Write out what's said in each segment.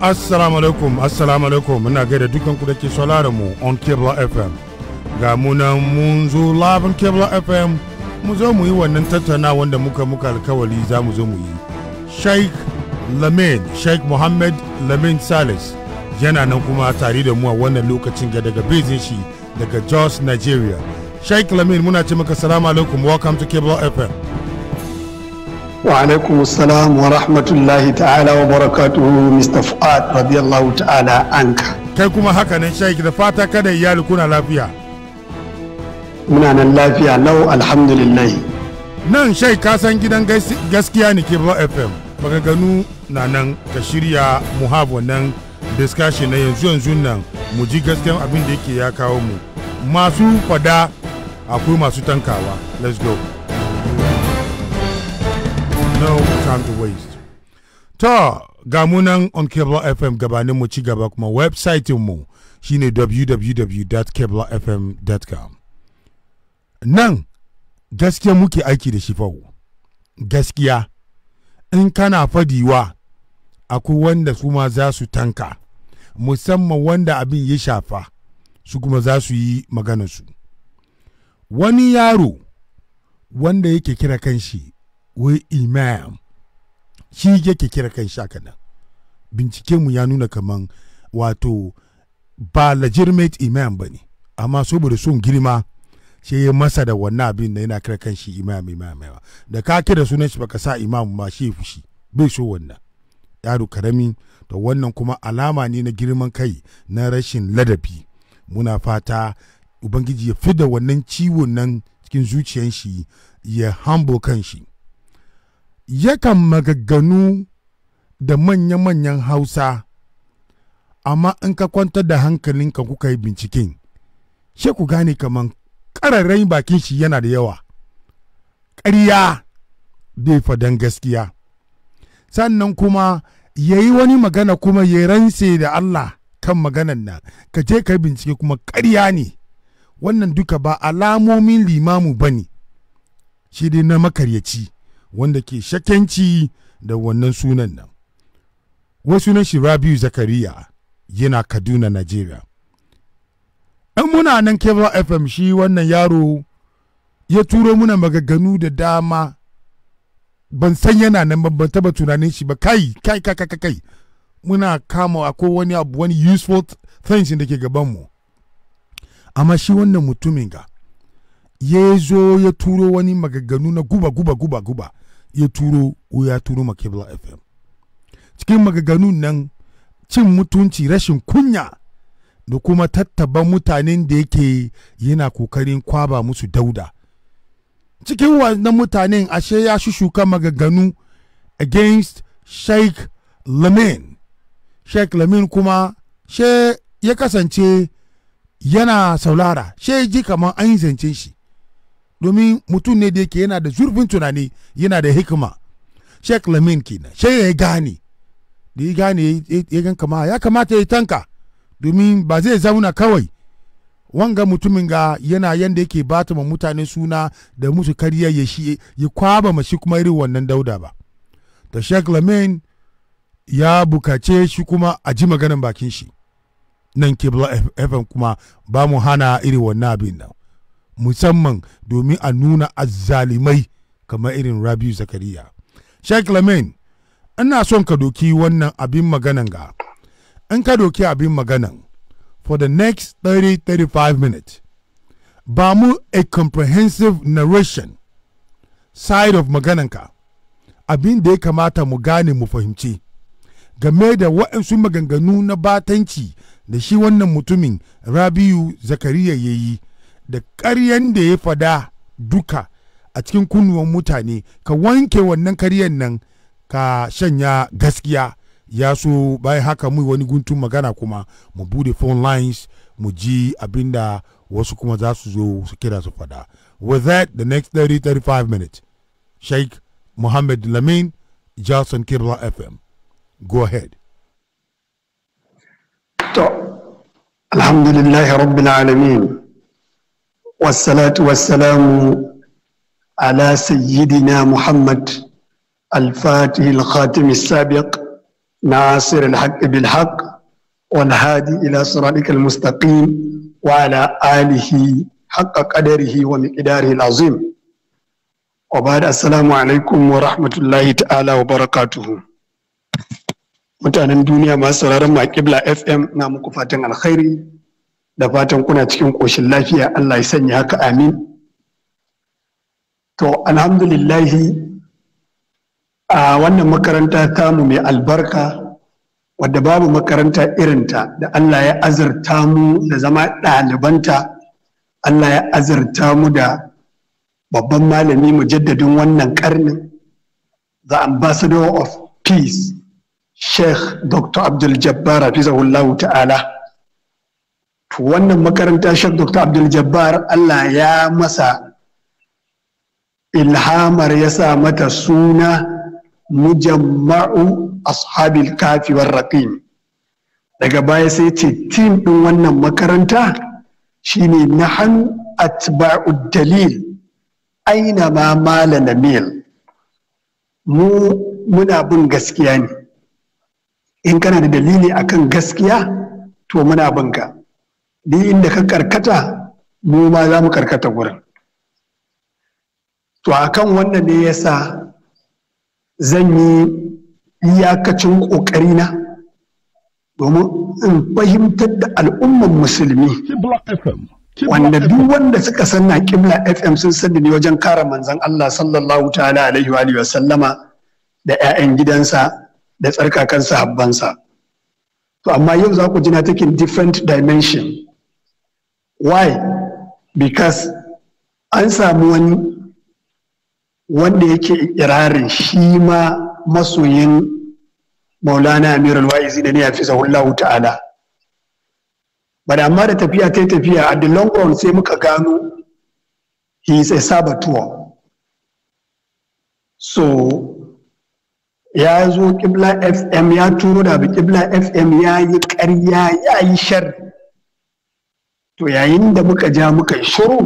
assalamu alaikum assalamu alaikum muna gaida dukan ku da ke sauraron mu on cable fm ga munan mun zo labin cable fm mu zo mu yi wannan tattauna wanda muka muka alkawali za mu zo mu yi sheikh lamin sheikh mohammed lamin salis yana nan kuma tare da mu a wannan lokacin ga daga bezin shi daga jos nigeria sheikh lamin muna ce maka salamu alaikum welcome to cable fm salam wa ورحمة ta'ala wa وبركاته mr fu'ad رضي الله تعالى عنك kai kuma haka nan da fata kada iyali kuna lafiya muna nan lafiya lau alhamdulillah nan shai ka san gidan gaskiya ne ke fm ganu na nan ka shirya mu have wannan discussion na yanzu yanzu nan mu ji gaskiyan abin da yake ya kawo mu masu fada akwai masu tankawa let's go no time to waste to ga munan on cable fm gabanin mu ci gaba kuma website mu shine www.cablefm.com nan gaskiya muke aiki da shi fa gaskiya in kana fadiwa akwai wanda su ma za su tanka musamman wanda abin ya shafa su kuma za su yi magana su wani yaro wanda yake kira kanshi wai imam shi yake kira kan shaka nan bincikenmu ya nuna kaman wato ba legitimate imam ba ne amma saboda son girma shi ya masa da wannan abin da yana kira kan shi imam imam yawa da ka kira sunan shi baka sa imam ma shi fushi bai so wannan yaro karami to wannan kuma alama ne na girman kai na rashin ladabi muna fata ubangiji ya fi da wannan ciwon nan cikin zuciyan shi ya hambo kan shi yakan magagganu da manya-manyan hausa amma in ka kwantar da hankalinka kuka yi binciken shi ku gane kamar ƙararren bakin shi yana da yawa ƙarya bai fadan gaskiya sannan kuma ya yi wani magana kuma ya rantse da Allah kan maganan nan ka je ka yi bincike kuma ƙarya ne wannan duka ba alamomin limamu ba ne shi dai na makaryaci wanda ke shakenci da wannan sunan nan wai sunan shi rabiu zakariya yana kaduna Najeriya. in muna nan kebra fm shi wannan yaro ya turo muna magaganu da dama ban san yana nan ban taba tunanin shi ba kai kai kai kai kai muna kama a wani abu wani useful things da ke gabanmu amma shi wannan mutumin ga ya zo ya turo wani maganganu na guba guba guba guba ya turo ya turo ma kebla fm cikin maganganun nan cin mutunci rashin kunya da kuma tattaba mutanen da yake yana kokarin kwaba musu dauda cikin wannan mutanen ashe ya shushuka maganganu against sheikh lamin sheikh lamin kuma she ya kasance yana saulara she ji kamar an yi zancen shi domin mutum ne da yake yana da zurfin tunani yana da hikima sheikh lamin kenan sai ya gane da ya gane ya gan kama ya kamata ya tanka domin ba zai zauna kawai wanga mutumin ga yana yanda yake bata ma mutane suna da musu kariya ya shi ya kwaba mashi kuma irin wannan dauda ba da sheikh lamin ya bukace shi kuma a ji maganan bakin shi nan kibla fm kuma ba mu hana irin wannan abin nan musamman domin a nuna azzalimai kamar irin rabiu zakariya sheikh lamain ina son ka doki wannan abin maganan ga in ka doki abin maganan for the next 30-35 minutes ba mu a comprehensive narration side of magananka abin da ya kamata mu gane mu fahimci game da waɗansu maganganu na batanci da shi wannan mutumin rabiu zakariya ya yi da ƙaryan da ya fada duka a cikin kunnuwan mutane ka wanke wannan karyan nan ka shanya gaskiya ya so bayan haka mu wani guntun magana kuma mu bude phone lines mu ji abinda wasu kuma za su zo su kira su fada with that the next 30-35 minutes sheikh mohammed lamin johnson kibla fm go ahead alhamdulillahi rabbil alamin والصلاة والسلام على سيدنا محمد الفاتح الخاتم السابق ناصر الحق بالحق والهادي إلى صراطك المستقيم وعلى آله حق قدره ومقداره العظيم وبعد السلام عليكم ورحمة الله تعالى وبركاته mutanen duniya masu sauraron ma kibla fm na muku fatan alkhairi da fatan kuna cikin ƙoshin lafiya Allah ya sanya haka amin to alhamdulillahi a wannan makaranta tamu mai albarka wadda babu makaranta irin ta, da Allah ya azurta mu da zama ɗalibanta Allah ya azurta mu da babban malami mujaddadin wannan karnin the ambassador of peace sheikh dr abdul jabbar hafizahullahu ta'ala wannan makaranta shek dr abdul jabbar allah ya masa ilhamar ya sa mata suna mujamma'u ashabil kafi war raqim daga baya sai ce tim ɗin wannan makaranta shine nahan atba'u dalil aina ma mala mil mu muna bin gaskiya ne in kana da dalili akan gaskiya to muna bin ka duk inda ka karkata mu ma za mu karkata gurin to a kan wannan ne ya sa zan yi iyakacin ƙoƙarina domin in fahimtar da al'umman musulmi wanda duk wanda suka sanna kibla fm sun sani ne wajen kare manzan Allah sallallahu ta'ala alaihi wa sallama da 'ya'yan gidansa da tsarkakan sahabbansa to amma yau za ku ji na taking different dimension why because an samu wani wanda yake irarin shi ma masoyin maulana amirul wa'izi da ne ya fi sahullahu ta'ala bada amma da tafiya ta tafiya a the long run sai muka gano he is a saboteur so ya zo kibla fm ya turo da kibla fm ya yi karya ya yi shar to yayin da muka ja muka yi shiru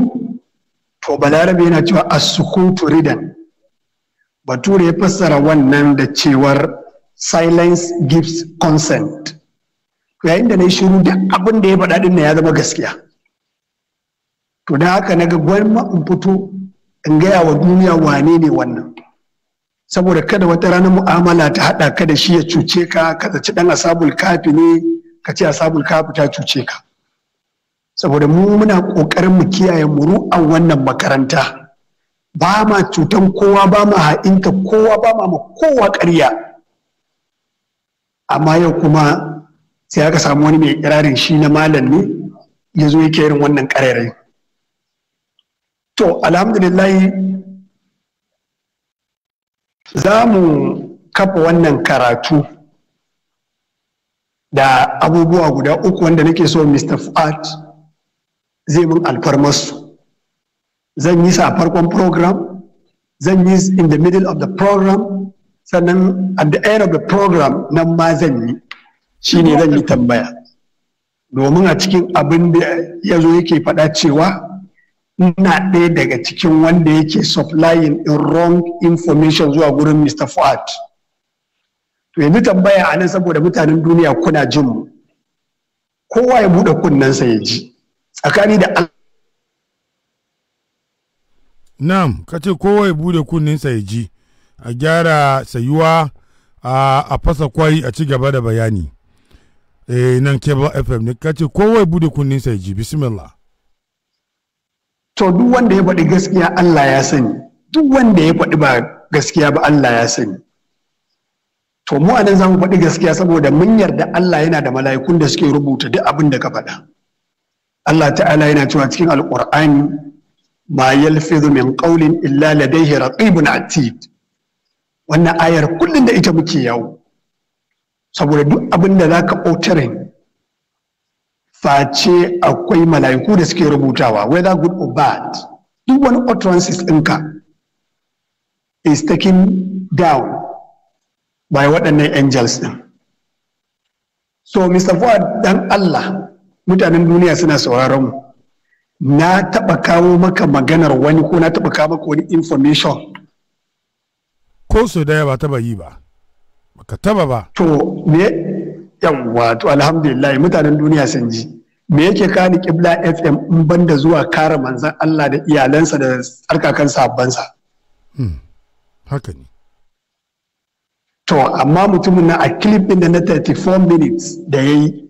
to balarabe yana cewa asukutu ridan bature ya fassara wannan da cewar silence gives consent to yayin da na yi shiru da abin da ya faɗa din ya zama gaskiya to da haka naga gwamma in fito in gaya wa duniya wane ne wannan saboda kada wata ranar mu'amala ta haɗa ka da shi ya cuce ka ka zaci ɗan asabul kafi ne ka ce asabul kafi ta cuce ka saboda mu muna ƙoƙarin mu kiyaye muru'an wannan makaranta ba ma cutan kowa ba ma ha'inta kowa ba ma kowa ƙarya amma yau kuma sai aka samu wani mai ƙirarin shi na malam ne ya zo yake irin wannan ƙarairayi to alhamdulillah za mu kafa wannan karatu da abubuwa guda uku wanda nake so mr fuad zai mun alfarmarsu zan yi sa farkon program zan yi in the middle of the program sannan at the end of the program nan ma zan yi Shi ne zan yi tambaya domin a cikin abin da ya zo yake faɗa cewa ina ɗaya daga cikin wanda yake supplying in wrong information zuwa gurin Mr. Fuad. To yanzu tambaya a nan saboda mutanen duniya kuna jin mu. Kowa ya buɗe kunnensa ya ji. tsakani da Na'am, ka ce kowa ya bude kunninsa ya ji, a gyara sayuwa a fasa kwai a ci gaba da bayani. E, nan ba FM ne, ka ce kowa ya bude kunninsa ya ji, bismillah. To, duk wanda ya faɗi gaskiya Allah ya sani, duk wanda ya faɗi ba gaskiya ba Allah ya sani. To, mu a nan za mu faɗi gaskiya saboda mun yarda Allah yana da mala'ikun da suke rubuta duk abin da ka faɗa. Allah ta'ala yana cewa cikin alƙur'ani ma yalfizu min qawlin illa ladayhi raqibun atid wannan ayar kullum da ita muke yawo saboda duk abin da zaka ƙautare face akwai mala'iku da suke rubutawa whether good or bad duk wani utterances ɗinka is taken down by waɗannan angels ɗin so Mr. Fuad dan Allah mutanen duniya suna sauraron mu na taɓa kawo maka maganar wani ko na taɓa kawo maka wani information ko su daya ba taɓa yi ba baka taɓa ba to me yawa to alhamdulillah mutanen duniya sun ji me yake kani kibla fm in banda zuwa kare manzan Allah da iyalansa da tsarkakan sabbansa hmm. haka ne to amma mutumin na a clip din da na 34 minutes da yayi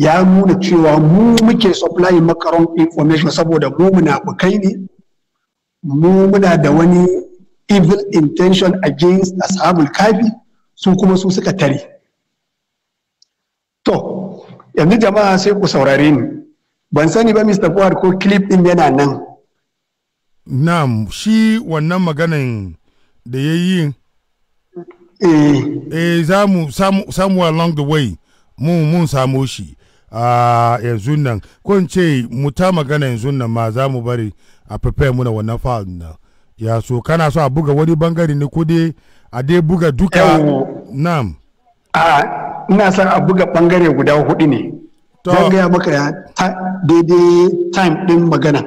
ya nuna cewa mu muke supply makaron information saboda mu bukai ne mu muna da wani evil intention against ashabul kafi su kuma su suka tare to yanzu jama'a sai ku saurare ni ban sani ba mr fuad ko clip din yana nan na'am shi wannan maganan da ya yi eh, eh za mu samu along the way mun mun samo shi a yanzu nan ko in ce mu ta magana yanzu nan ma za mu bari a prepare muna wannan fa'al na ya so kana so a buga wani bangare ne ko dai a dai buga duka nam a ina son a buga bangare guda hudu ne to zan gaya maka daidai time din magana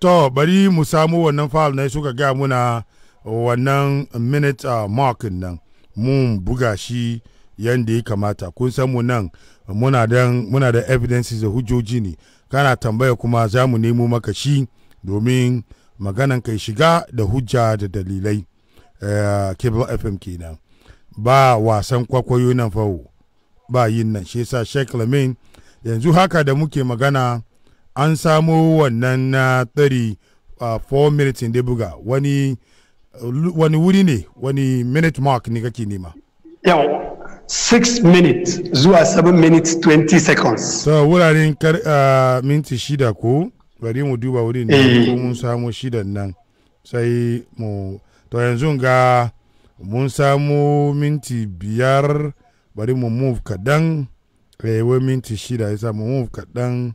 to bari mu samu wannan fa'al na suka gaya muna wannan minute uh, mark nan mun buga shi yadda ya kamata kun san mu nan muna da muna da da hujjoji ne kana tambaya kuma za mu nemo maka shi domin maganan kai shiga da hujja da dalilai eh, cable fm kenan ba wasan kwakwayo nan fawo ba yin nan shi sa Sheikh Lamin yanzu haka da muke magana an samo wannan na tsari uh, minutes in buga wani wuri ne wani minute mark ne kake nema 6 minutes zuwa 7 minutes 20 seconds. So wuraren kar uh, minti shida ko bari mu duba wurin da eh. ko mun samu shidan nan sai mu to yanzu ga mun samu minti biyar bari mu move kaɗan rewe eh, minti shida ya mu move kaɗan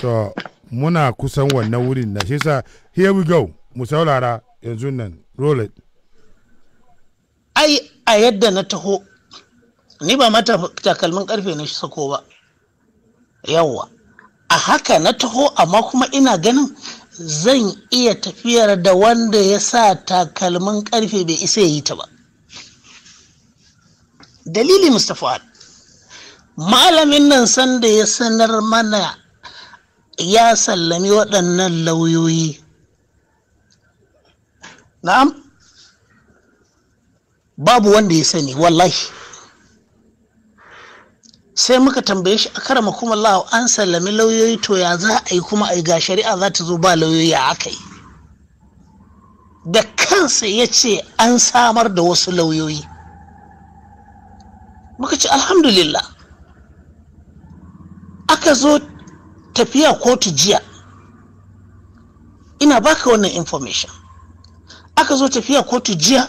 to muna kusan wannan wurin na shi sa here we go mu saurara yanzu nan roll it ai a yadda na taho ni ba mata takalmin karfe na sako ba yawwa a haka na taho amma kuma ina ganin zan iya tafiyar da wanda ya sa takalmin karfe bai isa yi ta ba dalili mustapha malamin nan sanda ya sanar mana ya sallami waɗannan lauyoyi na'am babu wanda ya sani wallahi sai muka tambaye shi a karama kuma lawa an sallami lauyoyi to ya za a yi kuma a yi ga shari'a za ta zo ba lauyoyi a aka yi da kansa ya ce an samar da wasu lauyoyi muka ce alhamdulillah aka zo tafiya kotu jiya ina baka wannan information aka zo tafiya kotu jiya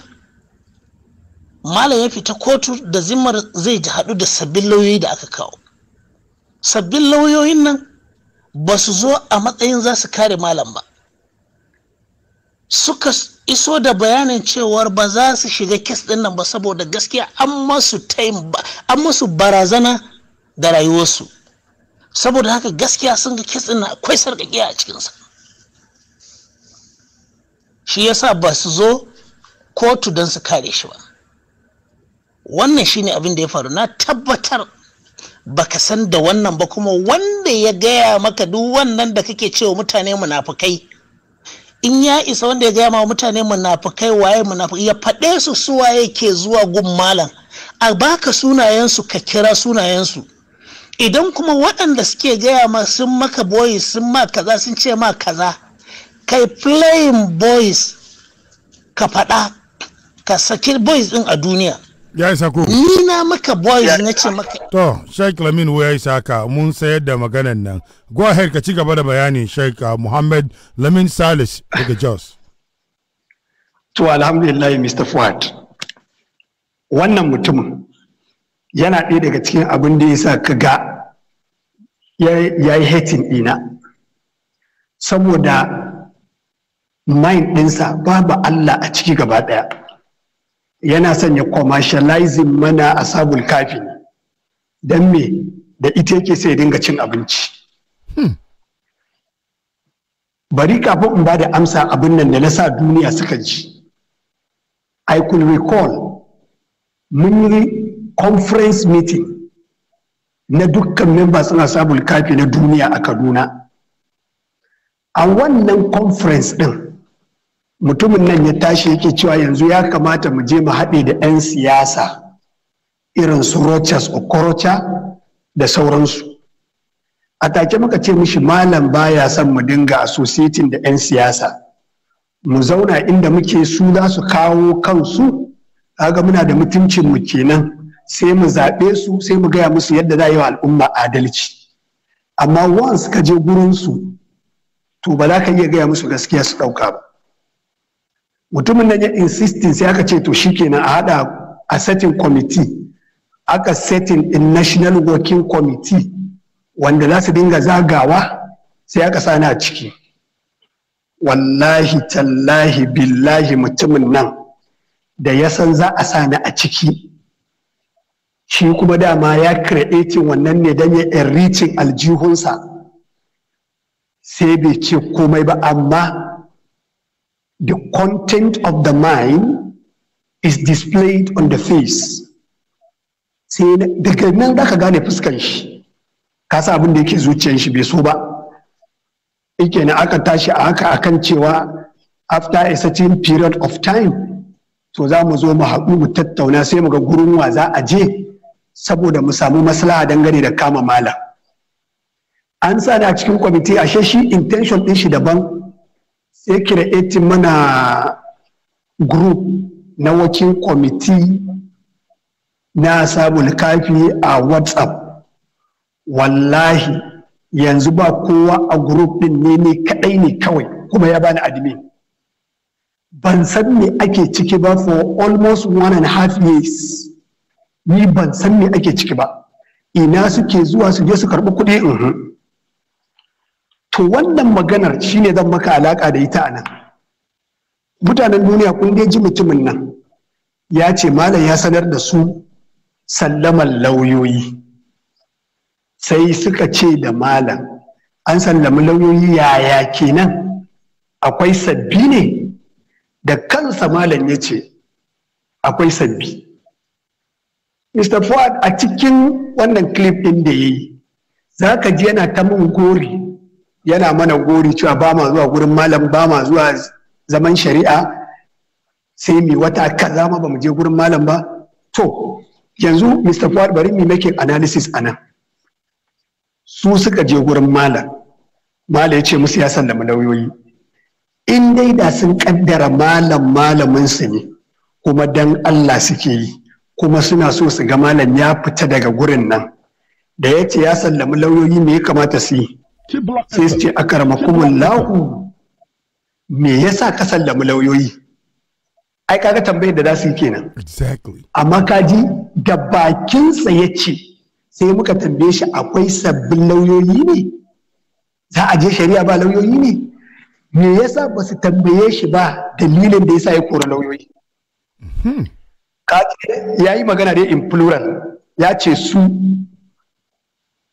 malam ya fita kotu da zimmar zai ji haɗu da sabbin lauyoyi da aka kawo sabbin lauyoyin nan ba su zo a matsayin za su kare malam ba suka iso da bayanin cewar ba za su shiga kes ɗin nan ba saboda gaskiya an masu barazana da rayuwarsu saboda haka gaskiya sun ga kes ɗin nan akwai sarƙaƙiya a cikinsa shi yasa ba su zo kotu don su kare shi ba wannan shine abin da ya faru na tabbatar baka san da wannan ba kuma wanda ya gaya maka duk wannan da kake cewa mutane munafukai in ya isa wanda ya gaya ma mutane munafukai waye munafukai ya faɗe su suwa yake zuwa gun malam a baka sunayensu ka kira sunayensu idan kuma waɗanda suke gaya ma sun maka boys sun ma kaza sun ce ma kaza kai playing boys ka faɗa ka saki boys ɗin a duniya ya isa ko ni na maka boys na ce maka to Sheikh Lamin ya isa ka mun sayar da maganan nan go ahead ka ci gaba da bayani Sheikh uh, Muhammad Lamin Salis daga Jos to alhamdulillah Mr Fuad wannan mutum yana ɗaya daga cikin abin da ya sa ka ga ya yi hatin ɗina saboda mind ɗinsa babu Allah a ciki gaba ɗaya yana sanya commercializing mana asabul kafi don me da ita yake sai dinga cin abinci hmm. bari kafin in ba da amsa abin nan da na sa duniya suka ji i could recall mun yi conference meeting na dukkan members na asabul kafi na duniya a kaduna a wannan conference din mutumin nan ya tashi yake cewa yanzu ya kamata mu je mu haɗe da 'yan siyasa irin su Rochas Okorocha da sauransu. A take muka ce mishi malam baya son mu dinga associating da 'yan siyasa. Mu zauna inda muke su za su kawo kansu, haka muna da mutuncin mu kenan sai mu zaɓe su sai mu gaya musu yadda za yi wa al'umma adalci. Amma once ka je gurinsu, to ba za ka iya gaya musu gaskiya su ɗauka ba. mutumin nan ya insistin sai aka ce to shikenan a hada a setin committee aka setin in national working committee wanda za su dinga zagawa sai aka sani a ciki wallahi tallahi billahi mutumin nan da ya san za a sani a ciki shi kuma dama ya kreatin wannan ne don ya ricin aljihunsa sai bai ce komai ba amma the content of the mind is displayed on the face sai daga nan za ka gane fuskan shi ka sa abin da yake zuciyar shi bai so ba Ike na aka tashi a haka akan cewa after a certain period of time to za mu zo mu haɗu mu tattauna sai mu ga gurin wa za a je saboda mu samu maslaha dangane da kama malam an sa a cikin kwamiti a shi intention ɗin shi daban sai create mana group na wakil kwamiti na sabon kafi a whatsapp wallahi yanzu ba kowa a group din ne ne kadai ne kawai kuma ya bani admin ban san me ake ciki ba for almost one and a half years ni ban san me ake ciki ba ina suke zuwa su je su karɓi kuɗi mhm. to wannan maganar shine zan maka alaƙa da ita anan mutanen duniya kun dai ji mutumin nan ya ce malam ya sanar da su sallaman lauyoyi sai suka ce da malam an sallami lauyoyi yaya kenan akwai sabbi ne da kansa malam ya ce akwai sabbi mr ford a cikin wannan clip ɗin da ya yi za ka ji yana ta mun gori yana mana gori cewa ba ma zuwa gurin malam ba ma zuwa zaman shari'a sai mi wata kaza ma ba mu je gurin malam ba to yanzu mr fuad bari mu make analysis nan su suka je gurin malam malam ya ce musu ya sallama lauyoyi in dai da sun kaddara malam malamin su ne kuma dan Allah suke yi kuma suna so su ga malam ya fita daga gurin nan da ya ce ya sallami lauyoyi me ya kamata su yi sai su ce a kuma lahu me ya sa ka sallami lauyoyi ai kaga tambayar da za su yi kenan amma kaji da bakinsa ya ce sai muka tambaye shi akwai sabbin lauyoyi ne za a je shari'a ba lauyoyi ne me ya sa ba su tambaye shi ba dalilin da ya sa ya kora lauyoyi hmm. ya yi magana da in plural ya ce su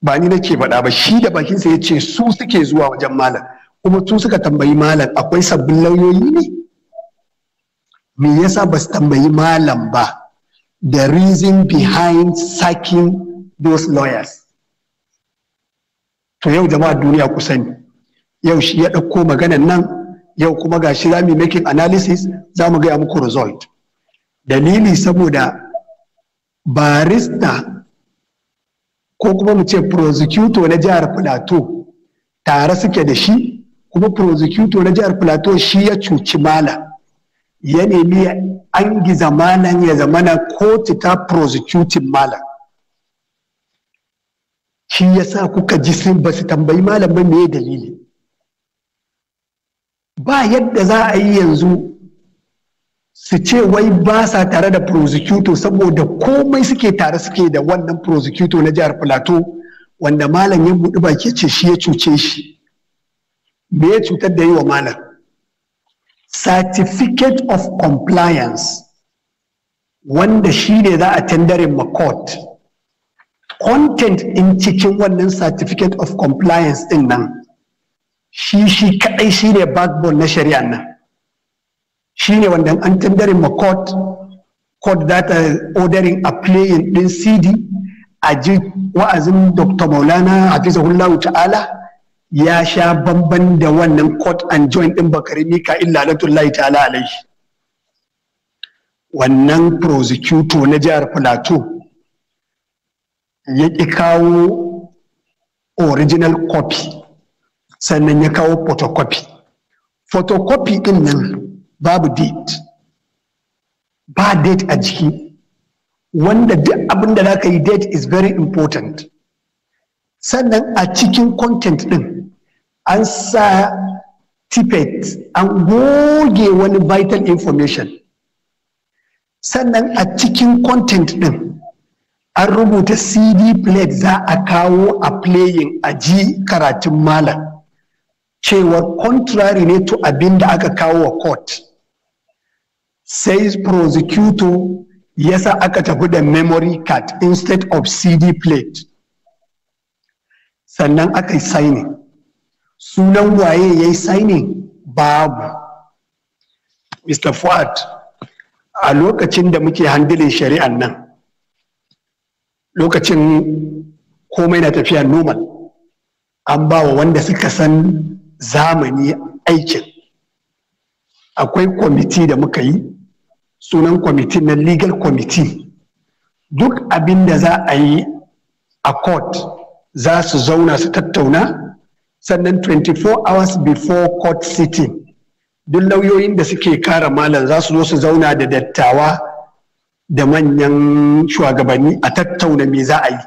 ba ni nake faɗa ba shi da bakinsa ya ce su suke zuwa wajen malam kuma su suka tambayi malam akwai sabbin lauyoyi ne me yasa ba su tambayi malam ba the reason behind sacking those lawyers to yau jama'a duniya ku sani yau shi ya ɗauko maganan nan yau kuma ga shi za mu making analysis za mu gaya muku result dalili saboda barista ko kuma mu ce prosecutor na jihar Filato tare suke da shi kuma prosecutor na jihar Filato shi ya cuci mala ya nemi an giza malam ya zamana kotu ta prosecuting mala shi ya sa kuka ji sun ba su tambayi malam ba me dalili ba yadda za a yi yanzu su ce wai ba sa tare da prosecutor saboda komai suke tare suke da wannan prosecutor na jihar plateau wanda malam ya buɗi baki ce shi ya cuce shi me ya cutar da yi wa malam certificate of compliance wanda shi ne za a tendarin ma court content in cikin wannan certificate of compliance din nan shi shi kadai shi ne backbone na shari'a nan Shi ne wanda an tandarin ma court court za ta ordering a playing din cd a ji wa'azin dr maulana hafizahullahu ta'ala ya sha bamban da wannan court and joint din bakari mika illa latullahi ta'ala alai wannan prosecutor na jihar plateau ya ƙi kawo original copy sannan ya kawo photocopy photocopy din nan babu date ba date a jiki wanda duk abin da zaka yi date is very important sannan a cikin content din an sa tippet an goge wani vital information sannan a cikin content din an rubuta cd plate za a kawo a playing a ji karatun malam cewa contrary ne to abin da aka kawo wa court sai prosecutor sa aka tafi da memory card instead of cd plate sannan aka yi signing sunan waye ya yi signing babu mr fuad a lokacin da muke handilin shari'an nan lokacin komai na tafiya normal an ba wa wanda suka san zamani aikin akwai kwamiti da muka yi sunan kwamiti na legal committee duk abin da za a yi a court za su zauna su tattauna sannan 24 hours before court sitting duk lauyoyin da suke kara malam za su zo su zauna da dattawa da manyan shugabanni a tattauna me za a yi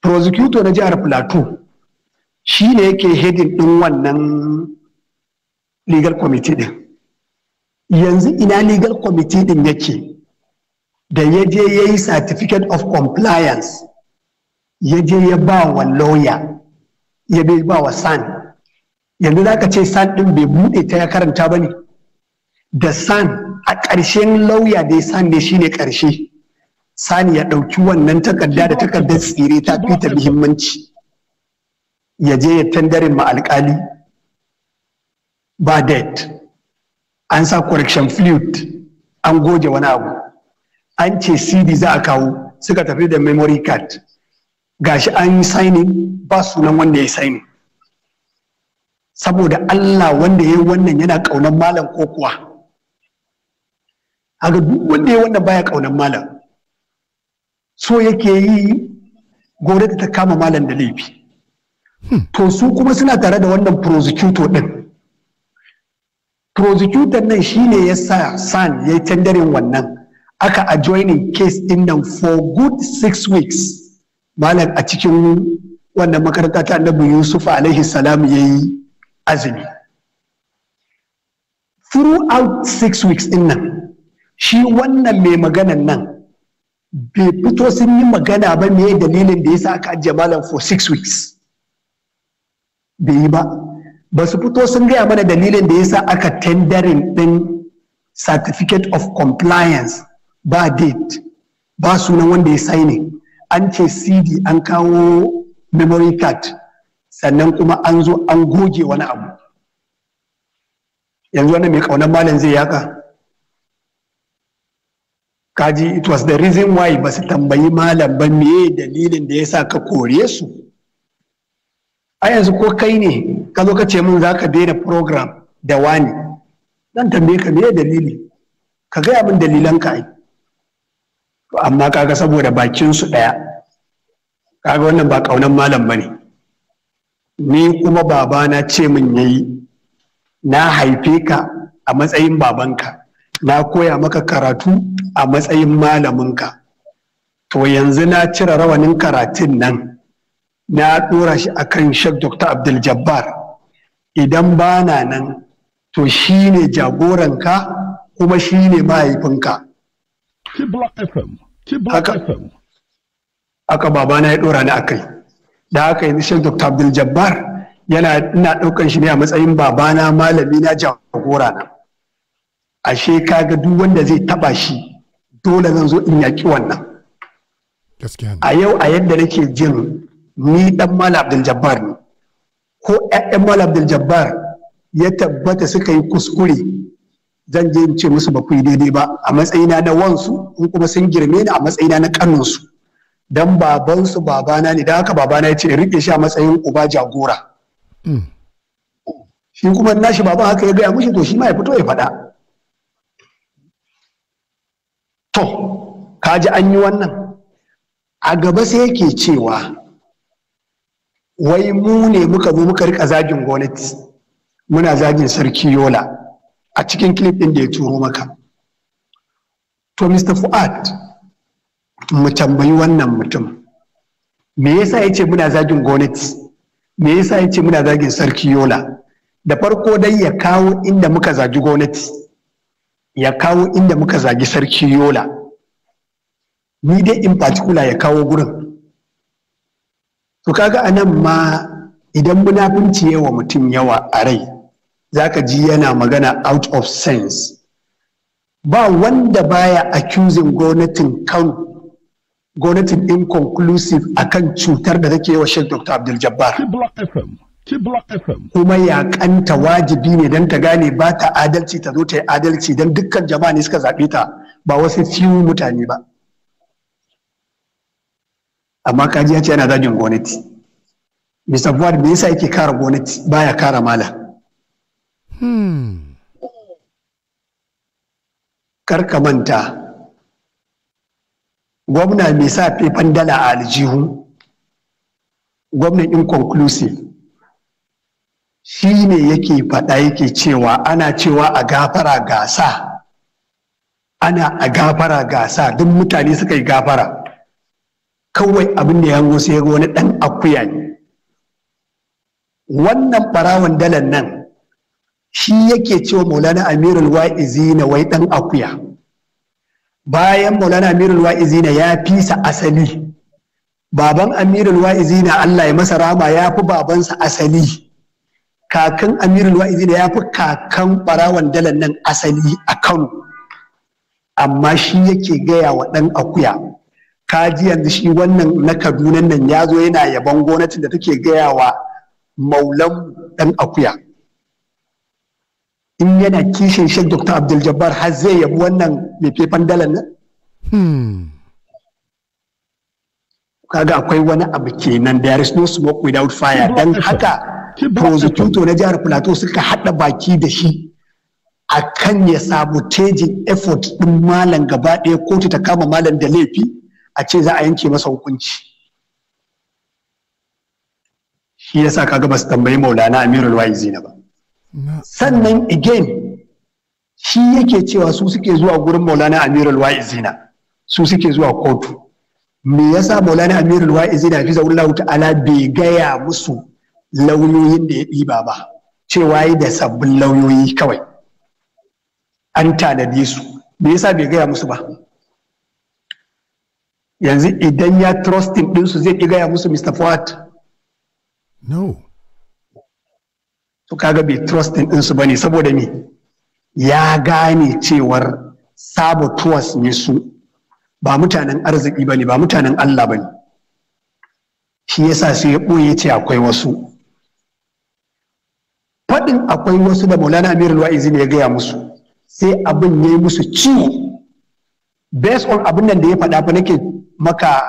prosecutor na jihar plateau shi ne yake hedin ɗin wannan legal committee ɗin yanzu ina legal committee din yake da ya je ya yi certificate of compliance ya je ya ba wa lawyer ya bai ba wa san yanzu za ka ce san din bai bude ta ya karanta ba ne da san a ƙarshen lawyer da ya san ne shine ƙarshe San ya ɗauki wannan takarda da takardar tsire ta fi ta muhimmanci ya je ya tandarin ma alƙali ba det an sa correction fluid an goge wani abu an ce cd za a kawo suka tafi da memory card gashi an yi signing ba sunan wanda ya signing saboda allah wanda ya yi wannan yana kaunar malam ko kuwa haka duk wanda ya wannan baya kaunar malam so yake yi gobe ta kama malam da laifi hmm. to su kuma suna tare da wannan prosecutor din prosecutor nan shine ya sa san ya yi tendarin wannan aka adjoining case din nan for good six weeks malam a cikin wannan makaranta ta annabi yusuf alaihi salam ya yi azumi throughout six weeks din nan shi wannan mai maganan nan bai fito sun yi magana ba me dalilin da ya sa aka ajiye malam for six weeks bai yi ba ba su fito sun gaya mana dalilin da yasa aka tendering din certificate of compliance ba date ba sunan wanda ya ne an ce cd an kawo memory card sannan kuma an zo an goge wani abu yanzu wani mai kaunar malam zai yaka kaji it was the reason why ba su tambayi malam ba meye dalilin da yasa ka kore su a yanzu ko kai ne ka zo ka ce min za ka daina program da wani zan tambaye ka meye dalili ka gaya min dalilan ka to amma kaga saboda bakin su daya kaga wannan ba kaunan malam bane ni kuma babana ce min yayi na haife ka a matsayin babanka na koya maka karatu a matsayin malamin ka. to yanzu na cire rawanin karatun nan na ɗora shi kan Sheikh dr abdul jabbar idan ba na nan to shi ne jagoranka kuma shi ne mahaifinka aka babana ya ɗora ni a kai. da haka yanzu Sheikh dr abdul jabbar yana ina ɗaukan shi ne a matsayin babana malami na jagora na ashe kaga duk wanda zai taɓa shi dole zan zo in yaƙi wannan a yau a yadda nake jin ni dan mala abdul jabbar ne ko ƴaƴan mala abdul jabbar ya tabbata suka yi kuskure zan je in ce musu ba ku yi daidai ba a matsayina na wansu in kuma sun girme ni a matsayina na kanunsu dan babansu babana ne dan haka babana ya ce in rike shi a matsayin uba jagora mm. shi kuma nashi baban haka ya gaya mushi to shi ma ya fito ya faɗa to kaji an yi wannan a gaba sai yake cewa wai mu ne muka zo muka rika zagin gwamnati muna zagin sarki yola a cikin clip ɗin da ya turo maka to mr fuad mu tambayi wannan mutum me yasa ya ce muna zagin gwamnati me yasa ya ce muna zagin sarki yola da farko dai ya kawo inda muka zagi gwamnati ya kawo inda muka zagi sarki yola ni dai in particular ya kawo gurin to kaga anan ma idan munafunci yawa mutum yawa a rai za ka ji yana magana out of sense ba wanda baya accusing gonatin kan gonatin inconclusive kan cutar da take yawa Sheikh Dr. Abdul Jabbar. Kuma yakanta wajibi ne don ta gane ba ta adalci ta zo ta yi adalci don dukkan jama'a ne suka zaɓe ta ba wasu few mutane ba. amma kaji ya ce yana zagin gonati. mr buhari me yasa yake kara gwamnati baya kara mala hmm. karka manta gwamna mai sa fefan dala a aljihu gwamnan inconclusive shi ne yake faɗa yake cewa ana cewa a gafara gasa ana a gafara gasa duk mutane suka yi gafara kawai abin da ya hango sai ya ga wani ɗan akuya ne wannan ɓarawon dalan nan shi yake cewa maulana amirul wa'izi na wai ɗan akuya bayan maulana amirul wa'izi na ya fisa asali baban amirul wa'izi na allah ya masa rama ya fi babansa asali kakan amirul wa'izi na ya fi kakan ɓarawon dalan nan asali a kano amma shi yake gaya wa ɗan akuya kaji yanzu shi wannan na kaduna nan ya zo yana yabon gwamnatin da take gaya wa maulan dan akuya in yana kishin shek dr abdul jabbar har zai yabi wannan mai fefan dalar nan hmm. kaga akwai wani abu kenan there is no smoke without fire dan haka prosecutor na jihar plateau suka hada baki da shi Akan kan ya sabotejin effort din malam gaba daya kotu ta kama malam da laifi a ce za a yanke masa hukunci shi yasa kaga ba su tambayi maulana amirul zina ba sannan again shi yake cewa su suke zuwa gurin maulana amirul zina su suke zuwa kotu me yasa maulana amirul zina fi zaullahu ta'ala bai gaya musu lauyoyin da ya ɗiba ba cewa yi da sabbin lauyoyi kawai an tanade su me yasa bai gaya musu ba yanzu idan ya trusting ɗinsu zai ƙi gaya musu Mr. Fuad. No. To kaga bai trusting ɗinsu ba ne saboda me ya gane cewar tuwas ne su ba mutanen arziki ba ba mutanen Allah ba ne. Shi yasa sai ya ɓoye ce akwai wasu. Faɗin akwai wasu da Maulana miyar Wa'izi ne ya gaya musu sai abin ya yi musu ciwo. Based on abin nan da ya faɗa fa nake maka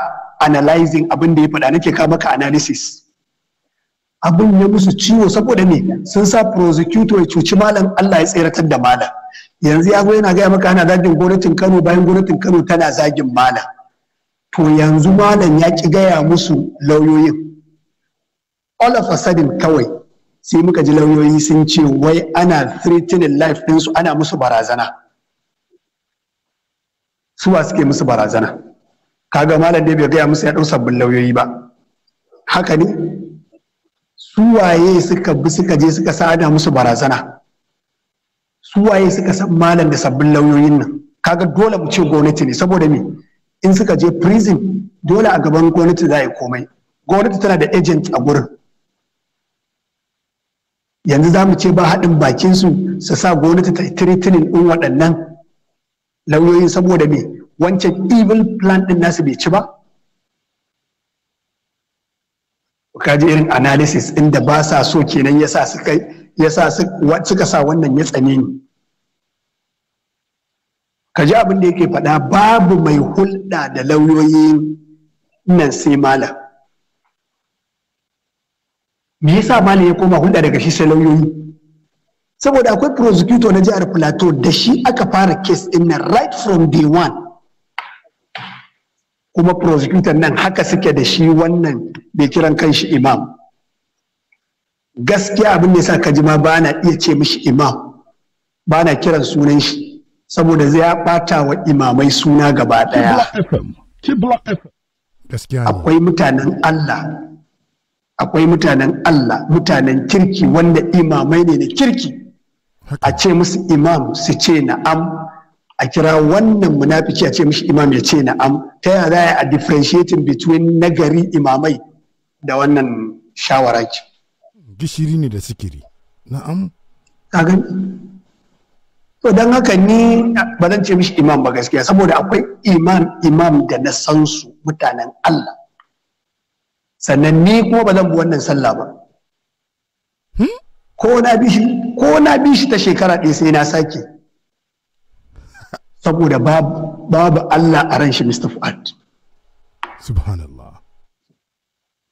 analyzing abin da ya faɗa nake ka maka analysis abin ya musu ciwo saboda ne sun sa prosecutor ya cuci malam Allah ya tseratar da malam yanzu ya yana gaya maka ana zagin gwamnatin Kano bayan gwamnatin Kano tana zagin malam to yanzu malam ya ki gaya musu lauyoyin all of a sudden kawai sai muka ji lauyoyi sun ce wai ana threatening life ɗinsu ana musu barazana suwa suke musu barazana kaga malam dai bai gaya musu ya ɗau sabbin lauyoyi ba haka ne suwaye suka bi suka je suka sada musu barazana suwaye suka san malam da sabbin lauyoyin nan kaga dole mu ce gwamnati ne saboda me in suka je prison dole a gaban gwamnati za a yi komai gwamnati tana da agent a gurin yanzu za mu ce ba haɗin bakinsu su sa gwamnati ta yi tiritinin ɗin waɗannan lauyoyin saboda me wancan evil plan din nasu bai ci ba ka ji irin analysis inda ba sa so kenan yasa suka suka sa wannan ya tsane ni ji abin da yake faɗa babu mai hulɗa da lauyoyi nan sai malam me yasa malam ya koma hulɗa daga shi sai lauyoyi saboda akwai prosecutor na jihar plateau da shi aka fara case ɗin nan right from day one kuma prosecutor nan haka suke da shi wannan mai kiran kanshi imam gaskiya abin da yasa ka ji ma ba na iya ce mishi imam ba na kiran sunan shi saboda zai ya bata wa imamai suna gaba daya akwai mutanen Allah akwai mutanen Allah mutanen kirki wanda imamai ne na kirki a ce musu imam su ce na'am a kira wannan munafiki a ce mishi imam ya ce na'am ta yaya za a differentiating between nagari imamai da wannan shawara ki gishiri ne da sikiri na'am ka gani to dan haka ni ba zan ce mishi imam ba gaskiya saboda akwai imam imam da na san su mutanen Allah sannan ni kuma ba zan bi wannan sallah ba hmm? ko na bi shi ta shekara ɗaya sai na sake saboda babu Allah a ran shi Mr. Fuad. Subhanallah.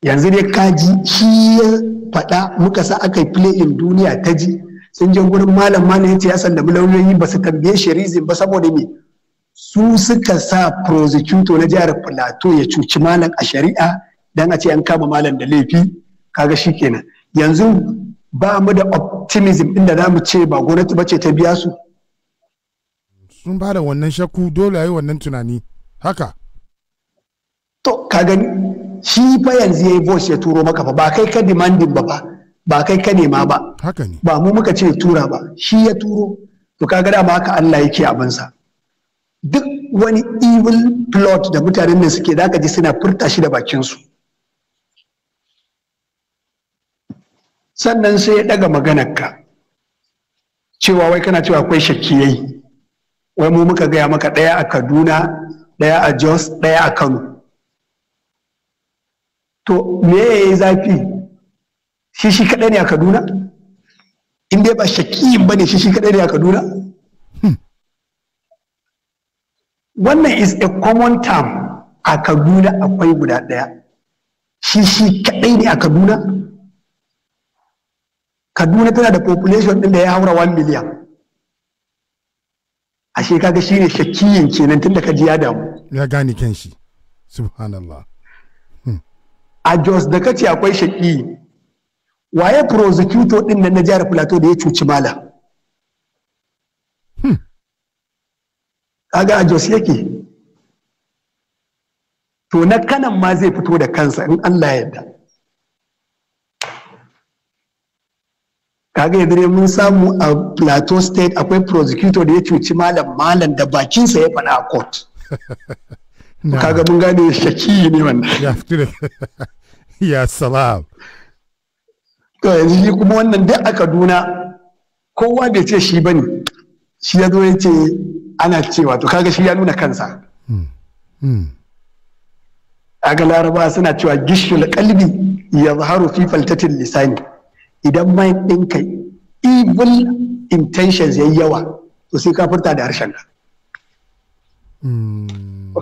Yanzu ne kaji shi ya faɗa muka sa aka yi play in duniya ta ji sun je gurin malam mana ya ce ya sanda lauyoyi ba su tambaye shi rizin ba saboda me su suka sa prosecutor na jihar Plateau ya cuci malam a shari'a dan a ce an kama malam da laifi kaga shikenan yanzu ba mu da optimism inda za mu ce ba gwamnati ba ce ta biya su sun ba da wannan shakku dole yi wannan tunani haka to ka gani shi fa yanzu yayi bos ya turo maka fa ba kai ka demanding ba fa ba kai ka nema ba haka ne ba mu muka ce tura ba shi ya turo to kaga dama haka Allah yake sa duk wani evil plot da mutanen nan suke da ji suna furta shi da bakin su sannan sai ya daga maganar ka cewa wai kana cewa akwai shakki yayi wai mu muka gaya maka ɗaya a kaduna ɗaya a jos ɗaya a kano to me ya yi zafi shi shi kaɗai ne a kaduna in dai ba shakiyin ba ne shi shi kaɗai ne a kaduna hmm. wannan is a common term a kaduna akwai guda ɗaya shi shi kaɗai ne a kaduna kaduna tana da population ɗin da ya haura 1 million ashe kaga shi ne shakkiyin kenan tunda ka ji ya damu ya gane subhanallah hmm. a jos da kace akwai shakki waye prosecutor din nan na jihar plateau da ya cuci mala hmm. kaga a jos yake to na kanan ma zai fito da kansa in Allah ya yarda kaga yadda dai mun samu a plateau state akwai prosecutor da ya cuci malam malam da bakinsa ya fana a court kaga mun gane shaki ne wannan ya salam to yanzu shi kuma wannan duk a kaduna kowa bai ce shi bane shi ya zo ya ce ana cewa to kaga shi ya nuna kansa hmm. Hmm. kaga laraba suna cewa gishul kalbi ya zaharu fi faltatin lisani idan mind ɗinka evil intentions yi yawa to sai ka furta da harshen ka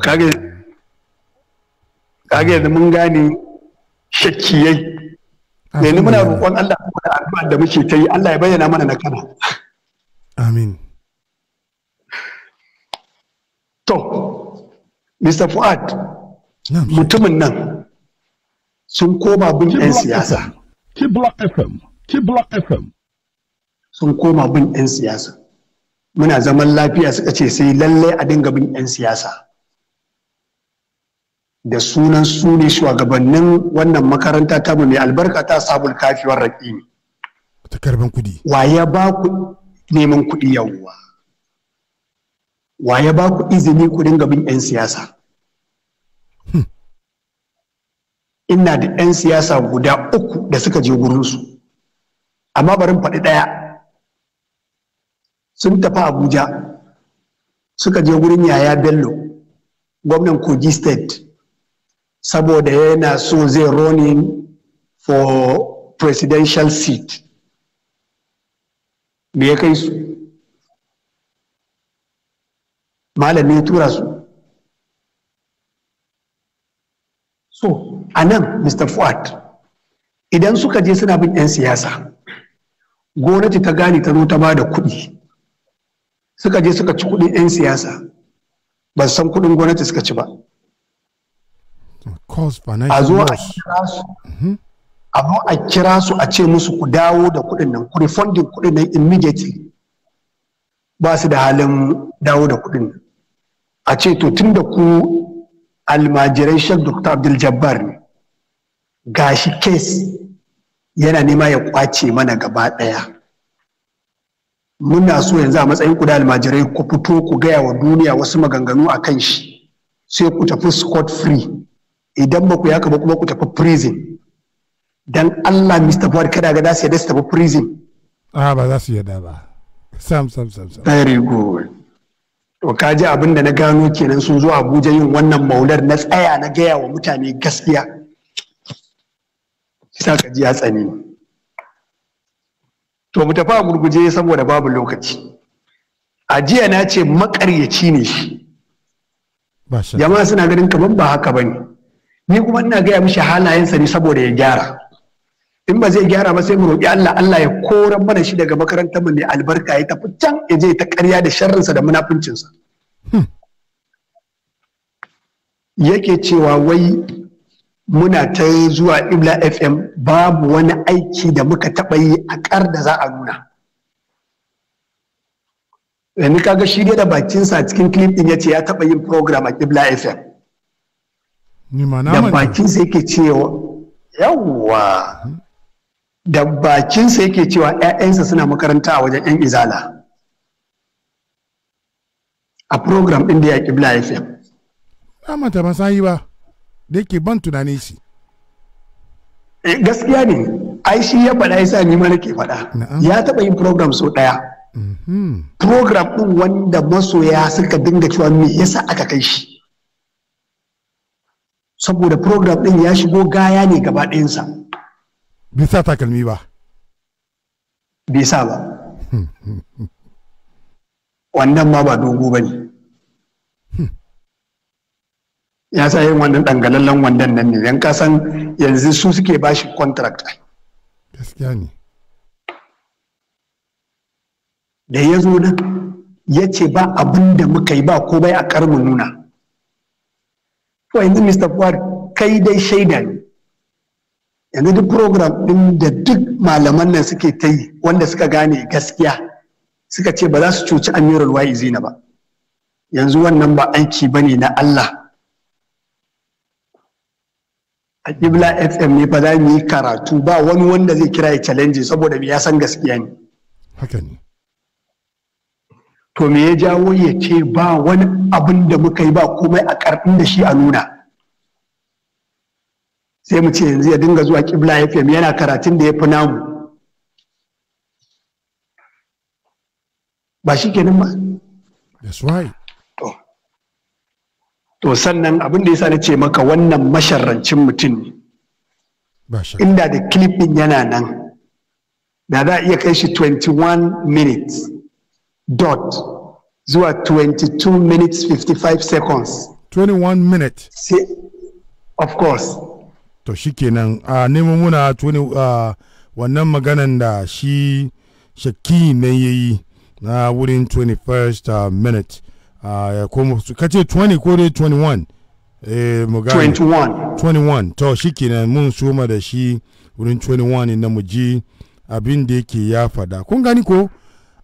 kage kage da mun gane shakkiyai yanzu muna roƙon Allah da addu'a da muke ta yi Allah ya bayyana mana na kana amin to Mr. Fuad mutumin nan sun koma bin 'yan siyasa. Block FM. ci block fm sun koma bin 'yan siyasa muna zaman lafiya suka ce sai lallai a dinga bin 'yan siyasa da sunan su ne shugabannin wannan makaranta ta mai albarka ta sabul kafiwar raƙi ne ta karban kudi waye ba ku neman kudi yawwa waye ba ku izini ku dinga bin 'yan siyasa hmm. ina da 'yan siyasa guda uku da suka je gurinsu amma barin faɗi ɗaya sun tafi abuja suka je wurin yaya bello gwamnan kogi state saboda yana so zai running for presidential seat me ya kai su malami tura su so a nan mr fuad idan suka je suna bin 'yan siyasa gwamnati ta gane ta zo ta ba da kuɗi suka je suka ci kuɗin 'yan siyasa ba san kuɗin gwamnati suka ci ba mm-hmm. a zo a kira su a ce musu ku dawo da kuɗin nan ku refundin kuɗin nan immediately ba su da halin dawo da kuɗin nan a ce to tun da ku almajirai shek dr abdul jabbar ne gashi kes yana nema ya kwace mana gaba ɗaya muna so yanzu a matsayin ku da almajirai ku fito ku gaya wa duniya wasu maganganu a kan shi sai ku tafi scot free idan ba ku yaka ba kuma ku tafi prison dan Allah Mr. Buhari kada ga za su yadda su tafi prison a ah, ba za su yadda ba sam sam sam sam very good to ka ji abin da na gano kenan sun zo Abuja yin wannan maular na tsaya na gaya wa mutane gaskiya sa ka ji ya tsani to mu tafi a gurguje saboda babu lokaci a jiya na ce makaryaci ne shi jama'a suna ganin kamar ba haka bane ni kuma ina gaya mishi halayensa ne saboda ya gyara in ba zai gyara ba sai mu roƙi Allah Allah ya koran mana shi daga makarantar mu ne albarka ya tafi can ya je ta ƙarya da sharrinsa da munafuncinsa hmm. yake cewa wai muna ta zuwa ibla fm babu wani aiki da muka taɓa yi a ƙar da za a nuna yanzu kaga shi da bakinsa cikin clip din ya ce ya taɓa yin program a ibla fm da bakinsa yake cewa yawwa da bakinsa yake cewa 'ya'yansa suna makaranta a wajen 'yan izala a program ɗin da ya ƙibla fm ba mata ba da yake ban tunanin shi eh, gaskiya ne ai shi ya faɗa yasa ni ma ke faɗa ya taɓa yin program sau ɗaya mhm. program ɗin wanda masoya suka dinga cewa me yasa aka kai shi saboda program ɗin ya shigo gaya ne gaba ɗayansa bai sa takalmi ba bai sa ba wannan ma ba dogo ba ne hmm. ya sa yin wannan dangalallen wandan nan ne yan kasan yanzu su suke ba shi contract gaskiya ne da ya zo nan ya ce ba abin da muka yi ba ko bai a karmu nuna to yanzu mr fuad kai dai shaida ne yanzu duk program ɗin da duk malaman nan suke ta yi wanda suka gane gaskiya suka ce ba za su cuci amiral waizina ba yanzu wannan ba aiki ba ne na allah a Ibla FM ne ba za mu yi karatu ba wani wanda zai kira ya challenge saboda ya san gaskiya ne. Haka ne. To me ya jawo ya ce ba wani abin da muka yi ba komai a ƙarfin da shi a nuna. Sai mu ce yanzu ya dinga zuwa Kibla FM yana karatun da ya fi namu. Ba shi kenan ba? That's right. to sannan abin da yasa na ce maka wannan masharrancin mutum ne inda da clip yana nan da za a iya kai shi 21 minutes dot zuwa 22 minutes 55 seconds 21 minutes Si, of course to shi kenan a neman muna wannan maganan da shi shakki nan ya yi na wurin 21st uh, minute ka ce 20 ko dai 21 eh, mu gane 21 21 to mun soma da shi wurin 21 na mu ji abin da yake ya fada kun gani ko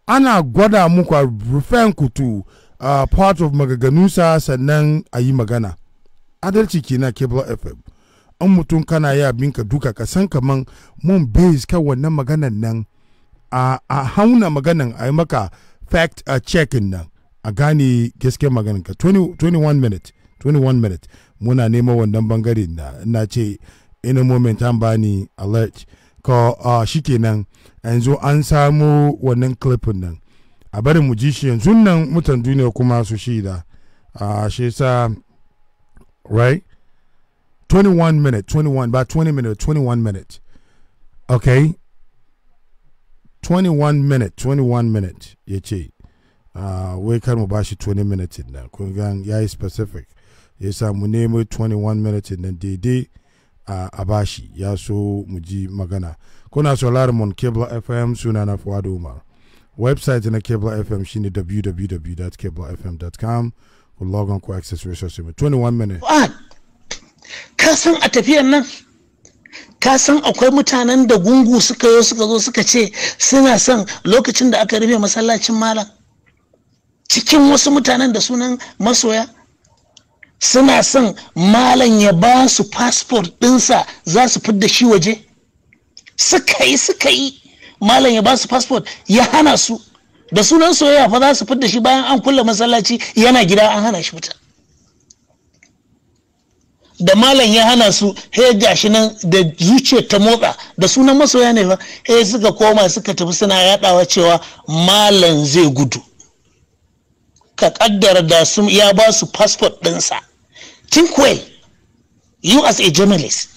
ana gwada muku a rufen kutu a part of magaganusa sannan a yi magana adalci ke na cable fm an mutum kana yi ka duka ka san kaman mun base kan wannan maganan nan a hauna maganan a yi maka fact a checking nan a gane gaske maganin ka 21 minute 21 minute muna neman wannan bangare da na ce in a moment an bani alert ka uh, nan yanzu an samu wannan clipin nan a bari mu ji shi yanzu nan mutan duniya kuma su shida a uh, shi sa right 21 minute 21 ba 20 minute 21 minute okay 21 minute 21 minute ya ce Ah, wai kar mu bashi 20 minutes nan kun ya yayi specific ya sa mu nemo 21 minutes na daidai a bashi ya so mu ji magana kuna solar mon cable fm suna na fuad umar website na cable fm shine www.cablefm.com ku logon ku access resources 21 minutes ka san a tafiyan nan ka san akwai mutanen da gungu suka yo suka zo suka ce suna son lokacin da aka rufe masallacin malam cikin wasu mutanen da sunan masoya suna son malam ya ba su fasfot ɗinsa za su fidda shi waje suka yi suka yi malam ya ba su fasfot ya hana su da sunan soyayya fa za su fidda shi bayan an kulle masallaci yana gida an hana shi fita da malam ya hana su he gashi nan da zuciyar ta motsa da sunan masoya ne fa he suka koma suka tafi suna yadawa cewa malam zai gudu ka kaddara da su ya ba su passport ɗinsa think well you as a journalist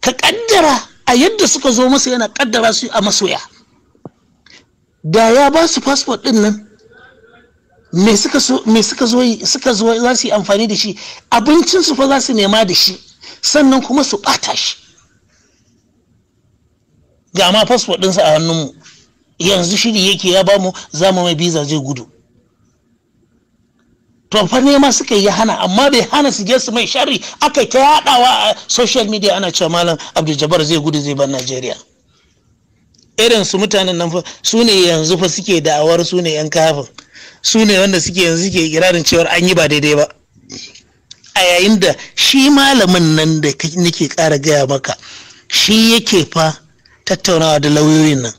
ka kaddara a yadda suka zo masa yana kaddara su a masoya da ya ba su passport ɗin nan me suka zo za su yi amfani da shi abincin su fa za su nema da shi sannan kuma su ɓata shi ga ma fasfo ɗinsa a hannunmu yanzu shiri yake ya bamu za mu mai biza zai gudu to fa nema suka yi hana amma bai hana su je su mai shari aka ta yadawa a social media ana cewa malam abdul jabbar zai gudu zai bar najeriya irin su mutanen nan su ne yanzu fa suke da'awar su ne yan kafin su ne wanda suke yanzu suke kirarin cewar an yi ba daidai ba a yayin da shi malamin nan da nake kara gaya maka shi yake fa tattaunawa da lauyoyin nan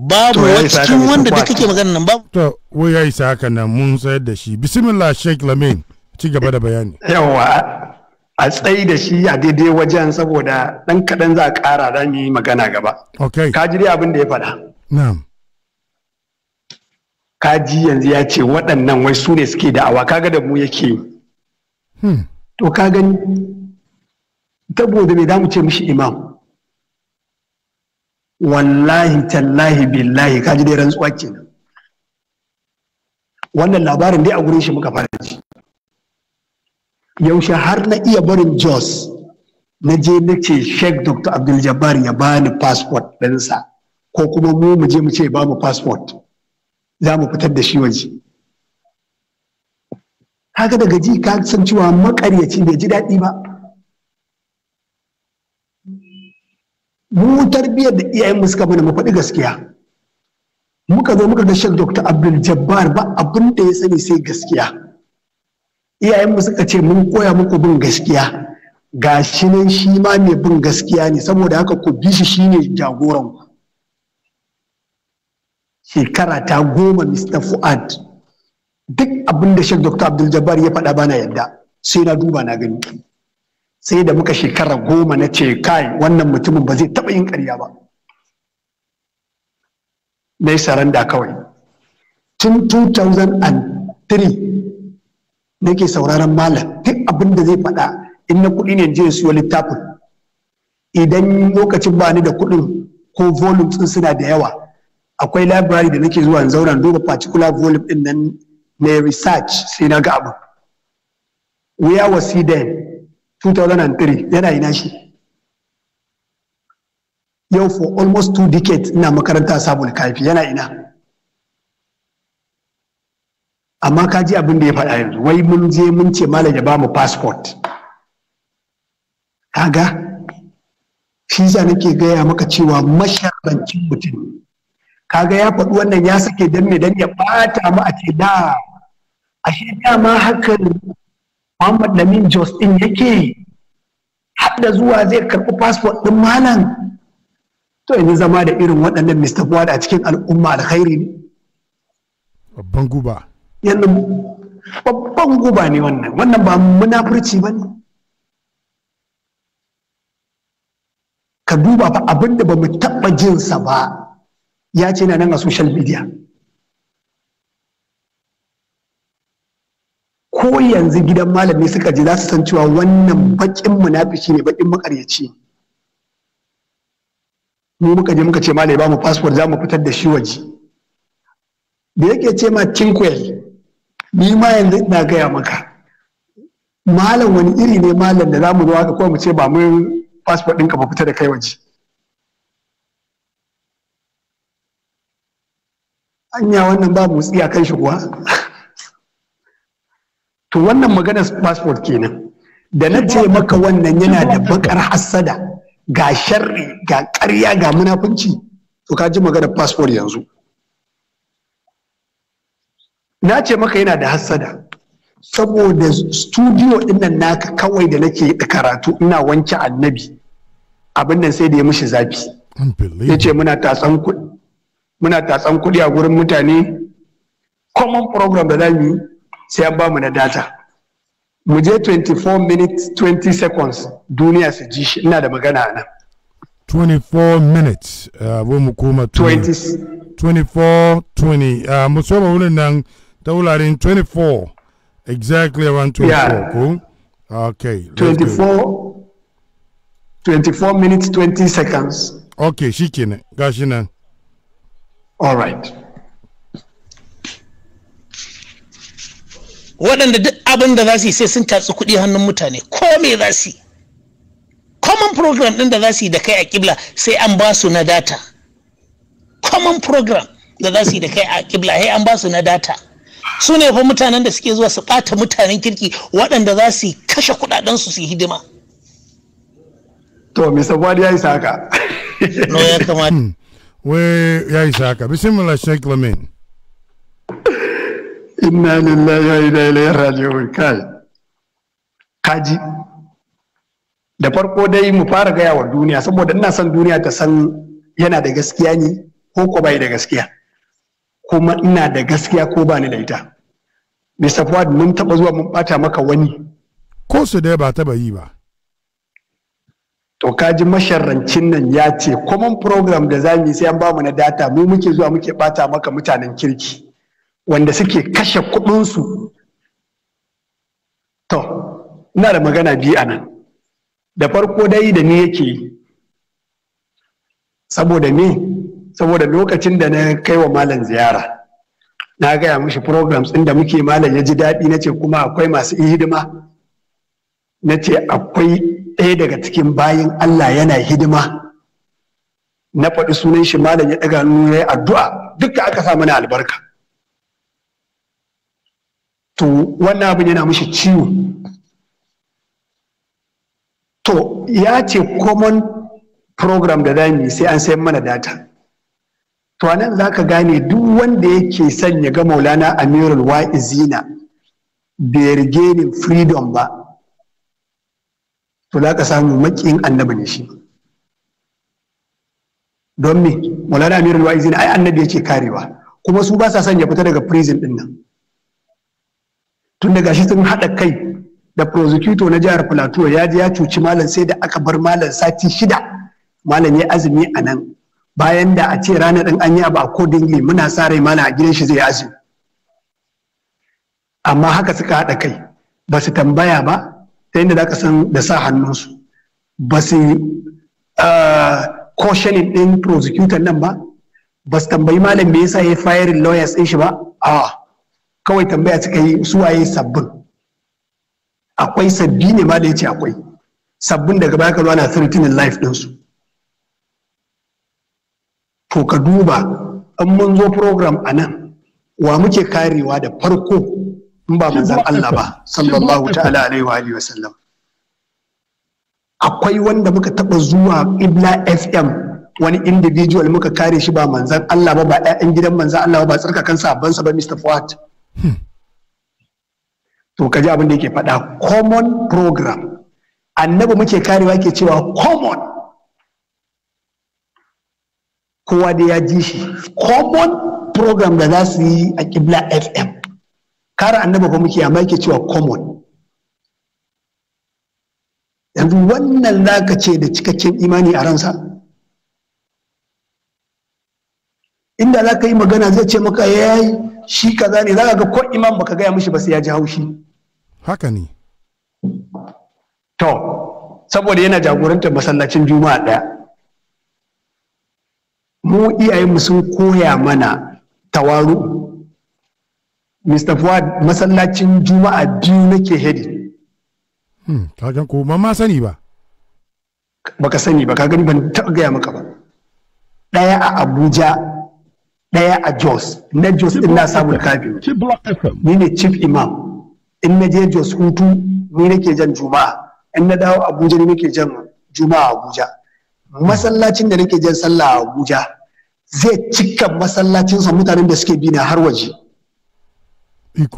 babu cikin wanda duka kake magana nan babu to wai ya isa haka nan mun sayar da shi bismillah sheikh lamin ci gaba da bayani yawa a tsayi da shi a daidai wajen saboda dan kadan za a kara da ni magana gaba okay ka ji abin da ya faɗa na'am ka ji yanzu ya ce waɗannan wai su ne suke da awa kaga da mu yake hmm. to ka gani saboda me za mu ce mishi imam wallahi tallahi billahi kaji dai rantsuwa nan. wannan labarin dai a gurin shi muka fara ji yaushe har na iya barin jos na je na ce sheik dr abdul ya bani passport ɗinsa ko kuma mu mu je mu ce ba mu passport za mu fitar da shi waje Haka daga ji ka san cewa makaryaci bai ji daɗi ba mu tarbiyyar da iyayen mu suka mana mu faɗi gaskiya muka zo muka ga shek Dr. Abdul Jabbar ba abin da ya sani sai gaskiya Iyayen mu suka ce mun koya muku bin gaskiya Ga shi nan shi ma mai bin gaskiya ne saboda haka ku bi shi shine jagoran ku shekara ta goma Mr. Fuad duk abin da Sheikh Dr. Abdul Jabbar ya faɗa bana yadda sai na duba na gani sai da muka shekara goma na ce kai wannan mutumin ba zai taɓa yin ƙarya ba na yi saranda kawai tun 2003 nake sauraron malam duk abin da zai faɗa in na kuɗi ne je siyo littafin idan lokacin ba ni da kuɗin ko volum ɗin suna da yawa akwai library da nake zuwa zauna duba particular volume ɗin nan na research sai na ga abu wuya wasi then 2003 yana ina shi yau for almost two decades ina makaranta sabon kafi yana ina amma ka ji abin da ya faɗa yanzu wai mun je mun ce malam ya ba mu passport kaga shi za nake gaya maka cewa masharbancin mutum kaga ya faɗi wannan ya sake dan me dan ya ɓata ma a ce da ashe dama hakan Muhammad Lamin Jos din yake da zuwa zai karɓi fasfot ɗin malam to yanzu zama da irin waɗannan Mr. Fuad a cikin al'umma alkhairi ne babban guba yanzu babban guba ne wannan wannan ba munafurci ba ne ka duba ba abinda ba mu taɓa jinsa ba ya ce na nan a social media ko yanzu gidan malami suka ji za su san cewa wannan bakin munafishi ne bakin makaryaci mu muka je muka ce malai ba mu passport za mu fitar da shi waje da yake ce ma tinkwel ni ma yanzu ina gaya maka malam wani iri ne malam da za mu zo haka ko mu ce ba mu passport ɗinka ba fita da kai waje anya wannan ba mu a kan shi kuwa to wannan maganar passport kenan da na ce maka wannan yana da bakar hassada ga sharri ga ƙarya ga munafunci to ka ji maganar passport yanzu na ce maka yana da hassada saboda studio dinnan naka kawai da nake karatu ina wanke annabi abin nan sai da ya mishi zafi ya ce muna tatsan kuɗi a gurin mutane common program da za mu yi sai an bamu na data mu je 24 minutes 20 seconds duniya su ji shi ina da magana nan 24 minutes abu uh, mu koma 24 20 uh, mu soma wurin nan ta wularin 24 exactly around 24 yeah. ko okay 24 24 minutes 20 seconds okay shikenan gashi nan all right waɗanda duk abin da za su yi sai sun tatsi kuɗi hannun mutane ko me za su yi common program ɗin da za su yi da kai a kibla sai an ba su na data common program da za su yi da kai a kibla sai an ba su na data su ne fa mutanen da suke zuwa su ɓata mutanen kirki waɗanda za su kashe kuɗaɗen su yi hidima to mr buhari ya yi saka no ya kamata hmm. we ya yi saka bismillah sheikh lamin inna lillahi wa inna ilaihi raji'un kai kaji da farko dai mu fara gaya wa duniya saboda ina son duniya ta san yana da gaskiya ne ko ko bai da gaskiya kuma ina da gaskiya ko ba ni da ita Me safuwa mun taba zuwa mun bata maka wani ko su dai ba taba yi ba to kaji masharrancin nan ya ce common program da za mu sai an ba mu na data mu muke zuwa muke bata maka mutanen kirki wanda suke kashe kuɗinsu to ina da magana biyu a nan da farko dai da ni yake yi saboda ni saboda lokacin da na kai wa malam ziyara na gaya mishi programs ɗin da muke malam ya ji daɗi na ce kuma akwai masu hidima na ce akwai ɗaya daga cikin bayan Allah yana hidima na faɗi sunan shi malam ya ɗaga nuna ya addu'a duka aka sa mana albarka to wannan abin yana mishi ciwo to ya ce common program da zamu sai an sayan mana data to anan za ka gane duk wanda yake son ya ga maulana amirul wa'izina bai ni freedom ba to za ka samu makin annabi ne shi don me maulana amirul wa'izina ai annabi yake karewa kuma su ba sa son ya fita daga prison din nan tun da gashi sun haɗa kai da prosecutor na jihar plateau ya ji ya cuci malam sai da aka bar malam sati shida malam ya azumi a nan bayan da a ce ranar ɗin an yi abu accordingly muna sa rai malam a gidan shi zai azumi amma haka suka haɗa kai ba su tambaya ba ta yadda za ka san da sa hannunsu ba su ah, cautioning ɗin prosecutor nan ba ba su tambayi malam me yasa ya firing lawyers ɗin shi ba a'a kawai tambaya suka yi su waye sabbin akwai sabbi ne ma da ya ce akwai sabbin daga baya ka zo ana threatening life ɗinsu to ka duba in mun zo program a nan wa muke karewa da farko in ba manzan Allah ba sallallahu ta'ala alaihi wa alihi wasallam akwai wanda muka taba zuwa ibla fm wani individual muka kare shi ba manzan Allah ba ba 'ya'yan gidan manzan Allah ba ba sabban sa ba Mr. Fuad. to kaji abin da yake faɗa common program annabi muke karewa ke cewa common kowa da ya ji shi common program da za su yi a kibla fm kare annabi ba muke amma yake cewa common yanzu wannan laka ce da cikakken imani a ransa inda za ka yi magana zai ce maka ya yi shi kaza ne ka ga ko imam baka gaya mishi ba sai ya ji haushi haka ne to saboda yana jagorantar masallacin juma'a ɗaya mu iyayenmu sun koya mana tawaru Mr. Fuad masallacin juma'a biyu nake hedi hmm, kagan ko ma ma sani ba baka sani ba ka gani ban taɓa gaya maka ba ɗaya a abuja ɗaya a Jos na Jos ɗin na samun kafi ni ne chief imam in na je Jos hutu ni nake jan juma'a in na dawo Abuja ni nake jan juma'a Abuja masallacin da nake jan sallah a Abuja zai cika masallacinsa mutanen da suke bina har waje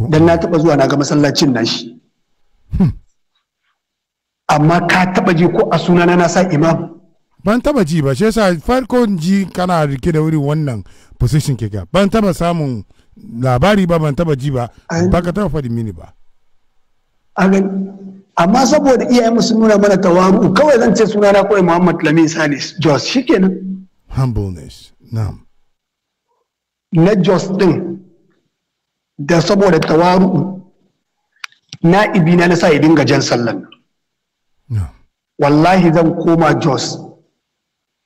dan na taɓa zuwa na ga masallacin na shi, hmm. amma ka taɓa je ko a sunana na sa imam ban taba ji ba shi yasa farko ji kana rike da wuri wannan position ke ga ban taba samun labari ba ban taba ji ba ba ka taba faɗi mini ba amma saboda iyayen sun nuna mana tawaru kawai zan ce sunana kawai muhammad lamin salis jos shikenan humbleness na jos din da saboda tawaru na ibina na sa ya dinga jan sallan wallahi zan koma jos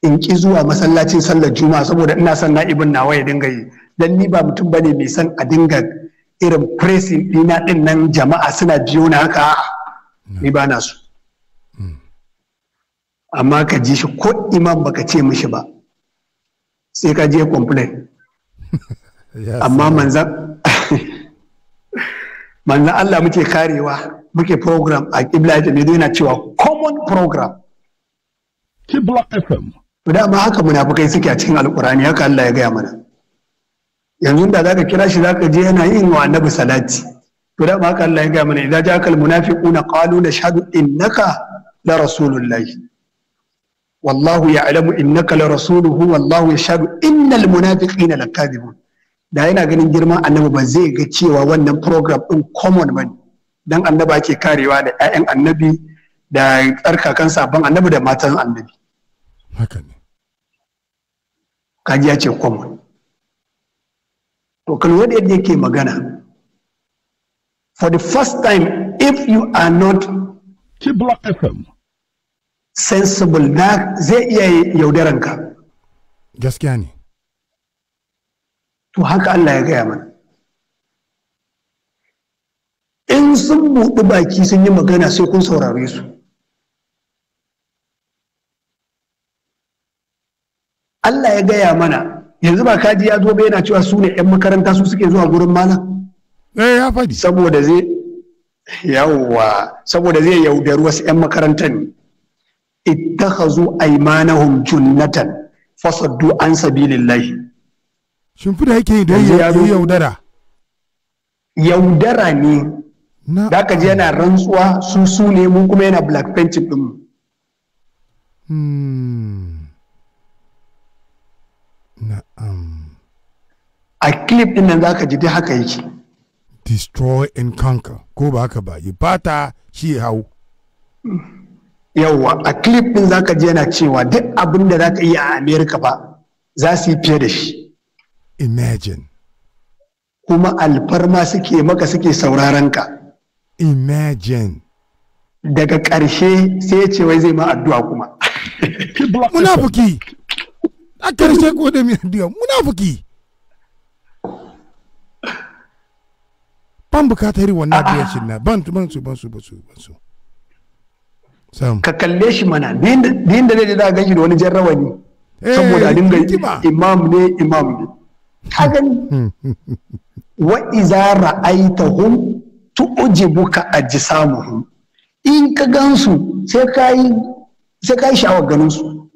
in ki zuwa masallacin sallar juma'a saboda ina son na'ibin nawa ya dinga yi dan ni ba mutum bane mai son a dinga irin pressing dina din nan jama'a suna biyo na haka ni ba na so amma ka ji shi ko imam baka ce mishi ba sai ka je complain amma manzan manzan Allah muke karewa muke program a Qibla FM yana cewa common program FM to da ma haka munafukai suke a cikin alkurani haka Allah ya gaya mana yanzu da za ka kira shi zaka je yana yin wa annabi salati to da ma haka Allah ya gaya mana idza ja'aka munafiquna qalu shahadu innaka la rasulullahi wallahu ya'lamu innaka la rasuluhu wallahu yashhadu innal munafiqina lakadibun da yana ganin girman annabi ba zai ga cewa wannan program din common bane dan annabi ake karewa da 'ya'yan annabi da tsarkakan sabon annabi da matan annabi haka ne kaji ya ce common to kan lura yadda yake magana for the first time if you are not sensible na zai iya yaudaranka gaskiya ne to haka Allah ya gaya mana in sun buɗi baki sun yi magana sai kun saurare su Allah ya gaya mana yanzu ba kaji ya zo ba yana cewa su ne 'yan makaranta su suke zuwa gurin malam eh ya faɗi saboda zai yawwa saboda zai yaudari wasu 'yan makarantar ne ittakhazu aymanahum junnatan fasaddu an sabilillahi da yake da yaudara yaudara ne da ka ji yana rantsuwa su su ne mun kuma yana black painting din mu hmm. a clip din nan zaka ji dai haka yake destroy and conquer ko ba haka ba yi fata shi hau yawwa a clip din zaka ji yana cewa duk abin da zaka yi a america ba za su yi fiye da shi imagine kuma alfarma suke maka suke sauraron ka imagine daga ƙarshe sai ya ce wai zai ma addu'a kuma munafuki a ƙarshe ko da mai addu'a munafuki ban bukatar wannan adireshin ah, ah. na ban ban su ban su ban su ban su ka kalle shi mana din da zai da gashi da wani jan rawani eh, saboda dinga imam ne imam ne ka gani wa iza ra'aitahum tu'jibuka ajsamuhum in ka gansu sai kai sai kai sha'awar ganin su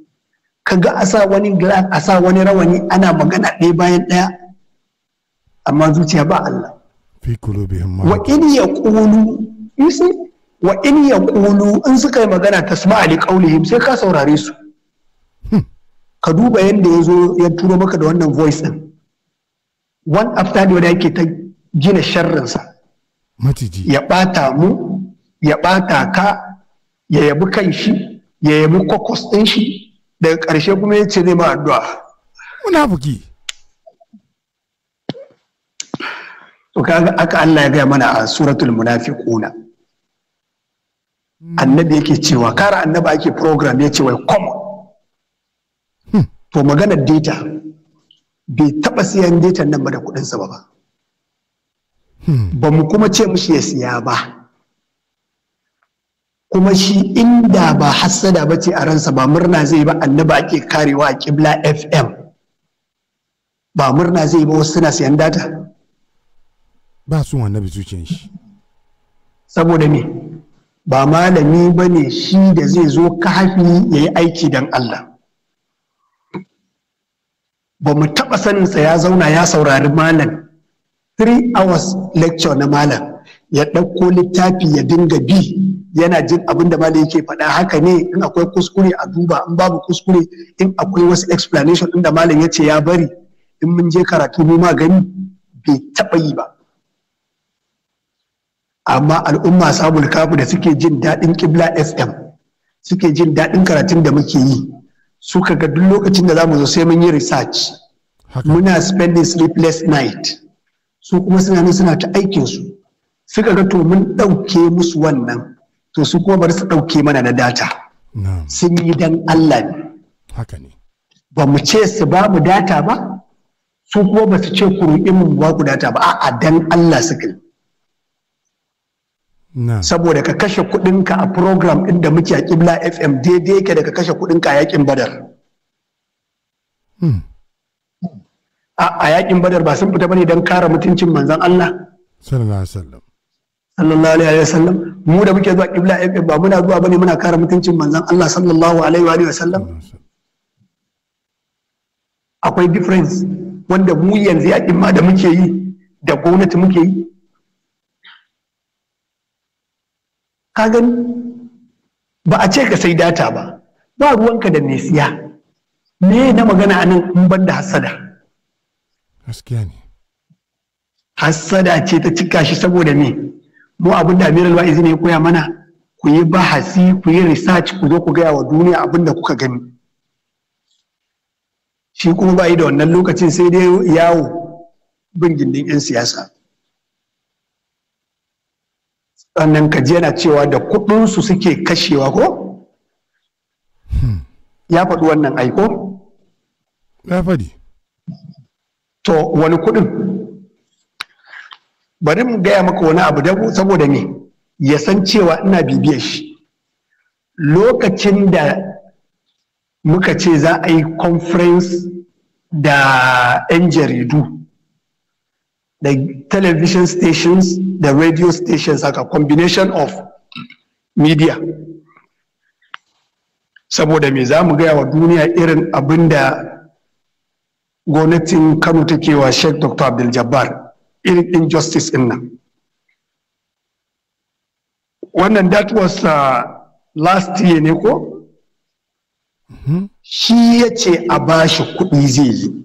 kaga a sa wani glass a sa wani rawani ana magana ɗaya bayan ɗaya amma zuciya ba Allah fi qulubihim wa in yaqulu yusi in suka yi magana tasma'a li qawlihim sai ka saurare su hmm. ka duba yadda ya zo ya turo maka da wannan voice din one after the other yake ta gina sharrinsa ya ɓata mu ya ɓata ka ya yabi kan shi ya yabi kwakwas ɗin shi daga ƙarshe kuma ya ce zai ma addu'a munafuki to kaga aka Allah ya gaya mana a suratul munafiquna hmm. annabi yake cewa kara annabi ake program ya ce wai common hmm. to magana data bai taba siyan data nan ba da kudin ba ba hmm. ba mu kuma ce mishi ya siya ba kuma shi inda ba hassada ba ce a ransa ba murna zai ba Annabi ake karewa a kibla fm ba murna zai ba wasu suna siyan data ba su annabi zuciyan shi saboda me ba malami ba ne shi da zai zo kafi ya yi aiki don Allah ba mu taɓa saninsa ya zauna ya saurari malam three hours lecture na malam ya ɗauko littafi ya dinga bi yana jin abin da malam yake faɗa haka ne in akwai kuskure a duba in babu kuskure in akwai wasu explanation ɗin da malam ya ce ya bari in mun je karatu mu ma gani bai taɓa yi ba amma al'umma sabul kafu da suke jin daɗin kibla fm suke jin daɗin karatun da muke yi suka ga duk lokacin da zamu zo sai mun yi research muna spending sleepless night su kuma suna nan suna ta aikin su suka ga to mun ɗauke musu wannan to su kuma bari su ɗauke mana na data sun yi dan Allah ne haka ne ba mu ce su ba mu data ba su kuma ba su ce ku roƙi mu ba ku data ba a'a dan Allah suka saboda ka kashe kuɗinka a program ɗin da muke a Kibla fm daidai yake da ka kashe kuɗinka a yakin badar hmm. a yakin badar ba sun fita bane don kare mutuncin manzon Allah sallallahu alaihi mu da muke zuwa kibla FM ba muna zuwa bane muna kare mutuncin manzon Allah sallallahu alaihi wa sallam akwai difference wanda mu yanzu yakin ma da muke yi da gwamnati muke yi ka gani ba a ce ka sai data ba ba ruwanka da nesiya me na magana a nan in ban da hassada gaskiya ne hassada ce ta cika shi saboda me mu abin da amiral wa'izi ne ya koya mana ku yi bahasi ku yi research ku zo ku gaya wa duniya abin da kuka gani shi kuma ba yi da wannan lokacin sai dai yawo bin gindin 'yan siyasa sannan ka ji yana cewa da kuɗinsu suke kashewa ko hmm. ya faɗi wannan aiko ya faɗi to wani kuɗin bari mu gaya maka wani abu dabu saboda me ya san cewa ina bibiyar shi lokacin da muka ce za a yi conference da 'yan jaridu da television stations da radio stations haka combination of media saboda me za mu gaya wa duniya irin abin da gwamnatin kano take wa sheikh dr abdul jabbar irin injustice in nan wannan that was uh, last year ne ko mm-hmm. shi ya ce a bashi kuɗi zai yi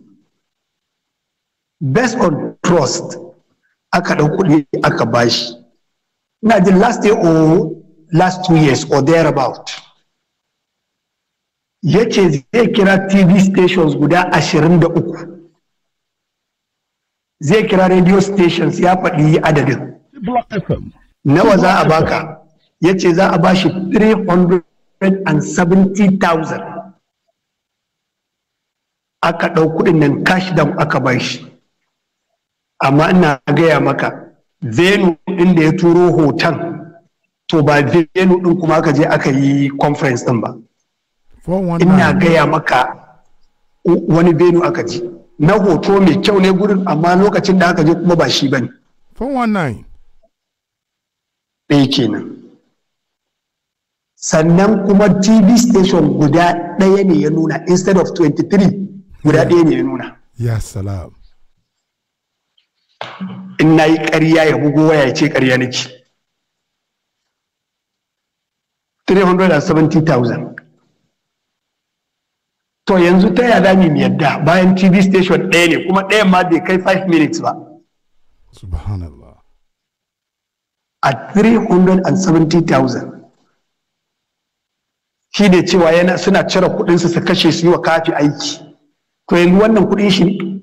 based on trust aka ɗau kuɗi aka bashi na the last day or last two years or thereabout ya ce zai kira tv stations guda ashirin da uku zai kira radio stations ya faɗi adadin nawa za a baka ya za a bashi 370,000 aka ɗau kuɗin nan cash down aka bashi amma ina gaya maka venu inda ya turo hoton to ba venu din kuma aka je aka yi conference din ba ina gaya maka wani venu aka ji na hoto mai kyau ne gurin amma lokacin da aka je kuma ba shi bane 419 ɗaya kenan sannan kuma tv station guda ɗaya ne ya nuna instead of 23 guda ɗaya ne ya nuna ya salam in na yi ƙarya ya bugo waya ya ce ƙarya nake 370,000 to yanzu ta yada mi yadda bayan tv station ɗaya ne kuma ɗayan ma bai kai 5 minutes ba subhanallah a 370,000 shi ne cewa yana suna cire kudinsu su kashe su yi wa kafi aiki to yanzu wannan kudin shi ne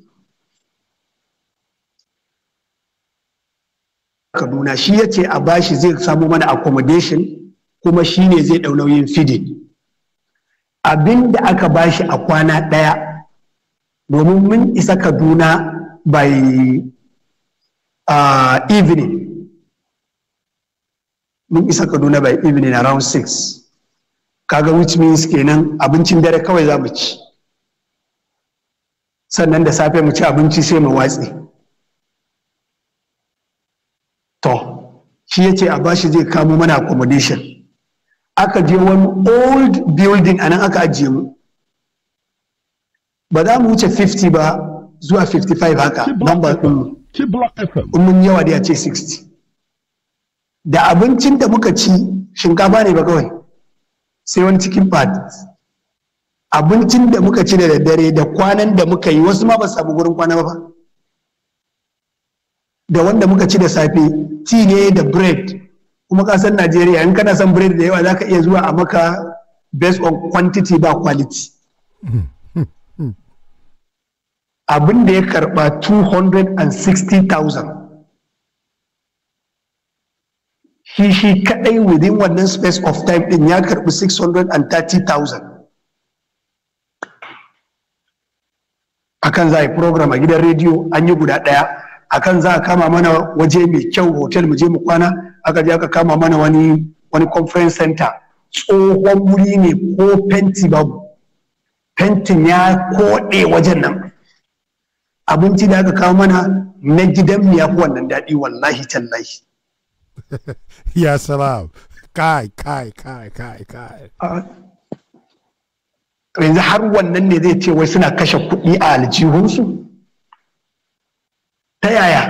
kaduna shi ya ce a bashi zai samu mana accommodation kuma shi ne zai ɗau nauyin feeding abin da aka bashi a kwana ɗaya domin mun isa kaduna by uh, evening mun isa kaduna by evening around 6 kaga which means kenan abincin dare kawai za mu ci sannan da safe mu ci abinci sai mu watse to shi ya ce a bashi zai kamo mana accommodation aka je wani old building a nan aka ajiye mu ba za mu wuce 50 ba zuwa 55 haka number ɗin mun yawa da ya ce 60 da abincin da muka ci shinkafa ne ba kawai sai wani cikin pad. abincin da muka ci da daddare da kwanan da muka yi wasu ma ba samu wurin kwana ba da wanda muka ci da safe ci ne da bread kuma kasar najeriya in kana son bread da yawa za ka iya zuwa a maka based on quantity ba quality abin da ya karba 260,000 shi shi kadai within wannan space of time din ya karbi 630,000 akan za a yi program a gidan rediyo an yi guda ɗaya. akan za a kama mana waje mai kyau hotel mu je mu kwana aka je aka kama mana wani wani conference center tsohon wuri ne ko fenti babu fentin ya koɗe wajen nan abinci da aka kama mana na gidan ya fi wannan daɗi wallahi tallahi ya salam kai kai kai kai kai yanzu har wannan ne zai ce wai suna kashe kuɗi a aljihunsu ta yaya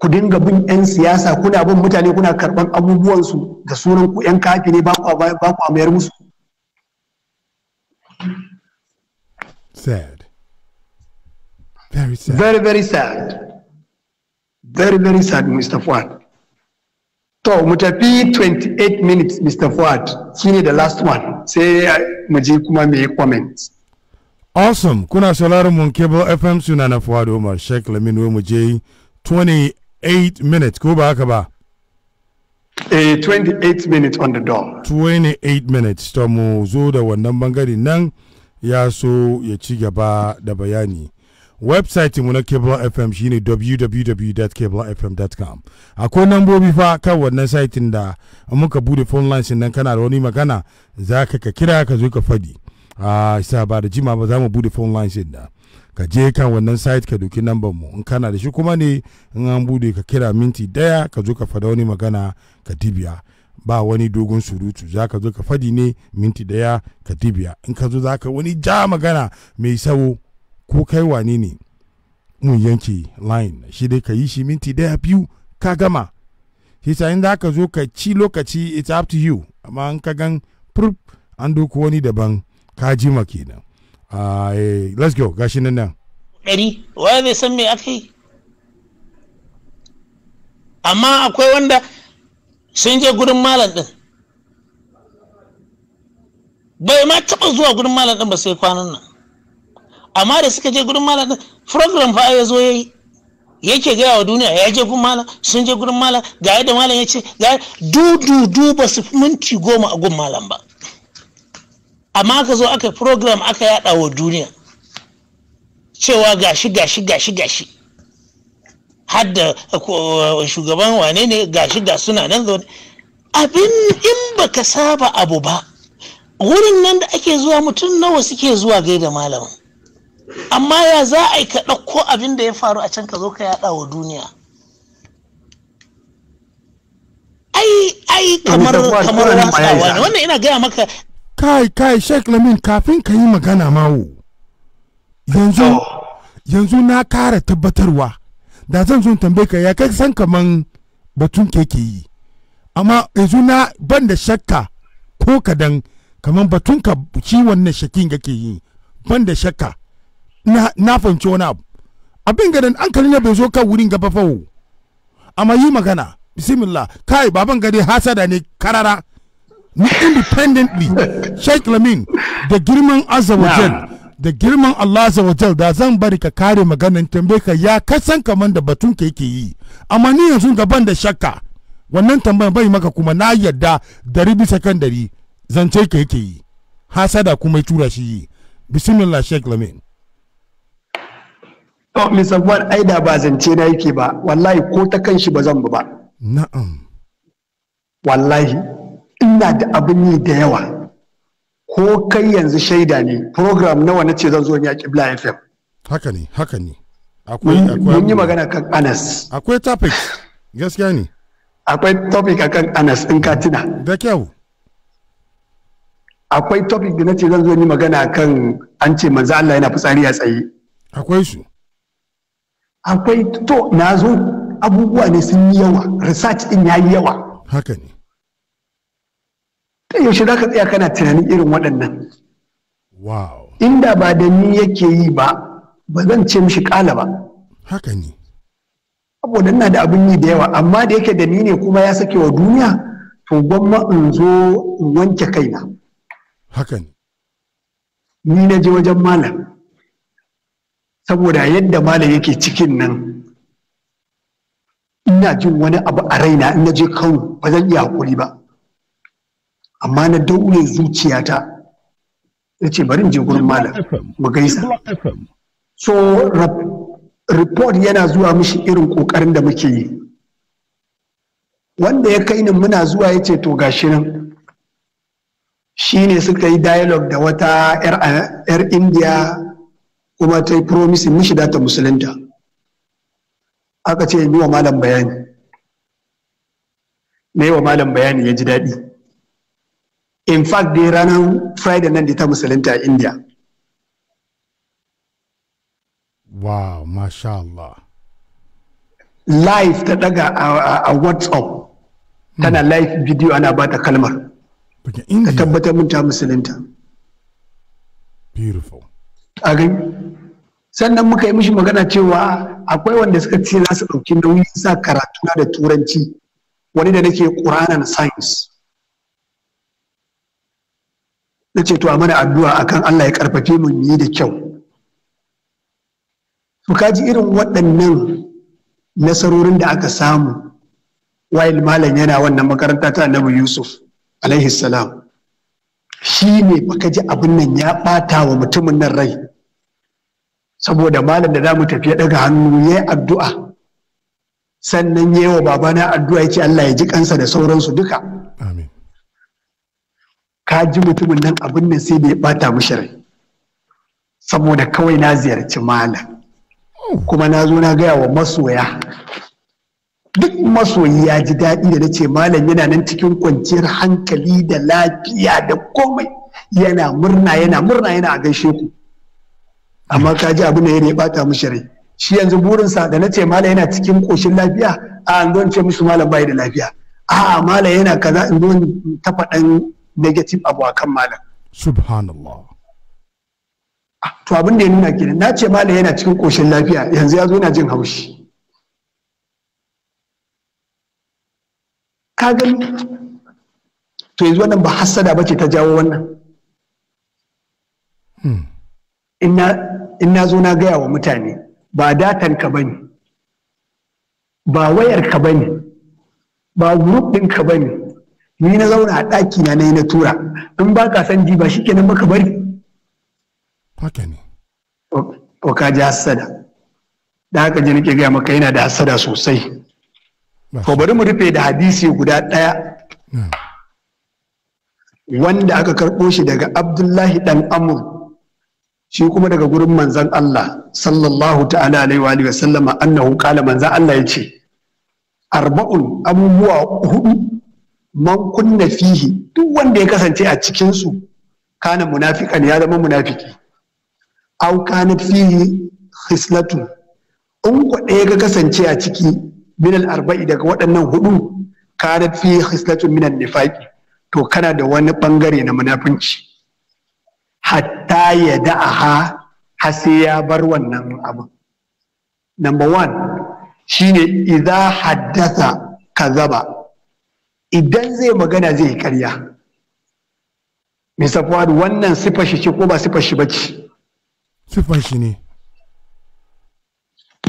ku dinga bin 'yan siyasa kuna bin mutane kuna karɓan abubuwansu da sunan ku 'yan kafi ne ba ku mayar musu sad very sad very very sad very very sad mr fuad to mu tafi 28 minutes mr fuad shine the last one sai mu je kuma mu yi comments Awesome, kuna sauraron mun Cable FM suna na Fuad Umar Sheikh Lamin mu je 28 minutes ko ba haka ba? Eh 28 minutes on the door. 28 minutes to mu zo da wannan bangare nan ya so ya ci gaba da bayani. website mu na Cable FM shine www.cablefm.com akwai nambobi fa kan wannan site da muka bude phone lines nan kana da wani magana za ka kira ka zo ka fadi a isa ba da jima ba za mu bude phone lines din da ka je kan wannan site ka duki number mu in kana da shi kuma ne in an bude ka kira minti daya ka zo ka fada wani magana ka dibiya ba wani dogon surutu za ka zo ka fadi ne minti daya ka dibiya in ka zo za ka wani ja magana mai sawo ko kai wani ne mun yanke line shi dai ka yi shi minti daya biyu ka gama shi sa in za ka zo ka ci lokaci it's up to you amma in ka gan an doku wani daban Ka kenan uh, ah, hey, eh, let's go gashi nan nan ɗari waye bai san me aka yi amma akwai wanda sun je gurin malam ɗin bai ma taɓa zuwa gurin malam ɗin ba sai kwanan nan amma da suka je gurin malam ɗin program fa ya zo ya yi yake gaya wa duniya ya je gurin malam sun je gurin malam ga yadda malam ya ce ga du du du ba su minti goma a gurin malam ba amma aka zo aka program aka yada wa duniya cewa gashi gashi gashi gashi har da uh, uh, shugaban wane ne gashi ga suna nan zo abin in baka saba abu ba wurin nan da ake zuwa mutum nawa suke zuwa gaida malamin amma ya za a yi ka ɗauko abin da ya faru a can ka zo ka yada wa duniya ai ai kamar kamar ne wannan ina gaya maka kai kai sheik lamin kafin ka yi magana mawo yanzu oh. yanzu na kara tabbatarwa da zan zo tambaye ka ya kai san kaman batun keke yi amma yanzu na ban da shakka ko kadan kaman batun ka ci wannan shakin ke yi ban da shakka na, na fahimci wani abu abin ga dan hankali na bai zo kan wurin gaba fawo amma yi magana bismillah kai baban gari hasada ne karara ni independently Sheikh Lamin da girman Azawajal da girman Allah Azawajal da zan bari ka kare maganan tambaye ka ya kasan kaman da batun ka yake yi amma ni yanzu gaban da shakka wannan tambayan bai maka kuma na yadda dari bisa kan dari zance ka yake yi hasada kuma ya tura shi yi bismillah Sheikh Lamin Oh, Mr. Fuad, aida ba zance na yake ba, wallahi ko ta kan shi ba zan ba. Na'am. Wallahi, ina da abin yi da yawa ko kai yanzu shaida ne program nawa na ce zan zo ni a kibla fm haka ne haka ne akwai akwai mun yi magana kan anas akwai topic gaskiya ne akwai topic kan anas in ka tuna da kyau akwai topic da na ce zan zo ni magana kan an ce manzo Allah yana fitsari a tsaye akwai su akwai to na zo abubuwa ne sun yi yawa research din yayi yawa haka ne yaushe za ka tsaya kana tunanin irin waɗannan inda ba da ni yake yi ba ba zan ce mishi kala ba haka ne saboda na da abin yi da yawa amma da yake da ni ne kuma ya sake wa duniya to gwamma in zo in wanke kaina haka ne ni na je wajen malam saboda yadda malam yake cikin nan ina jin wani abu a raina in na je kawo ba zan iya hakuri ba amma na daure zuciyata ya ce bari je gurin malam mu gaisa so report yana zuwa mishi irin kokarin da muke yi wanda ya kai ni muna zuwa ya ce to gashi nan shi ne suka yi dialogue da wata 'yar indiya kuma ta yi promising mishi data musulunta aka ce yi wa malam bayani na yi wa malam bayani ya ji daɗi in fact dai ranar friday nan da ta musulunta a india wow masha Allah live ta daga a whatsapp tana hmm. live video ana ba ta kalmar ka tabbatar mun ta musulunta beautiful a sannan muka yi mishi magana cewa akwai wanda suka ce za su ɗauki nauyin sa karatu na da turanci wani da nake ƙuranan science na ce to a mana addu'a akan Allah ya karfafe mu yi da kyau to kaji irin waɗannan nasarorin da aka samu wayil malam yana wannan makaranta ta annabi Yusuf alaihi salam shi ne baka ji abin nan ya ɓata wa mutumin nan rai saboda malam da zamu tafi ya daga hannu ya yi addu'a sannan yayi wa babana addu'a ya Allah ya ji kansa da sauransu duka ka ji mutumin nan abin nan sai da ya bata mishi rai saboda kawai na ziyarci malam kuma na zo na gaya wa masoya duk masoyi ya ji daɗi da na ce malam yana nan cikin kwanciyar hankali da lafiya da komai yana murna yana murna yana a gaishe ku amma ka ji abin da ya bata mishi rai shi yanzu burinsa da na ce malam yana cikin koshin lafiya a an zo ce musu malam bai da lafiya A'a malam yana kaza in zo ta faɗan negative abu kan malam subhanallah ah, to abin da ya nuna kenan na ce malam yana cikin koshin lafiya yanzu ya zo yana jin haushi ka gani to yanzu wannan ba hassada ba ce ta jawo wannan hmm. in na zo na gaya wa mutane ba datan ka bane ba wayar ka bane ba guruf ɗin ka bane ni na zauna a ɗaki na na yi na tura in ba ka san ji ba shi kenan baka bari haka ne o ka ji hassada da haka ji nake gaya maka yana da hassada sosai to bari mu rufe da hadisi guda ɗaya wanda aka karɓo shi daga abdullahi ɗan amur shi kuma daga gurin manzan Allah sallallahu ta'ala alaihi wa sallama annahu qala manzan Allah ya ce. arba'un abubuwa hudu man kunna fihi duk wanda ya kasance a cikinsu su kana munafiqan ya zama munafiki auka kana fihi khislatu in ku ɗaya ka kasance a ciki min al arba'i daga waɗannan hudu kana fihi khislatu min al to kana da wani ɓangare na munafinci hatta ya da'aha ha sai ya bar wannan abu number one shine idza haddasa kazaba idan zai magana zai yi karya Mr. Fuad wannan sifar shi ce ko ba sifar shi bace sifar shi ne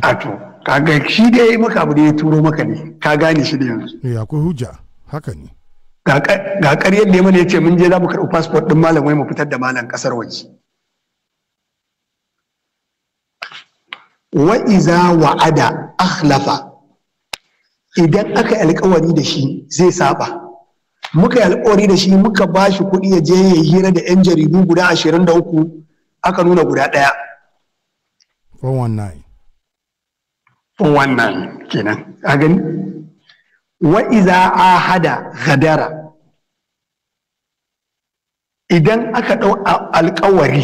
a to kaga shi da ya yi maka abu da ya turo maka ne ka gane shi da yanzu Ya eh, akwai hujja haka ne ga karyar da ya mana ya ce mun je za mu karɓi fasfot ɗin malam wai mu fitar da malam ƙasar waje wa iza wa'ada akhlafa idan aka yi alkawari da shi zai saba muka yi alkawari da shi muka ba shi kuɗi ya je ya hira da 'yan jaridu guda ashirin da uku aka nuna guda ɗaya 419 419 kenan a gani wa iza ahada gadara idan aka ɗau alkawari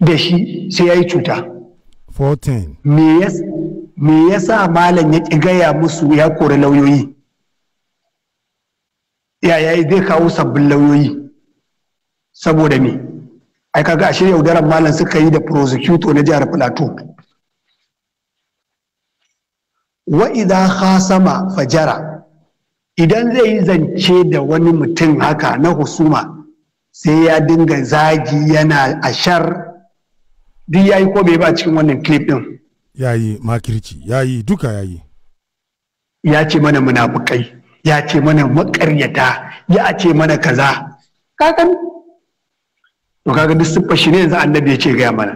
da shi sai ya yi cuta 14 me yasa me yasa malam ya ki gaya musu ya kori lauyoyi yaya zai kawo sabbin lauyoyi saboda me ai kaga ashe yaudaran malam suka yi da prosecutor na jihar plateau wa idza khasama fajara idan zai yi zance da wani mutum haka na husuma sai ya dinga zagi yana ashar duk yayi ko bai ba cikin wannan clip din ya yi makirci ya yi duka ya yi ya ce mana munafukai ya ce mana makaryata ya ce mana kaza kakan to kaga duk siffar shi ne yanzu annabi ya ce gaya mana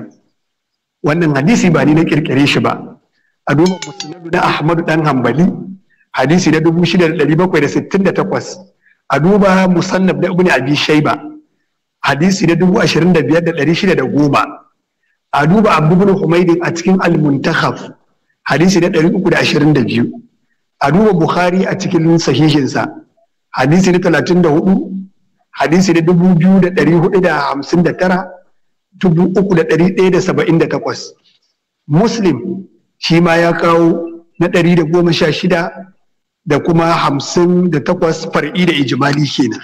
wannan hadisi ba ni na kirkire shi ba a duba musnadu na ahmadu dan hambali hadisi na 6768 a duba musannaf da ibn abi shayba hadisi na 25610 a duba abubuwan bin humaidin a cikin al-muntakhaf hadisi na 322 a duba bukhari a cikin sahihinsa hadisi na 34 hadisi na 2459 3178 muslim shi ma ya kawo na 116 da kuma 58 far'i da ijimali kenan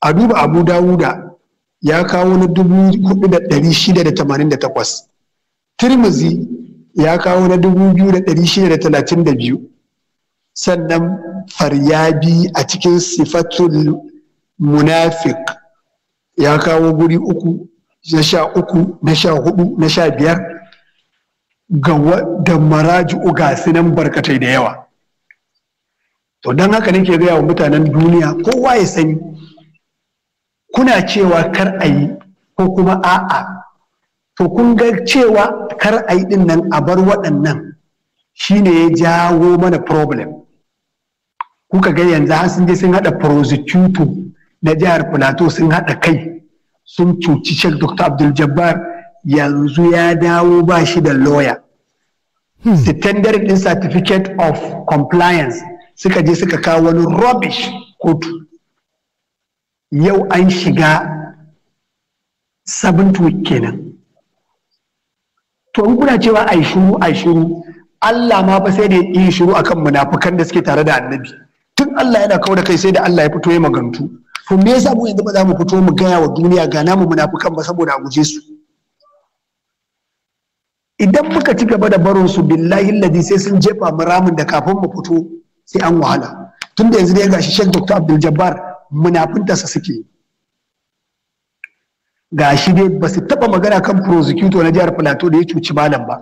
a duba abu dawuda ya kawo na dubu hudu da ɗari shida da tamanin da takwas tirmizi ya kawo na dubu biyu da ɗari shida da talatin da biyu sannan faryabi a cikin sifatul munafik ya kawo guri uku na sha uku na sha hudu na sha biyar ga da Maraji Uga sinan barkatai da yawa to don haka nake gaya wa mutanen duniya kowa ya sani kuna cewa kar a yi ko kuma a'a to kun ga cewa kar a yi din nan a bar waɗannan shine ya jawo mana problem kuka ga yanzu har sun je sun haɗa prosecutor na jihar plateau sun haɗa kai sun cuci shek Dr. Abdul Jabbar yanzu ya dawo ba shi da lawyer. The hmm. tendering din certificate of compliance suka je suka kawo wani rubbish kotu. yau an shiga sabon week kenan to in kuna cewa ai shuru ai shuru Allah ma fa sai da yi shuru akan munafukan da suke tare da annabi tun Allah yana kawo da kai sai da Allah ya fito ya magantu to me yasa mu yanzu ba za mu fito mu gaya wa duniya ga namu munafukan ba saboda a guje su idan muka ci gaba da barin su billahi ladi sai sun jefa mu ramin da kafin mu fito sai an wahala tunda yanzu da ya gashi Sheikh Dr. Abdul Jabbar munafuntarsa suke ga shi dai ba su taɓa magana kan prosecutor na jihar Filato da ya cuci malam ba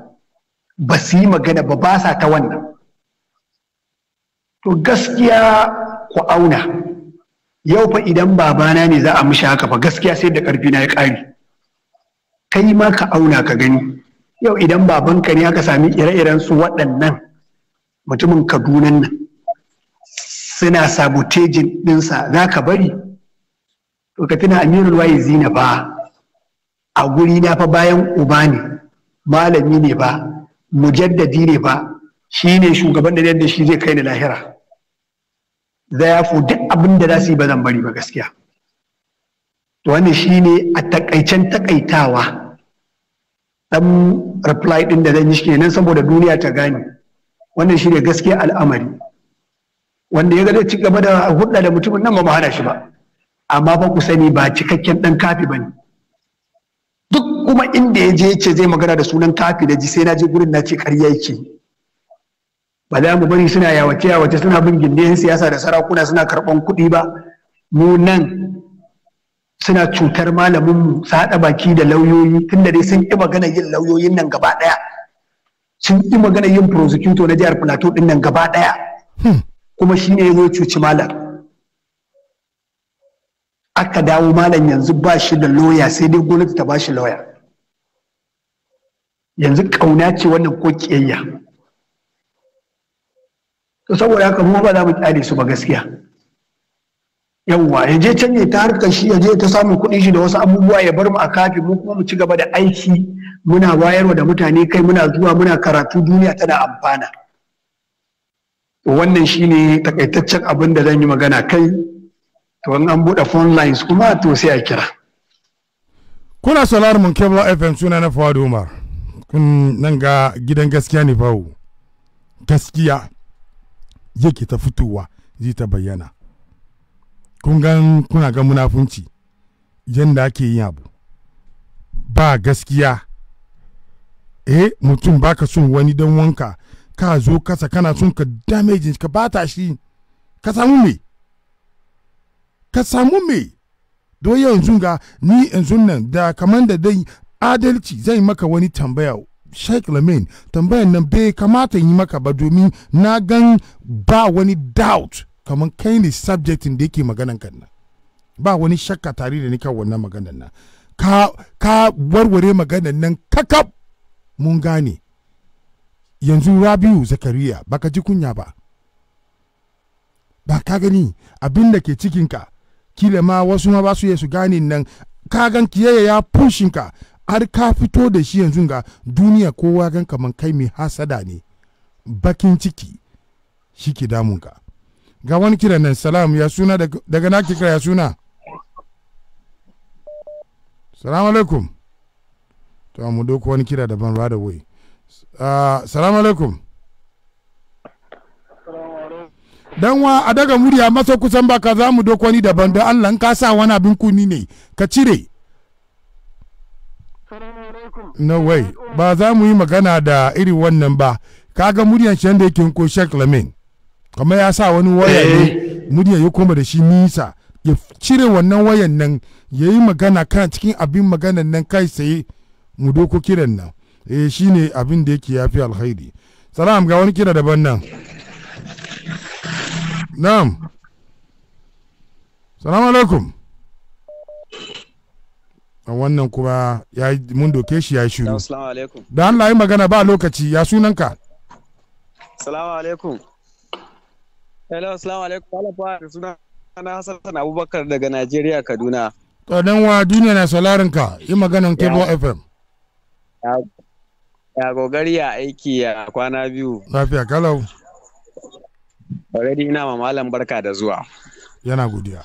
ba su yi magana ba ba sa ta wannan to gaskiya ku auna yau fa idan babana ne za a mishi haka fa gaskiya sai da ƙarfi na ya ƙare kai ma ka auna ka gani yau idan babanka ne aka sami ire-iren su waɗannan mutumin kadunan nan suna sabotejin ɗinsa za ka bari to ka tuna amirul waye zina ba a guri na fa bayan uba ne malami ne ba mujaddadi ne ba shi ne shugaban da yadda shi zai kai ni lahira za ya fi duk abin da za su yi ba zan bari ba gaskiya to wannan shi ne a takaicen takaitawa dan reply din da zan yi shi nan saboda duniya ta gane wannan shi ne gaskiya al'amari wanda ya ga ci gaba da hudda da mutumin nan ba mu hana shi ba amma ba ku sani ba cikakken dan kafi ba ne duk kuma inda ya je ce zai magana da sunan kafi da ji sai na je gurin na ce ƙarya yake ba za mu bari suna yawace yawace suna bin gindin siyasa da sarakuna suna karban kuɗi ba mu nan suna cutar malaminmu su haɗa baki da lauyoyi tunda dai sun ƙi magana yin lauyoyin nan gaba ɗaya sun ƙi magana yin prosecutor na jihar plateau ɗin nan gaba ɗaya hmm. kuma shi ne ya zo cuci malam aka dawo malam yanzu ba shi da loya sai dai gwamnati ta ba shi loya yanzu kauna ce wannan ko kiyayya. saboda haka mu ba za mu kyale su ba gaskiya yawwa ya je canje ta harkar shi ya je ta samu kuɗin shi da wasu abubuwa ya bar mu a kafi mu kuma mu ci gaba da aiki muna wayarwa da mutane kai muna zuwa muna karatu duniya tana amfana. wannan shine takaitaccen abin da zan yi magana kai to an buɗe phone lines kuma to sai a kira kuna sauraron mun kebla fm suna na fawad umar kun nan ga gidan gaskiya ne fawo gaskiya yake ta fitowa zai ta bayyana kun gan kuna ga munafunci yadda ake yin abu ba gaskiya eh mutum baka son wani dan wanka ka zo kasa kana son ka damage ka bata shi ka samu me ka samu me do yanzu ga ni yanzu nan da kamar da dai adalci zai maka wani tambaya Sheikh Lamin tambayan nan bai kamata yi maka ba domin na gan ba wani doubt kamar kai ne subjectin da yake maganan kan nan ba wani shakka tare da ni kan wannan maganan nan ka warware maganan nan kakab mun gane yanzu rabiu zakariya baka ji kunya ba ba ka gani abin da ke cikinka kila ma wasu ma ba su su gane nan ka gan kiyaye ya fushinka har ka fito da shi yanzu ga duniya kowa gan kaman kai mai hasada ne bakin ciki shi ke damunka ga wani kiran nan salam ya suna daga naki kira ya suna salamu alaikum to mu doko wani kira daban right away Ah, salamu alaikum dan wa a daga murya masa kusan ba ka za mu doko ni daban don allah ka sa wani abin kuni ne ka cire no way ba za mu yi magana da irin wannan ba kaga muryan shi yadda yake ko shek lamin kuma ya sa wani waya ne eh. murya ya koma da shi nisa ya cire wannan wayan nan ya yi magana kan cikin abin maganan nan kai sai mu doko kiran nan eh shine abin da yake yafi alkhairi salam ga wani kira daban nan na'am salam alaikum wannan kuma ya mun doke shi ya shiru da Allah yi magana ba lokaci ya sunanka salamu alaikum hello salamu alaikum ala fa da suna na Hassan Abubakar daga Najeriya Kaduna to dan wa duniya na solarin ka yi maganan kebo FM Ya gogari ya aiki ya kwana biyu. Lafiya kalau. Already ina ma malam barka da zuwa. Yana godiya.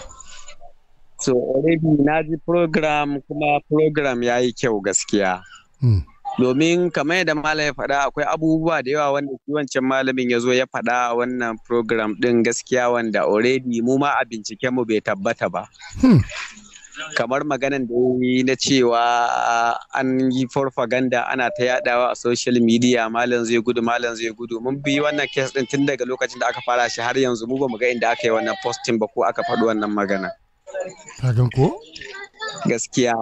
So already na ji program kuma program ya yi kyau gaskiya. Hmm. Domin kamar yadda malam ya faɗa akwai abubuwa da yawa wanda shi wancan malamin ya zo ya faɗa wannan program ɗin gaskiya wanda already mu ma a bincike mu bai tabbata ba. Hmm. kamar maganan da yi na cewa ah, an yi farfaganda ana ta yadawa a social media malam zai gudu malam zai gudu mun bi wannan kes din tun daga lokacin da aka fara shi har yanzu mu ba mu ga inda aka yi wannan posting ba ko aka faɗi wannan magana kagan ko gaskiya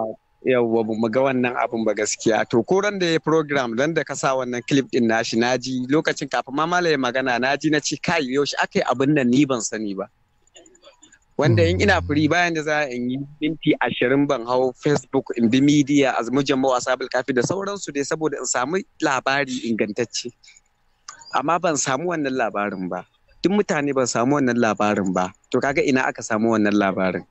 yawwa mu ga wannan abun ba gaskiya to ko ran da ya program dan da ka sa wannan clip din nashi naji lokacin kafin ma malaya magana naji na ce kai yaushe aka yi abin nan ni ban sani ba wanda hmm. in ina firi bayan da za a yi minti ashirin ban hau facebook in bi media a mujamma asabul kafi da sauransu dai saboda in samu labari ingantacce amma ban samu wannan labarin ba duk mutane ban samu wannan labarin ba to kaga ina aka samu wannan labarin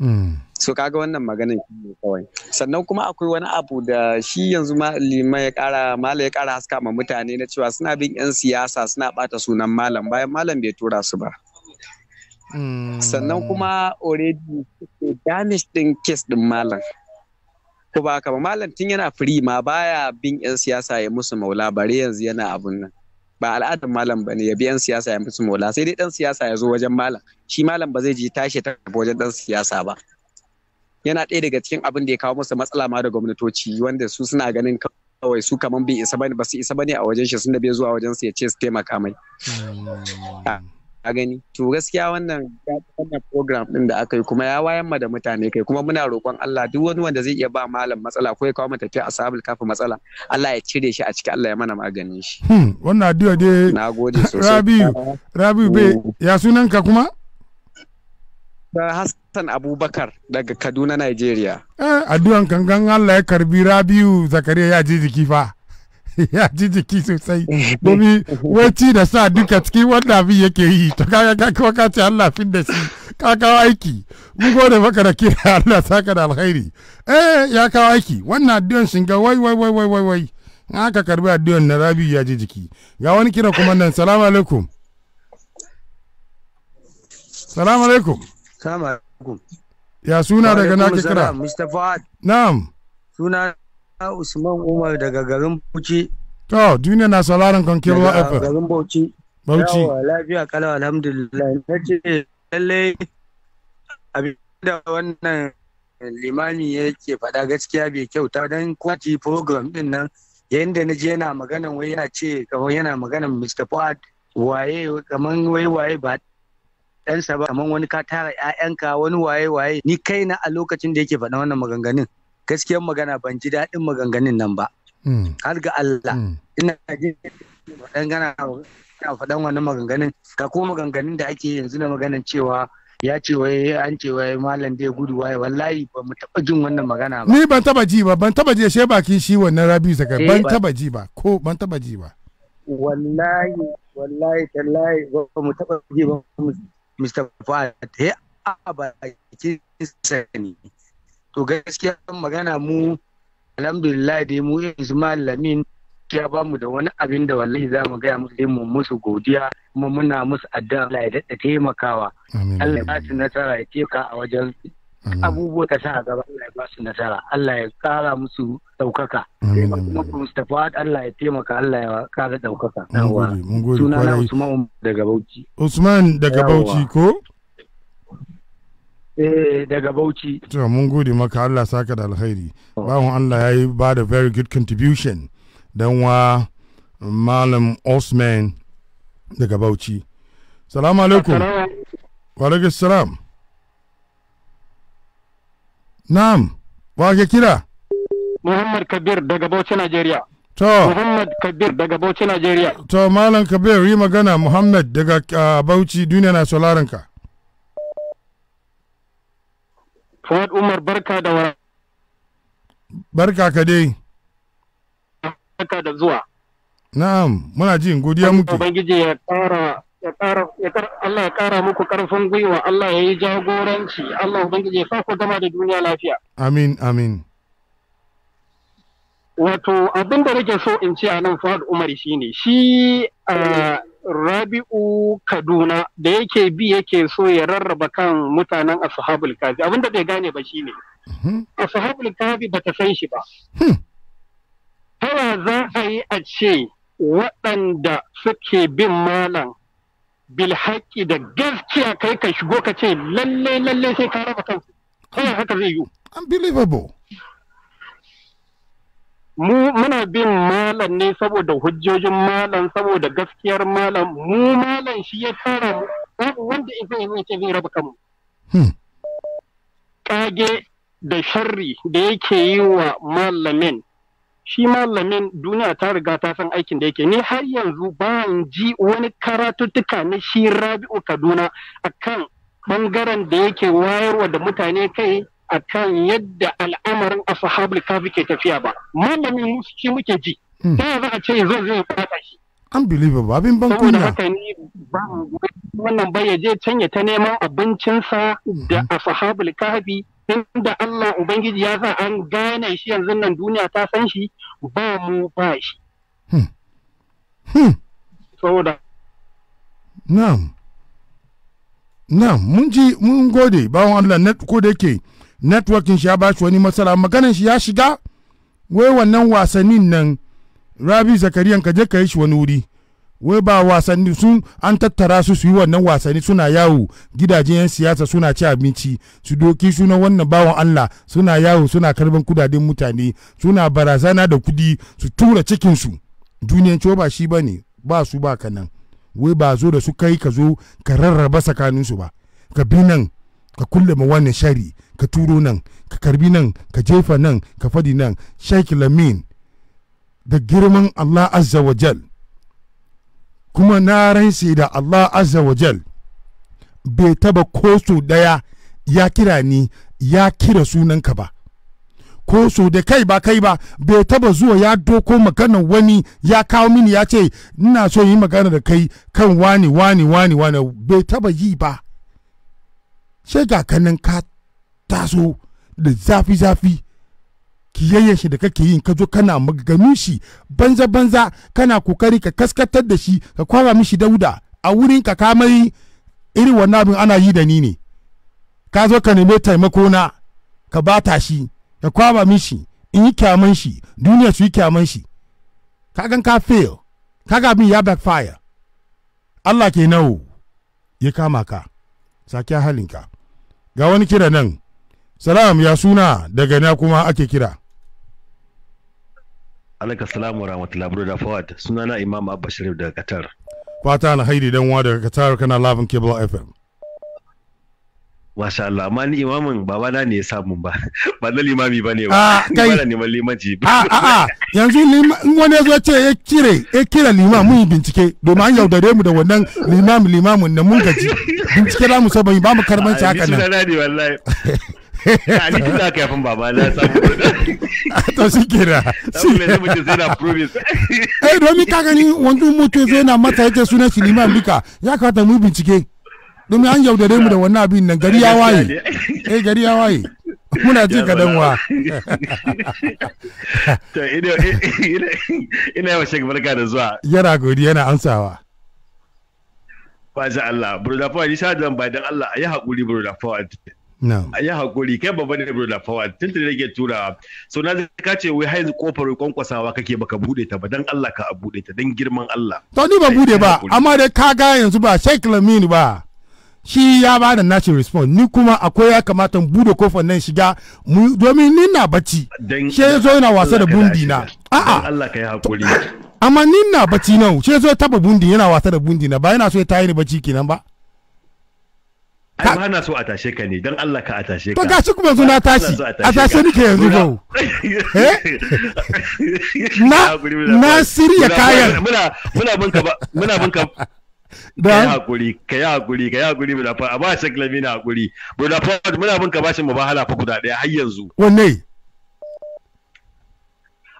hmm. so kaga wannan maganin kawai sannan kuma akwai wani abu da shi yanzu lima ya kara mala ya kara haska ma mutane na cewa suna bin yan siyasa suna bata sunan malam bayan malam bai tura su ba sannan kuma already damage din kes din malam ko ba haka ba malam tun yana free ma baya bin yan siyasa ya musu maula bare yanzu yana abun nan ba al'adar malam bane ya bi yan siyasa ya musu maula sai dai dan siyasa ya zo wajen malam shi malam ba zai ji tashi ta wajen dan siyasa ba yana ɗaya daga cikin abin da ya kawo musu matsala ma da gwamnatoci wanda su suna ganin kawai su kaman bai isa bane ba su isa bane a wajen shi sun da bai zuwa wajen su ya ce su taimaka mai mm. ah. a gani to gaskiya wannan wannan program din da aka yi kuma ya wayan ma da mutane kai kuma muna roƙon Allah duk wani wanda zai iya ba malam matsala ko ya kawo mata tafiya asabul kafi matsala Allah ya cire shi a ciki Allah ya mana maganin shi hmm wannan addu'a dai nagode sosai Rabiu Rabiu be ya sunan ka kuma Hassan Abubakar daga Kaduna Nigeria eh addu'an kangan Allah ya karbi Rabiu Zakariya ya je jiki fa ya ji jiki sosai domin wai da sa duka cikin wanda abin yake yi to kaga ka kuma ce Allah fin da shi ka kawo aiki mun gode maka da kira Allah saka da alkhairi eh ya kawo aiki wannan addu'an shin ga wai wai wai wai wai wai aka karbi addu'an na Rabi ya ji jiki ga wani kira kuma nan salamu alaikum salamu alaikum salamu alaikum ya suna daga nake kira Mustapha na'am suna Usman Umar daga garin Bauchi. To, duniya na sauraron kan Kirwa efe? Garin Bauchi. Bauchi. Yawa, lafiya kalau alhamdulillah. Na ce abin da wannan limami yake faɗa gaskiya bai kyauta don kwati program din nan yayin da na je yana maganan wai yana ce kamar yana maganan Mr. Fuad waye kamar wai waye ba ɗansa ba kamar wani ka tara 'ya'yanka wani waye waye ni kaina a lokacin da yake faɗa wannan maganganun gaskiyar magana ban ji daɗin maganganun nan ba hmm. har ga Allah hmm. ina jin gana faɗan wani maganganun ka ko maganganun da ake yanzu na maganan cewa ya ce wai an ce wai malam dai gudu waye wallahi ba mu taba jin wannan magana ba ni ban taba ji ba ban taba ji sai bakin shi wannan Rabi'u Zakar eh, ban taba ji ba ko ban taba ji ba wallahi wallahi tallahi ba mu taba ji ba Mr. Fahad, he a bakin sani to gaskiya magana mu alhamdulillah dai mu ismail lamin ya ba mu da wani abin da wallahi za mu gaya musu mu musu godiya kuma muna musu addu'a Allah ya daɗa taimakawa Allah ya su nasara ya taimaka a wajen abubuwa ka sa a gaba Allah ya ba su nasara Allah ya kara musu ɗaukaka kuma Mustapha Allah ya taimaka Allah ya kara ɗaukaka sunana Usman daga Bauchi Usman daga Bauchi ko Eh, daga Bauchi to mun gode maka Allah saka da alkhairi bawon Allah yayi ba da very good contribution dan wa malam Osman daga Bauchi salamu alaikum wa alaikum salam na'am wa ke kira Muhammad Kabir daga Bauchi nigeria. To. Muhammad Kabir daga Bauchi, nigeria. To, Malam Kabir, yi magana Muhammad daga ah, Bauchi, duniya na sauraron ka. Fuad Umar barka da wa. Barka ka dai. Barka da zuwa. Na'am, muna jin godiya muke. Ubangiji ya ƙara ya ƙara ya ƙara Allah ya ƙara muku ƙarfin gwiwa, Allah ya yi jagoranci, Allah Ubangiji ya sa ku gama da duniya lafiya. Amin, amin. Wato abin da nake so in ce a nan Fuad Umar shine shi a ah, rabi'u kaduna da yake bi yake so ya rarraba kan mutanen ashabul abin da bai gane ba shine mhm. ashabul ba ta san shi ba hmm. tawa za a yi a ce waɗanda suke bin malam bilhaki da gaskiya kai ka shigo ka ce lalle lalle sai ka raba kansu kawai haka zai yi unbelievable mu muna bin malam ne saboda hujjojin malam saboda gaskiyar malam mu malam shi ya fara mu babu wanda yanzu ya ce zai raba kanmu hmm. kage da sharri da yake yi wa malamin shi malamin duniya ta riga ta san aikin da yake ni har yanzu in ji wani karatuttuka na shi rabi'u kaduna akan bangaren da yake wayarwa da mutane kai a kan yadda al'amarin ashabul kafi ke tafiya ba malamin shi muke ji hmm. ta yanzu a ce zai zai fata shi unbelievable abin ban kunya haka ni wannan bai je ya ta neman abincinsa da hmm. ashabul kafi inda Allah ubangiji ya sa an gane shi yanzu nan duniya ta san shi ba mu ba shi hmm. saboda na'am na'am mun ji mun gode bawon Allah na ko da yake networking shi ya ba shi wani matsala maganin shi ya shiga wai wannan wasannin nan rabi zakariyan ka je ka yi shi wani wuri wai ba wasanni sun an tattara su su yi wannan wasanni suna yawo gidajen 'yan siyasa suna ci abinci su doki sunan wannan bawan allah suna yawo suna karban kudaden mutane suna barazana da kudi su tura cikinsu duniyan ba shi ba ne ba su ba ka nan wai ba zo da su kai ka zo ka rarraba tsakaninsu ba ka bi nan ka kulle ma wannan shari ka turo nan ka karbi nan ka jefa nan ka fadi nan sheikh lamin da girman allah azza wa jal kuma na ransi da allah azza wa jal bai taba ko so daya ya kira ni ya kira sunanka ba ko so da kai ba kai ba bai taba zuwa ya doko magana wani ya kawo mini ya ce ina so yi magana da kai kan wani wani wani wani bai taba yi ba sai ga kanan ka taso da zafi-zafi kiyayyen shi da kake yi ka zo kana maganin shi banza-banza kana kokari ka kaskatar da shi ka kwara mishi dauda a wurin ka kamai irin wannan abin ana yi da ni ne ka zo ka neme taimako na ka bata shi ka kwara mishi in yi kyaman shi duniya su yi kyaman shi ka gan ka fail ka ga abin ya backfire Allah ke nawo ya kama ka sake halinka ga wani kira nan salam ya suna daga na kuma ake kira alaka salamu rahmatullahi bro da fawad na imam abba sharif daga qatar fata na haidi dan wa daga qatar kana lavin cable fm Masha Allah, amma ni imamin babana ne ya samu ba, ba na limami ba ne ba, ah, ni ba na neman ba A a yanzu wani ya zo ce ya kire, ya kira limam mun yi bincike, domin an yaudare mu da wannan limam limamin na mun gaji, bincike za mu so ba mu karbanci haka nan. Ni ne wallahi. ni tun da kafin baba na samu to shi kira shi ne mutum zai na promise eh domin ka gani wani mutum zai na mata yake sunan shi liman duka ya kamata mu bincike domin an yaudare mu da wannan abin nan gari ya waye eh gari ya waye muna ji kadan wa to ina ina yawa shek barka da zuwa yana godi yana ansawa ba Allah bro da fawad isa zan ba dan Allah ya haƙuri bro fawad a yi hakuri kai babba ne bro da fawa tun da ke tura so na ka ce wai haizu kofar kwankwasawa kake baka bude ta ba dan Allah ka bude ta dan girman Allah to ni ba bude ba amma dai ka ga yanzu ba Sheikh Lamini ba shi ya ba da nashi response ni kuma akwai ya kamata bude kofar nan shiga domin ni na bacci shi ya zo yana wasa da bundi na a'a Allah ka yi hakuri amma ni na bacci nan shi ya zo taba bundi yana wasa da bundi na ba yana so ya tayi ni bacci kenan ba ai ba na so a tashe ka ne don Allah ka a tashe ka to gashi kuma yanzu na tashi a tashe nike yanzu ba eh? na na sirya kayan muna muna binka muna binka da ya hakuri ka ya hakuri ka ya hakuri muna fa a ba shi kalmi na hakuri muna fa muna binka bashin mubahala fa guda ɗaya, har yanzu wanne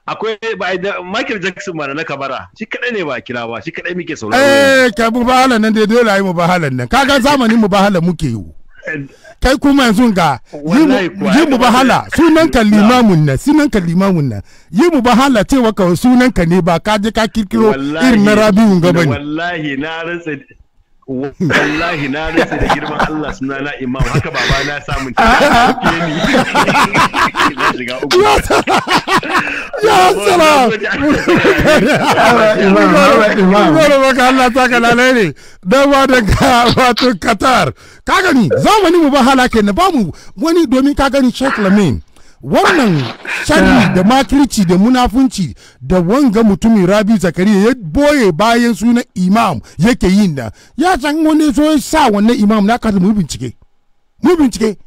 akwai ba da Michael Jackson mana na kabara shi kadai ne ba kira ba shi kadai muke sauraro eh kai mu ba halan nan dai dole ayi mu ba halan nan kaga zamanin mu ba halan muke yi kai kuma yanzu ga yi mu ba hala sunan ka limamun nan sunan ka limamun nan yi mu ba hala cewa ka sunan ka ne ba ka je ka kirkiro irin na rabi'un gaba ne wallahi na rantsa wallahi na rantsa da girman Allah suna na imam haka baba na samun ke ni ya salam imam Allah ta ka ne dan da wato Qatar ka gani zamani mu ba halake ne ba mu wani domin ka gani Sheikh Lamin wannan shari da makirci da munafunci da wanga mutumin rabi zakari ya boye bayan sunan imam yake yin da ya san wani so sa wannan imam na kasa mu bincike mu bincike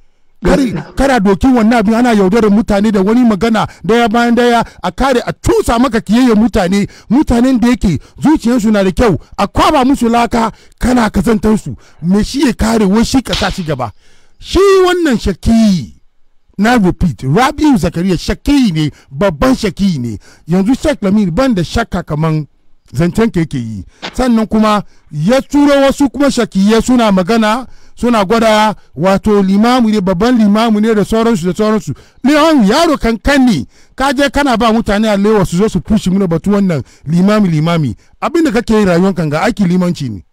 kara dokin wannan abin ana yaudarar mutane da wani magana daya bayan daya a kare a tusa maka kiyayya mutane mutanen da yake zuciyarsu na da kyau a kwaba musu laka kana kazantar su me shi ya kare wai shi ka sa shi gaba shi wannan shakki. na repeat rabiu zakariya shaki ne babban shaki ne yanzu shek lamir ban da shakka kaman zancen keke yi sannan kuma ya turo wasu kuma shakiye suna magana suna gwada wato limamu ne babban limamu ne da sauransu da sauransu leon yaro kankan ne ka je kana ba mutane a lewa su zo su fushi muna batu wannan limami limami abin da kake yi rayuwar kanga aiki limanci ne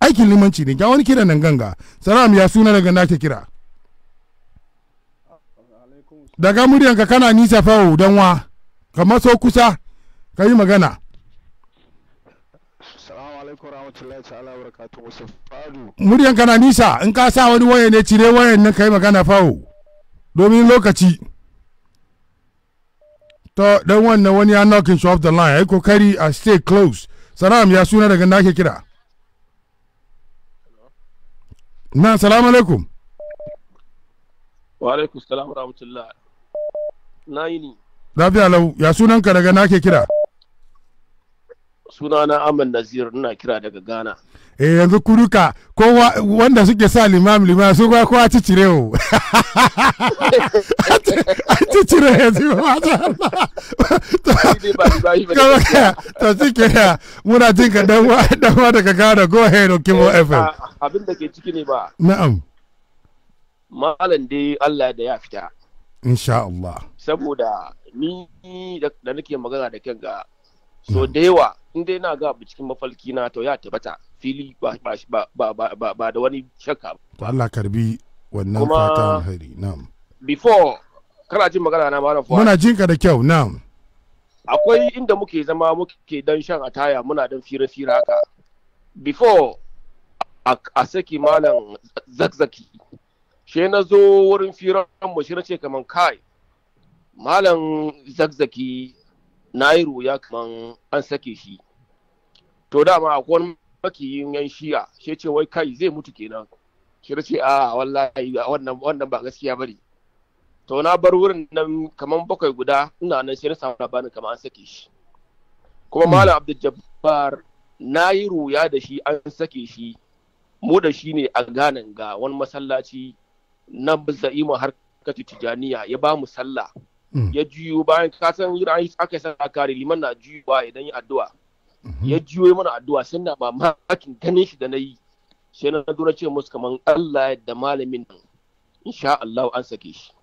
aikin limanci ne ga wani kira nan ganga salam ya suna daga nake kira daga muryanka kana nisa fawo oh, don wa ka maso kusa ka yi magana muryan kana nisa in ka sa wani waya ne cire wayan nan ka yi magana fawo oh. domin lokaci to dan wannan wani ya knocking shop the line ai kokari a stay close salam ya suna daga nake kira na salamu alaikum wa alaikum salam rahmatullah na yi ni. Lafiya lau, ya sunan ka daga nake kira? suna na Ahmad Nazir na kira daga Ghana. Eh yanzu kuruka ko wanda suke sa limam limam su ko a cire o. A cicire yanzu ba ta To ke ya muna jin ka dan wa daga Ghana go ahead on Kimo eh, FM. Abin da ke ciki ne ba. Na'am. Malam dai Allah da ya fita. Insha Allah. saboda ni da nake magana da kan ga so hmm. da yawa in dai na ga abu cikin mafalki na to ya tabbata fili ba da wani shakka ba Allah karbi wannan fatan hari na'am before kana jin magana na malam fuwa muna jinka da kyau na'am akwai inda muke zama muke dan shan ataya muna dan fira-fira haka before a saki malam zakzaki shi na zo wurin firan mu shi ce kaman kai malam Zagzaki na yi ruya kaman an sake shi to dama akwai makiyin yan shiya shi ce wai kai zai mutu kenan shi ce a wallahi wannan ba gaskiya bari to na bar wurin nan kaman bakwai guda ina nan sai na samu labarin kaman an sake shi kuma hmm. malam abdul jabbar na yi ruya da shi an sake shi mu da shi ne a ganin ga wani masallaci na za'imin harkar tijaniya ya ba mu sallah Mm. ya juyo bayan ka san yi aka sa kare liman na juyowa idan ya addu'a mm-hmm. ya juyo mana addu'a sai na mamakin ganin shi da na yi sai na dora ce musu kamar Allah da malamin nan insha Allah an sake shi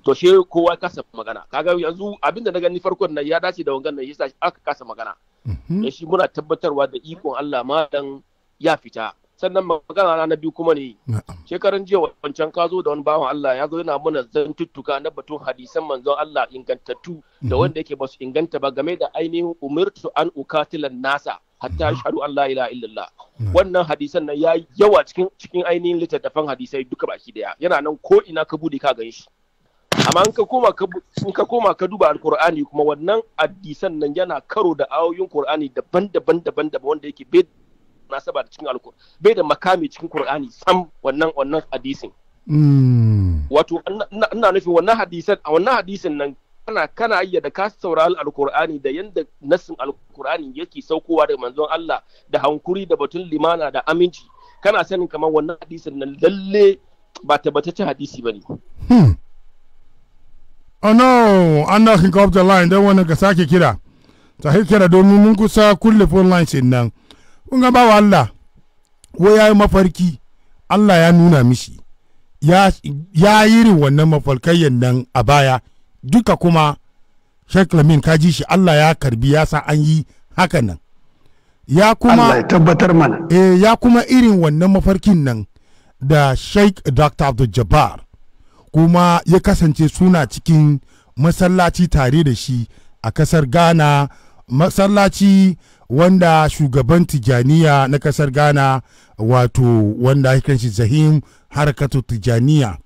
to she kowa kasa magana kaga yanzu abinda na gani farkon nan ya dace da wangan nan yasa aka kasa magana mm-hmm. da shi muna tabbatarwa da ikon Allah malam ya fita sannan magana na biyu kuma ne shekaran jiya wancan ka zo da wani bawan Allah ya zo yana mana zantuttuka na batun hadisan manzon Allah ingantattu da mhm. wanda yake basu inganta ba game da ainihin umirtu an ukatilan nasa hatta mhm. shaɗu Allah ila illallah wannan hadisan nan ya yawa cikin cikin ainihin littattafan hadisai duka baki daya yana nan ko ina ka bude ka gan shi amma in ka koma ka in ka koma ka duba alqur'ani kuma wannan hadisan nan yana karo da ayoyin qur'ani daban-daban daban-daban wanda yake bai munasaba da cikin alkur bai da makami cikin qur'ani sam wannan wannan hadisin hmm. wato ina nufin wannan hadisan a wannan hadisin nan kana kana da ka saurari alkur'ani da yanda nasin alkur'ani yake saukowa da manzon Allah da hankuri da batun limana da aminci kana sanin kamar wannan hadisin nan lalle ba tabbataccen hadisi bane hmm. oh no an knocking up the line don wani ka sake kira ta kira domin mun kusa kulle phone lines nan kun ga bawa Allah ko ya yi mafarki Allah ya nuna mishi ya yi irin wannan mafarkayyar nan a baya duka kuma Sheikh Lamin ka ji shi Allah ya karbi ya sa an yi haka nan ya kuma Allah ya tabbatar mana eh ya kuma irin wannan mafarkin nan da Sheikh Dr. Abdul Jabbar kuma ya kasance suna cikin masallaci tare da shi a kasar Ghana masallaci wanda shugaban tijaniya na kasar ghana wato wanda ake shi zahim harkatu tijaniya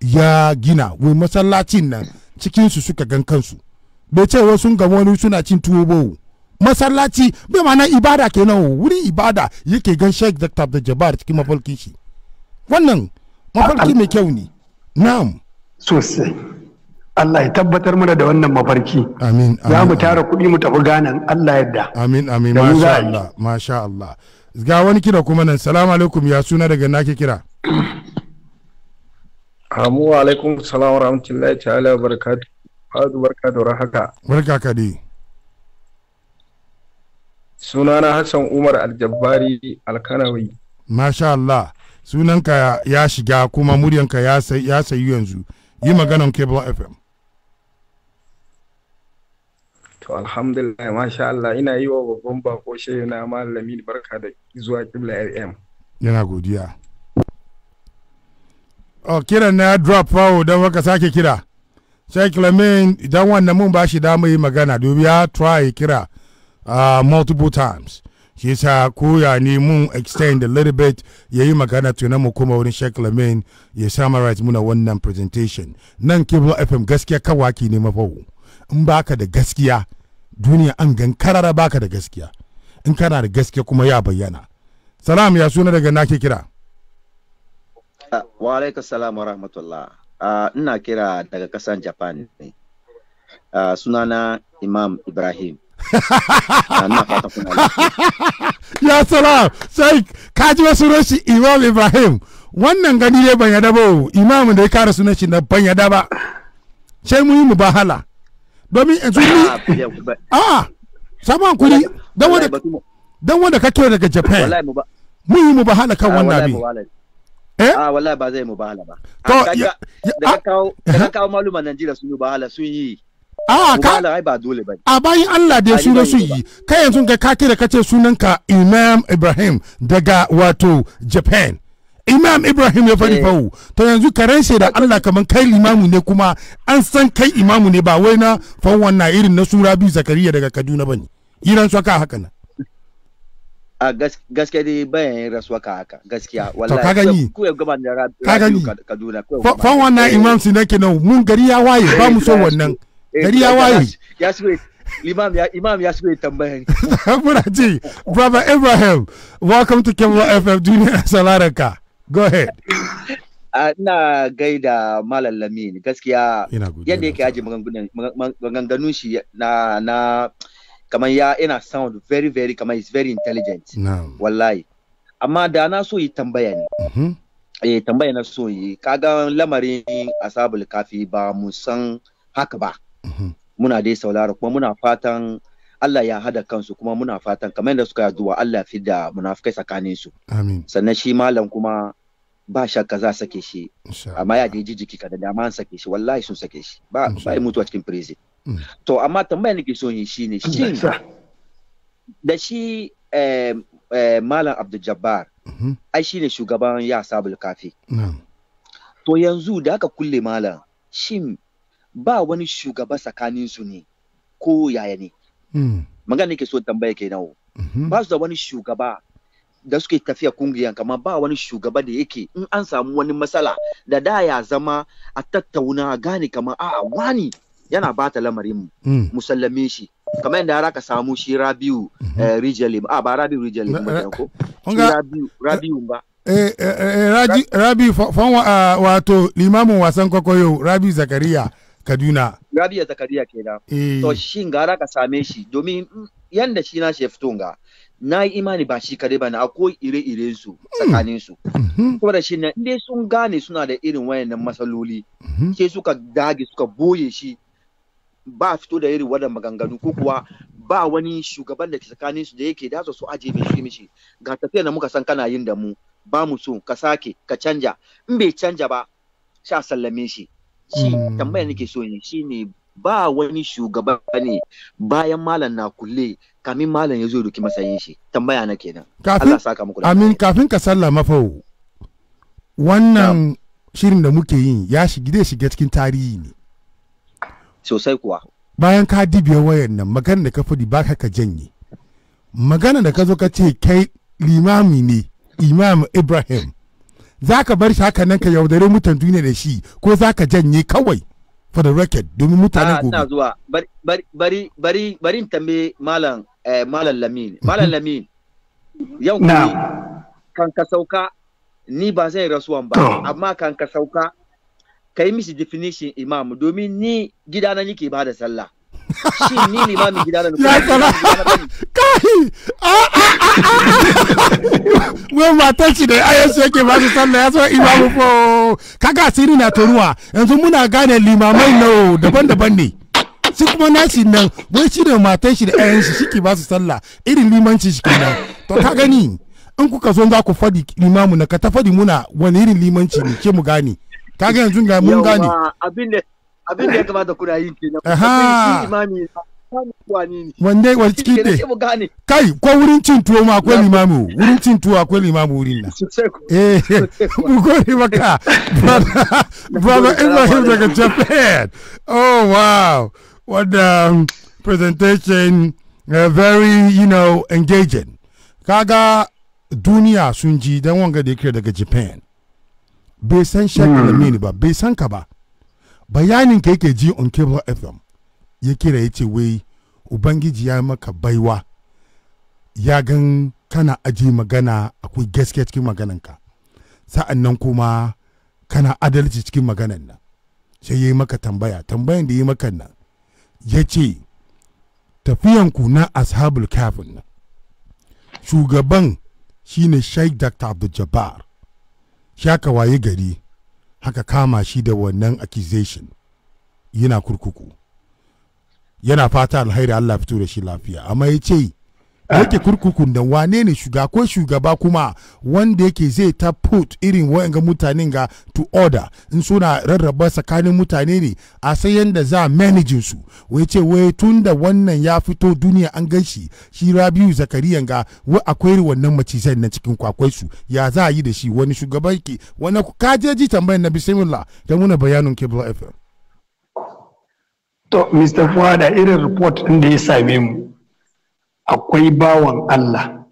ya gina wai masallacin nan cikinsu suka gan kansu bai ce wasu ga wani suna cin tuwo bau masallaci bai ma'ana ibada kenan wuri ibada yake gan sheik dr abdul cikin mafalkin shi wannan mafalki mai kyau ne na'am sosai Allah ya tabbatar mana da wannan mafarki. Amin. Za mu tara kuɗi mu tafi ganan Allah yadda. Amin amin masha Allah masha Allah. Ga wani kira kuma nan salamu alaikum ya suna daga nake kira. Amu wa alaikum salamu rahmatullahi ta'ala barakatu. Fadu barka da rahaka. Barka ka dai. Sunana Hassan Umar Aljabbari Alkanawi. Masha Allah. Sunanka ya shiga kuma muryanka ya sayi yanzu. Yi maganan Cable FM. To alhamdulillah masha Allah ina yi wa babban bako shehu na malami barka da zuwa kibla FM. Yana godiya. Oh, kiran na drop fawo don waka sake kira. Sheikh Lamin idan wannan mun ba shi damar yi magana dubi ya try kira uh, multiple times. Shi sa koya ne mun extend a little bit ya yi magana tunan mu kuma wurin Sheikh Lamin ya summarize muna wannan presentation. Nan Kibla FM gaskiya kawaki ne mafawo. In baka da gaskiya duniya an gan karara baka da gaskiya in kana da gaskiya kuma ya bayyana salam ya suna daga nake kira ah, wa alaika salam wa rahmatullah ah, ina kira daga kasan japan ne ah, sunana imam ibrahim ya salam sai kaji wasu shi imam ibrahim wannan gani ne ban yada ba imam da ya kara sunan shi na ban yada ba sai mu yi mu bahala domin yanzu ni a ah, ah, saman kuri don wanda dan wanda kake daga Japan mun yi mu bahala kan ah, wannan abin Eh? a wallahi ba zai mu bahala ba. To, da ka kawo, da eh? kawo maluma Najeriya sun yi ba bahala sun yi. A ka ba dole ba. A bayan Allah da su su yi. Kai yanzu ga ka kira kace sunanka Imam Ibrahim daga wato Japan. imam ibrahim ya fari eh. fahu to yanzu karen da allah kamar kai limamu ne kuma an san kai imamu ne ba wai na fawon na irin na sura biyu zakariya daga kaduna ba ne iran su haka haka na a gaskiya dai bayan rasuwa ka haka gaskiya wallahi ka gani ka gani fawon na eh. imam su nake nan mun gari ya waye ba mu so eh, wannan gari ya waye Imam ya imam ya shigo tambayan. Muna ji, Brother Ibrahim, welcome to Kemba FM Duniya Salaraka. Go ahead. Ah, ina gaida Malam Lamin gaskiya yadda yake aji maganganun shi na na kamar ya ina sound very very kamar is very intelligent. Wallahi. Amma da na so yi tambaya ne. Mm-hmm. Eh tambaya na so yi kaga lamarin asabul kafi ba mu san haka ba. Mm-hmm. Muna dai saulara kuma muna fatan Allah ya hada kansu kuma muna fatan kamar yadda suka zuwa Allah fi da munafukai tsakanin su amin sannan shi malam kuma ba shakka za sake shi amma ya ji jiki kada dama an sake shi wallahi sun sake shi ba ba mutuwa cikin prison mm. to amma tambayar nake so yi shine shin da shi eh, eh, malam Abdul Jabbar mm-hmm. ai shine shugaban ya sabul kafi to yanzu da aka kulle malam shin ba wani shugaba tsakanin su ne ko yaya ne Mm. magana ke so tambaya kenan mm-hmm. ba su da wani shugaba da suke tafiya kungiyan kama ba wani shugaba da yake in an samu wani matsala da da ya zama a tattauna gane kama a wani yana bata lamarin mu mm. musallame shi kamar yadda har ka samu shi Rabiu mm-hmm. eh, Rijalim a ah, ba Rabiu Rijalim ba eh, eh, ko Rabiu Rabiu ba eh Rabiu fa, ah, wato limamin wasan kwakwayo Rabiu Zakariya kaduna ya zakariya kenan eh. to shi gara ka same shi domin yanda shi na shi fito ga na yi imani ba shi kare ba na akwai ire ire su tsakanin su mm-hmm. kuma da shi na inda sun gane suna da irin wayannan matsaloli Ke mm-hmm. suka dage suka boye shi ba fito da irin wadannan maganganu ko kuwa ba wani shugaban da ke tsakanin da yake dasa su aje shi mishi ga tafiya da muka san kana yin da mu ba mu so ka sake ka canja in bai canja ba sha sallame shi shi mm. tambayar nake so ne shine ba wani shugaba ne bayan malam na kulle kamin malam ya zo doki masayin shi tambaya na kenan Allah saka muku amin kafin ka sallama fau wannan shirin da muke yin ya shige shiga cikin tarihi ne sosai kuwa bayan ka dibiya wayan nan magana da ka fadi ba ka janye magana da ka zo ka ce kai limami ne imam ibrahim za ka bar shi haka nan ka yaudare mutan duniya da shi ko za ka janye kawai for the record domin mutanen ah, gobe. Ina zuwa bari bari bari in tambaye malam eh, malam Lamin malam Lamin yau nah. kan ka sauka ni ba zan rasuwan ba amma kan ka sauka ka yi mishi definition imam domin ni gida na nake ba da sallah shi ni ba limamin gida da ya tsara kai a ah, a ah, ah, wai matar shi da ayyansu yake ba su sallah ya zama imamu ko kaga asiri na toruwa yanzu muna gane limamai na daban-daban ne shi kuma nashi nan wai shi da matan shi da ayyansu shi shi ke ba su sallah irin limanci shi kenan to ka gani in kuka zo za ku fadi limamu na ka ta fadi muna wani irin limanci ne ke mu gane ka gani yanzu ga mun gane abin da abin da ya kamata kuna yi kenan aha imami wanda wa cikin ne kai ko wurin cin tuwo ma akwai limamu wurin cin tuwo akwai limamu wurin na eh mu gode maka brother Ibrahim daga Japan oh wow what um, presentation uh, very you know engaging kaga duniya sun ji dan wanga da yake daga Japan bai san shakka da mini hmm. ba bai san ka ba bayanin ka yake ji on cable fm ya kira ya ce wai ubangiji ya maka baiwa ya gan kana aji magana akwai gaske cikin magananka sa'an nan kuma kana adalci cikin maganan nan sai ya yi maka tambaya tambayan da ya yi maka nan ya ce tafiyanku na ashabul kafin nan shugaban shine sheikh dr abdul jabbar shaka waye gari haka kama shi da wannan accusation yana kurkuku yana fata alhairi Allah fito da shi lafiya amma ya ce yake kurkukun da wane ne shuga ko shugaba kuma wanda yake zai ta put irin wa'anga mutanen ga to order in suna rarraba tsakanin mutane ne a sai yanda za a manage su wai ce wai tun da wannan ya fito duniya an gan shi shi rabiu zakariyan ga wai akwai wannan macizai na cikin kwakwai su ya za a yi da shi wani shugaban ki wani kajeji tambayar na bismillah ta muna bayanin cable fm to mr fuada irin report din da ya same mu akwai bawan Allah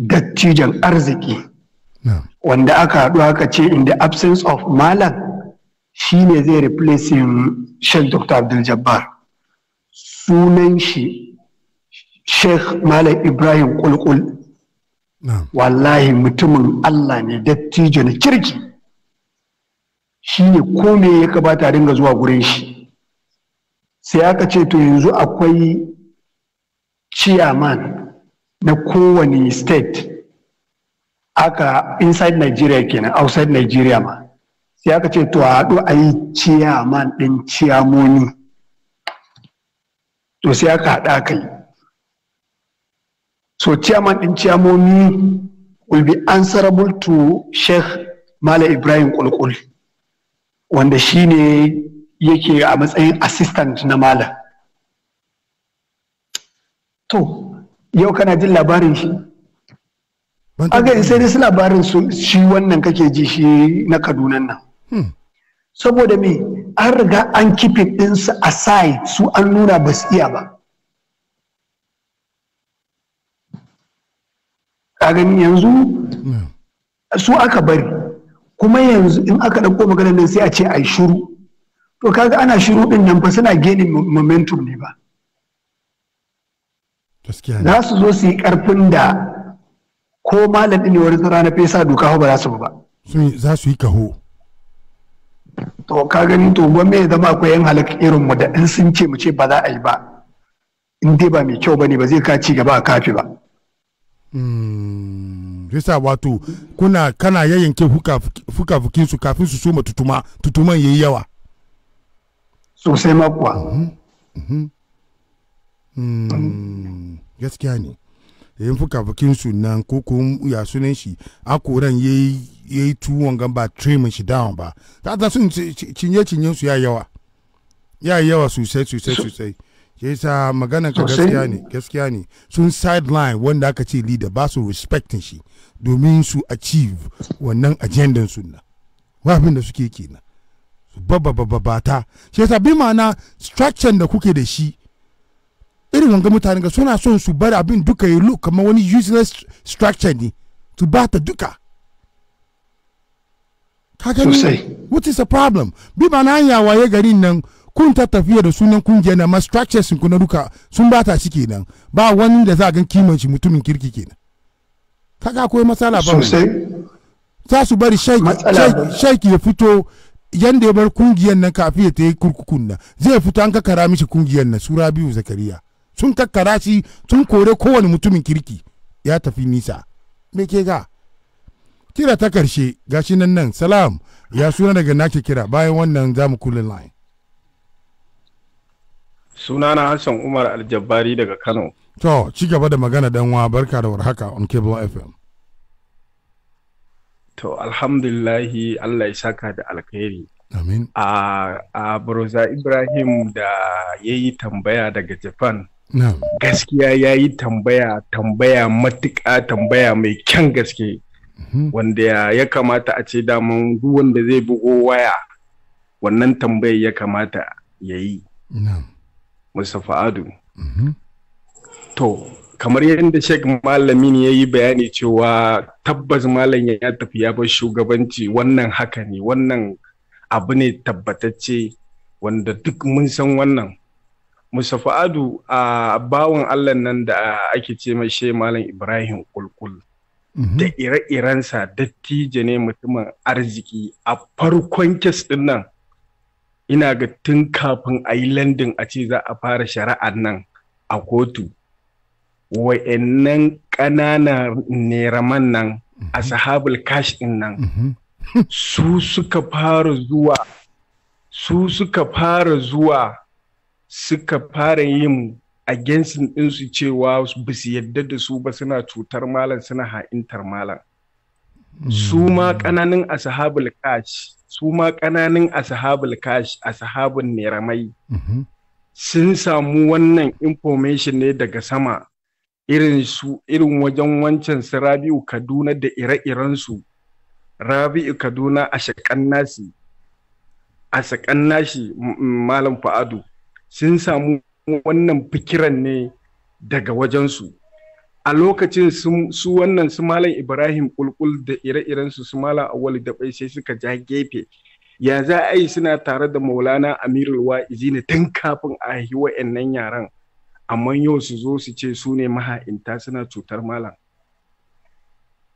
dattijan arziki wanda aka haɗu aka ce in the absence of malam shi ne zai replacing sheikh dr abdul jabbar sunan shi sheikh malam ibrahim kulkul wallahi mutumin Allah ne dattijo na kirki shi ne kome ya kabata ringa zuwa gurin shi sai aka ce to yanzu akwai chairman na kowane state aka inside Nigeria kenan outside Nigeria ma sai aka ce to haɗu a yi chairman ɗin ciyamoni to sai aka haɗa aka yi so chairman ɗin ciyamoni will be answerable to Sheikh Mala Ibrahim Kulkul wanda shi ne yake a matsayin assistant na Malam to yau kana jin labarin shi aga sai dai su labarin shi wannan kake ji shi na Kaduna nan hmm. saboda me an riga an kifin ɗinsu a sai su an nuna ba su iya ba a gani yanzu hmm. su aka bari kuma yanzu in aka ɗauko maganar nan sai a ce a yi shiru to kaga ana shiru ɗin nan ba suna gani momentum ne ba za su zo su yi karfin da ko malam ne wani na fesa doka ba za su ba za su yi kaho to ka gani to gwamnati ya zama akwai yan halak irin mu da in sun ce mu ce ba za a yi ba in dai ba mai kyau ba ne, ba zai ka ci gaba a kafi ba yasa hmm, wato kuna kana yayyanke fuka-fukin su kafin su soma tutuma tutuman yayi yawa sosai makuwa mhm, mhm. Hmm, gaskiya ne yin fuka-fukin su nan ko ya sunan shi koran ya yi tuwon gan ba trim shi down ba ta ta sun cinye-cinye su ya yawa ya yawa sosai sosai sosai ya sa magana ka gaskiya ne sun sideline wanda aka ce leader ba su respecting shi domin su achieve wannan agendan su na wafin da suke kenan babba babba ta shi yasa bi ma'ana structure da kuke da shi irin wanga mutane ga suna son su bari abin duka ya look kamar wani useless structure ne su ba ta duka kakani what is the problem bi ba na hanya waye garin nan kun ta tafiya da sunan kungiyar na ma structures sun kuna duka sun ba ta cike nan ba wani da za a gan kiman shi mutumin kirki kenan ga akwai matsala ba sosai za su bari shaiki ya fito yanda ya bar kungiyar nan kafin ya ta yi kurkukun nan zai fito an ka kakara mishi kungiyar nan sura biyu zakariya sun kakkara shi sun kore kowane mutumin kirki ya tafi nisa me ke ga kira ta karshe gashi nan nan salam ya suna daga nake kira bayan wannan zamu kullun line na hassan umar aljabari daga kano to ci gaba da magana wa barka da warhaka on cable fm to alhamdulillahi allah ya saka da alkhairi amin a uh, uh, ibrahim da ya yi tambaya daga japan gaskiya ya yi tambaya tambaya matuƙa tambaya mai kyan gaske mhm. wanda ya kamata a ce daman wanda zai bugo waya wannan tambayar ya kamata ya yi mustapha adu mhm. to kamar yadda sheikh malamin ya yi bayani cewa tabbas malam ya tafi ya bar shugabanci wannan haka ne wannan abu ne tabbatacce wanda duk mun san wannan Fa'adu a bawan allah nan da ake ce mai she malam ibrahim kulkul mhm. da ire-irensa dattijo ne mutumin arziki a farkon kes din nan ina ga tun kafin a yi landin a ce za a fara shari'ar nan a kotu wa'annan ƙananan neraman nan mhm. a sahabul kash din nan mhm. su suka fara zuwa su suka fara zuwa suka fara yin agensin ɗinsu cewa ba su yadda da su ba suna cutar malam suna ha'intar malam su ma hmm. ƙananan ashabul kash su ma ƙananan ashabul kash ashabun neramai hmm. sun samu wannan information ne daga sama irin su irin wajen wancan su rabi'u kaduna da ire-irensu rabi'u kaduna a shakan nasi a shakan nashi malam fa'adu sun samu wannan fikiran ne daga wajensu a lokacin su wannan su malam ibrahim kulkul da ire-irensu su malam awali da bai sai suka ja gefe ya za a yi suna tare da maulana amirul wa'izi ne tun kafin a yi wa'annan yaran amma yau su zo su ce su ne maha'inta suna cutar malam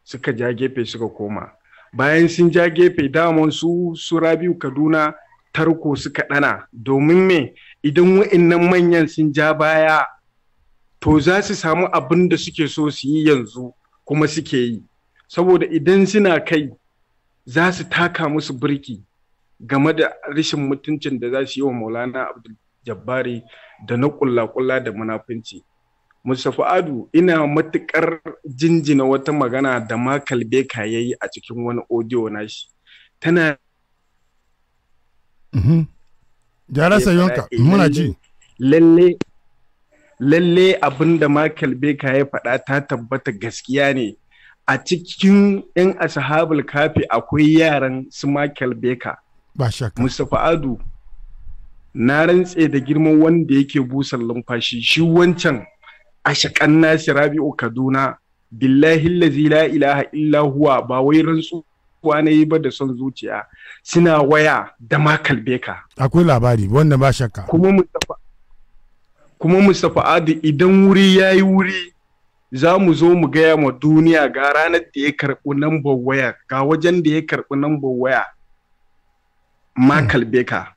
suka ja gefe suka koma bayan sun ja gefe daman su su rabiu kaduna tarko suka ɗana domin me idan wa'innan manyan sun ja baya to za su samu abin da suke so su yi yanzu kuma suke yi saboda idan suna kai za su taka musu birki game da rashin mutuncin da za su yi wa maulana abdul jabbari da na kulla-kulla da munafunci mustapha adu ina matuƙar jinjina wata magana da ma kalbe ka yayi a cikin wani audio nashi tana mm-hmm. Jara eh, sayonka, muna ji. Lalle abin da Michael Baker ya faɗa ta tabbata gaskiya ne a cikin 'yan ashabul kafi akwai yaran su Michael Baker. Ba shakka. Mustapha Adu na rantse da girman wanda yake busan lumfashi shi wancan a shakan nasi Rabi'u Kaduna billahi la ilaha illa huwa ba wai rantsu kuwa na yi ba da son zuciya suna waya da ma kalbe ka akwai labari wanda ba shakka kuma Mustapha kuma Mustapha adu idan wuri ya yi wuri za mu zo mu gaya ma duniya ga ranar da ya karɓi lambar waya ga wajen da ya karɓi lambar waya ma kalbe ka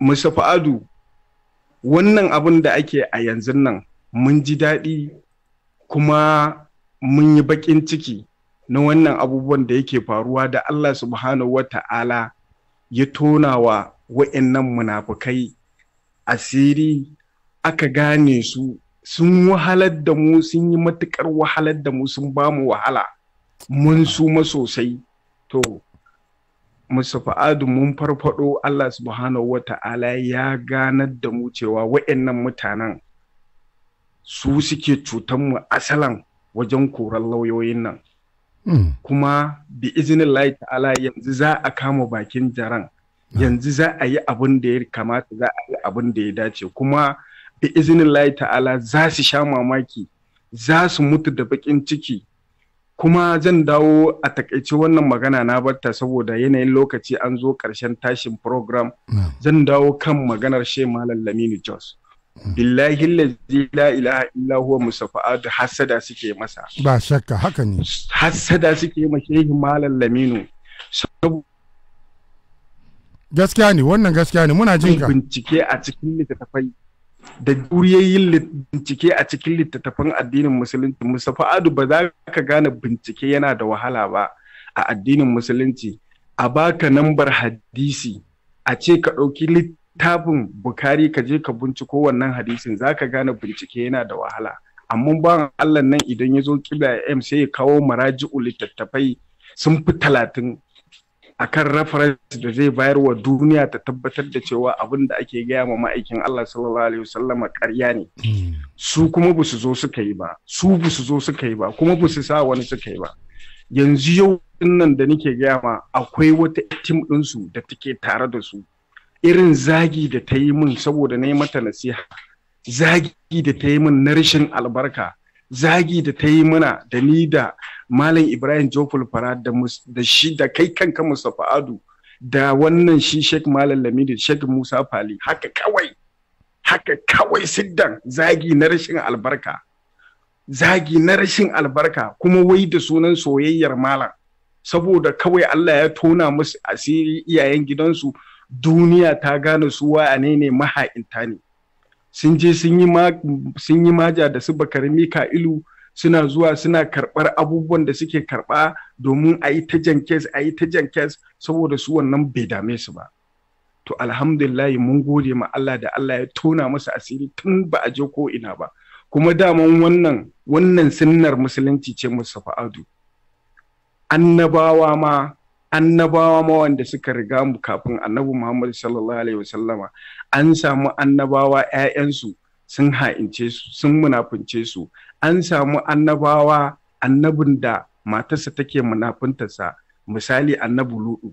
Mustapha adu wannan abin da ake a yanzu nan mun ji daɗi kuma mun yi baƙin ciki na wannan abubuwan da yake faruwa da Allah subhanahu wa ta'ala ya tonawa wa wa'annan munafukai asiri aka gane su sun wahalar da mu sun yi matukar wahalar da mu sun ba mu wahala mun suma sosai to Fa'adu mun farfado Allah subhanahu wa ta'ala ya ganar da mu cewa wa'annan mutanen su suke cutanmu asalan wajen koran lauyoyin nan Hmm. kuma bi izinin layi ta'ala yanzu za a kama bakin jaran ah. yanzu za a yi abin da ya kamata za a yi abin da ya dace kuma bi izinin layi ta'ala za su sha mamaki za su mutu da bakin ciki kuma zan dawo a takaice wannan magana na batta saboda yanayin lokaci an zo karshen tashin program ah. zan dawo kan maganar shema malam lamini jos billahi lazi la ilaha illa huwa musafa'atu hasada suke masa ba shakka haka ne hasada suke ma shehin malam laminu gaskiya ne wannan gaskiya ne muna jin ka bincike a cikin littattafai da juriyoyin bincike a cikin littattafan addinin musulunci Mustapha Adu ba za ka gane bincike yana da wahala ba a addinin musulunci a baka nambar hadisi a ce ka ɗauki littafin bukari ka je ka binciko wannan hadisin zaka gane bincike yana da wahala amma bawan allah nan idan ya zo kibla m sai ya kawo maraji'u littattafai sun fi talatin a kan reference da zai bayar wa duniya ta tabbatar da cewa abin da ake gaya ma ma'aikin Allah sallallahu alaihi wasallama ƙarya ne hmm. su kuma ba su zo suka yi ba su ba su zo suka yi ba kuma ba su sa wani suka yi ba yanzu yau nan da nake gaya ma akwai wata tim ɗinsu da take tare da su irin zagi da ta yi min saboda na yi mata nasiha zagi da ta yi min na rashin albarka zagi da ta yi mana da ni da malam ibrahim jofil fara da shi da kai kanka mustapha adu da wannan shi sheikh malam lamidu sheikh musa fali haka kawai haka kawai siddan zagi na rashin albarka zagi na rashin albarka kuma wai da sunan soyayyar malam saboda kawai allah ya tona musu asiri iyayen gidansu duniya ta gane su wa'ane ne maha'inta ne sun je sun yi maja da su bakar mika'ilu suna zuwa suna karɓar abubuwan da suke karɓa domin a yi ta jankes a yi ta jankes saboda su wannan bai dame su ba to alhamdulillahi mun gode ma Allah da Allah ya tona masa asiri tun ba a je ko ina ba kuma daman wannan wannan sunnar musulunci ce musa fa'adu annabawa ma annabawa ma wanda suka riga mu kafin annabi Muhammad sallallahu alaihi wasallama an samu annabawa ƴaƴansu sun ha'ince su sun munafunce su an samu annabawa annabin da matarsa take munafuntarsa misali annabi ludu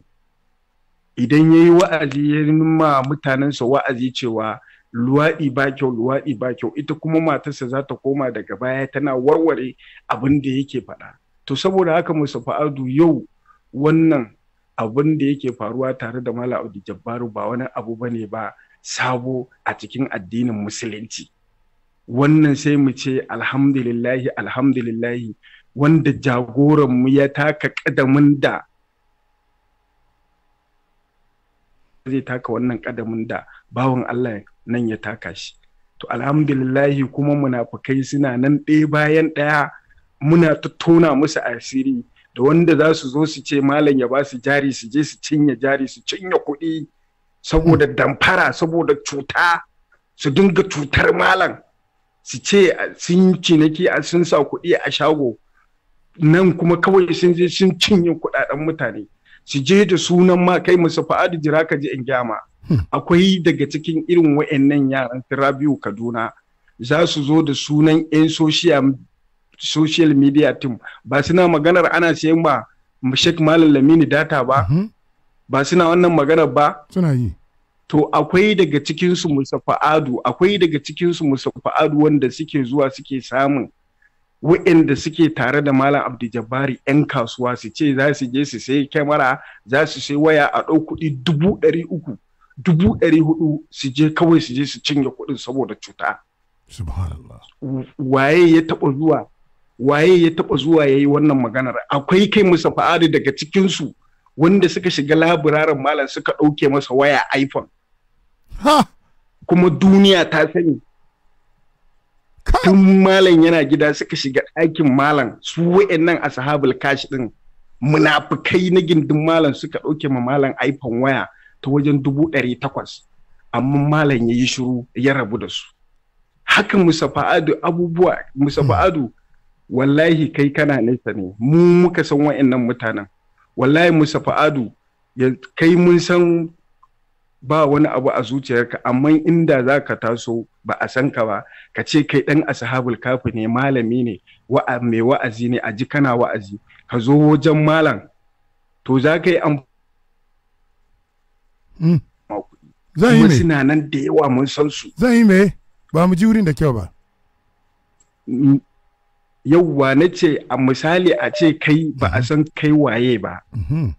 idan yayi wa'azi ya nuna mutanensa wa'azi cewa luwaɗi ba kyau luwaɗi ba kyau ita kuma matarsa za ta koma daga baya tana warware abin da yake faɗa to saboda haka musa fa'adu yau wannan abin da yake faruwa tare da Malam Audu Jabbaru ba wani abu ba ne ba sabo a cikin addinin musulunci wannan sai mu ce alhamdulillahi alhamdulillahi wanda jagoranmu ya taka kadamin da zai taka wannan kadamin da bawan Allah nan ya taka shi to alhamdulillahi kuma munafukai suna nan ɗaya bayan ɗaya muna tattona musu asiri da wanda za su zo su ce malam ya ba su jari su je su cinye jari su cinye kuɗi saboda damfara saboda cuta su dinga cutar malam su ce sun ciniki a sun sa kuɗi a shago nan kuma kawai sun je sun cinye kuɗaɗen mutane su je da sunan ma kai musu fa'adu jira ka ji in gyama hmm. akwai daga cikin irin wa'annan yaran rabiu kaduna za su zo da sunan 'yan soshiya social media team ba suna maganar ana sayan ba Sheikh Malam Lamini data ba mhm. ba suna wannan maganar ba suna yi to akwai daga cikinsu Musa Adu akwai daga cikinsu Musa Adu wanda suke zuwa suke samun wa'inda suke tare da Malam Abdu jabari 'yan kasuwa su ce za su je su sayi kyamara za su sayi waya a ɗau kuɗi dubu ɗari uku dubu ɗari hudu su je kawai su je su cinye kuɗin saboda cuta. Subhanallah. Waye ya taɓa zuwa waye ya taɓa zuwa ya yi wannan maganar akwai kai musa fa'adu daga cikinsu wanda suka shiga laburaren malam suka ɗauke masa waya iphone kuma duniya ta sani tun malam yana gida suka shiga ɗakin malam su wa'annan sahabul kashi ɗin munafukai na gindin malam suka ɗauke ma malam iphone waya ta wajen dubu ɗari takwas amma malam ya yi shiru ya rabu da su haka fa'adu abubuwa musafa'adu hmm. wallahi kai kana nesa ne mu muka san wa'annan mutanen wallahi musa fa'adu kai mun san ba wani abu a zuciyarka amma inda za ka taso ba a san ka ba ka ce kai ɗan ashabul kafi ne malami ne mai wa'azi ne a ji kana wa'azi ka zo wajen malam to za ka yi an. Hmm. zan yi suna nan da yawa mun san su zan yi me ba mu ji wurin da kyau ba mm, yauwa na ce a misali a ce kai ba a mhm. san kai waye ba mhm.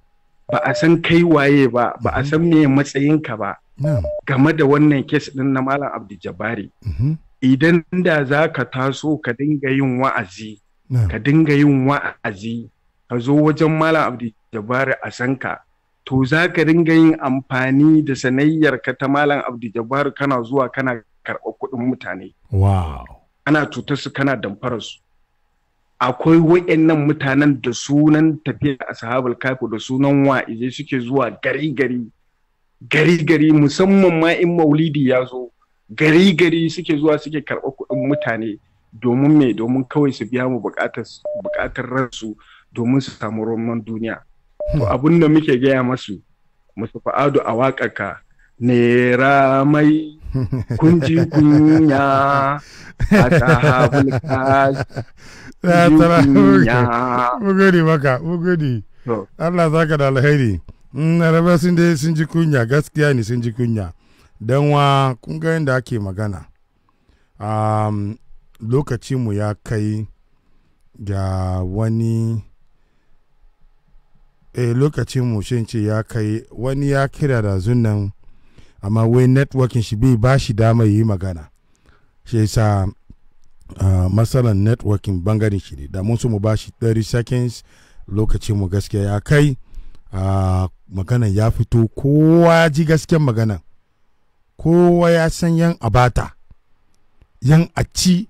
ba a san kai waye ba ba a mhm. san me matsayinka ba game da wannan kes din na malam abdu jabari idan da za ka taso ka dinga yin wa'azi ka dinga yin wa'azi ka zo wajen malam abdu jabari a san ka to za ka dinga yin amfani da sanayyar ka ta malam abdu jabari kana zuwa kana karɓar kuɗin mutane ana cutar su kana damfarar su akwai wa'annan mutanen da sunan tafiya a sahabar kafi da sunan wa'ize suke zuwa gari gari gari gari musamman ma in maulidi ya zo gari gari suke zuwa suke karɓa kuɗin mutane domin me domin kawai su biya mu buƙatar ransu domin su samu roman duniya to hmm. abin da muke gaya masu musu fa'adu a waƙarka nera mai kun ji kunya a sahabul mugudi maka mugudi Allah za ka da alheri mm, raba sun dai sun ji kunya gaskiya ne sun ji kunya don wa kun ga yadda ake magana um, lokacinmu ya kai ga wani lokacin eh, lokacinmu shi ce ya kai wani ya kira da zunan amma wai networking shi bai ba shi dama yi magana shi yasa uh, ah, matsalan networking bangaren shi ne da mun mu ba shi 30 seconds lokacin mu gaskiya ya kai uh, magana ya fito kowa ya ji gasken magana kowa ya san yan abata yan a ci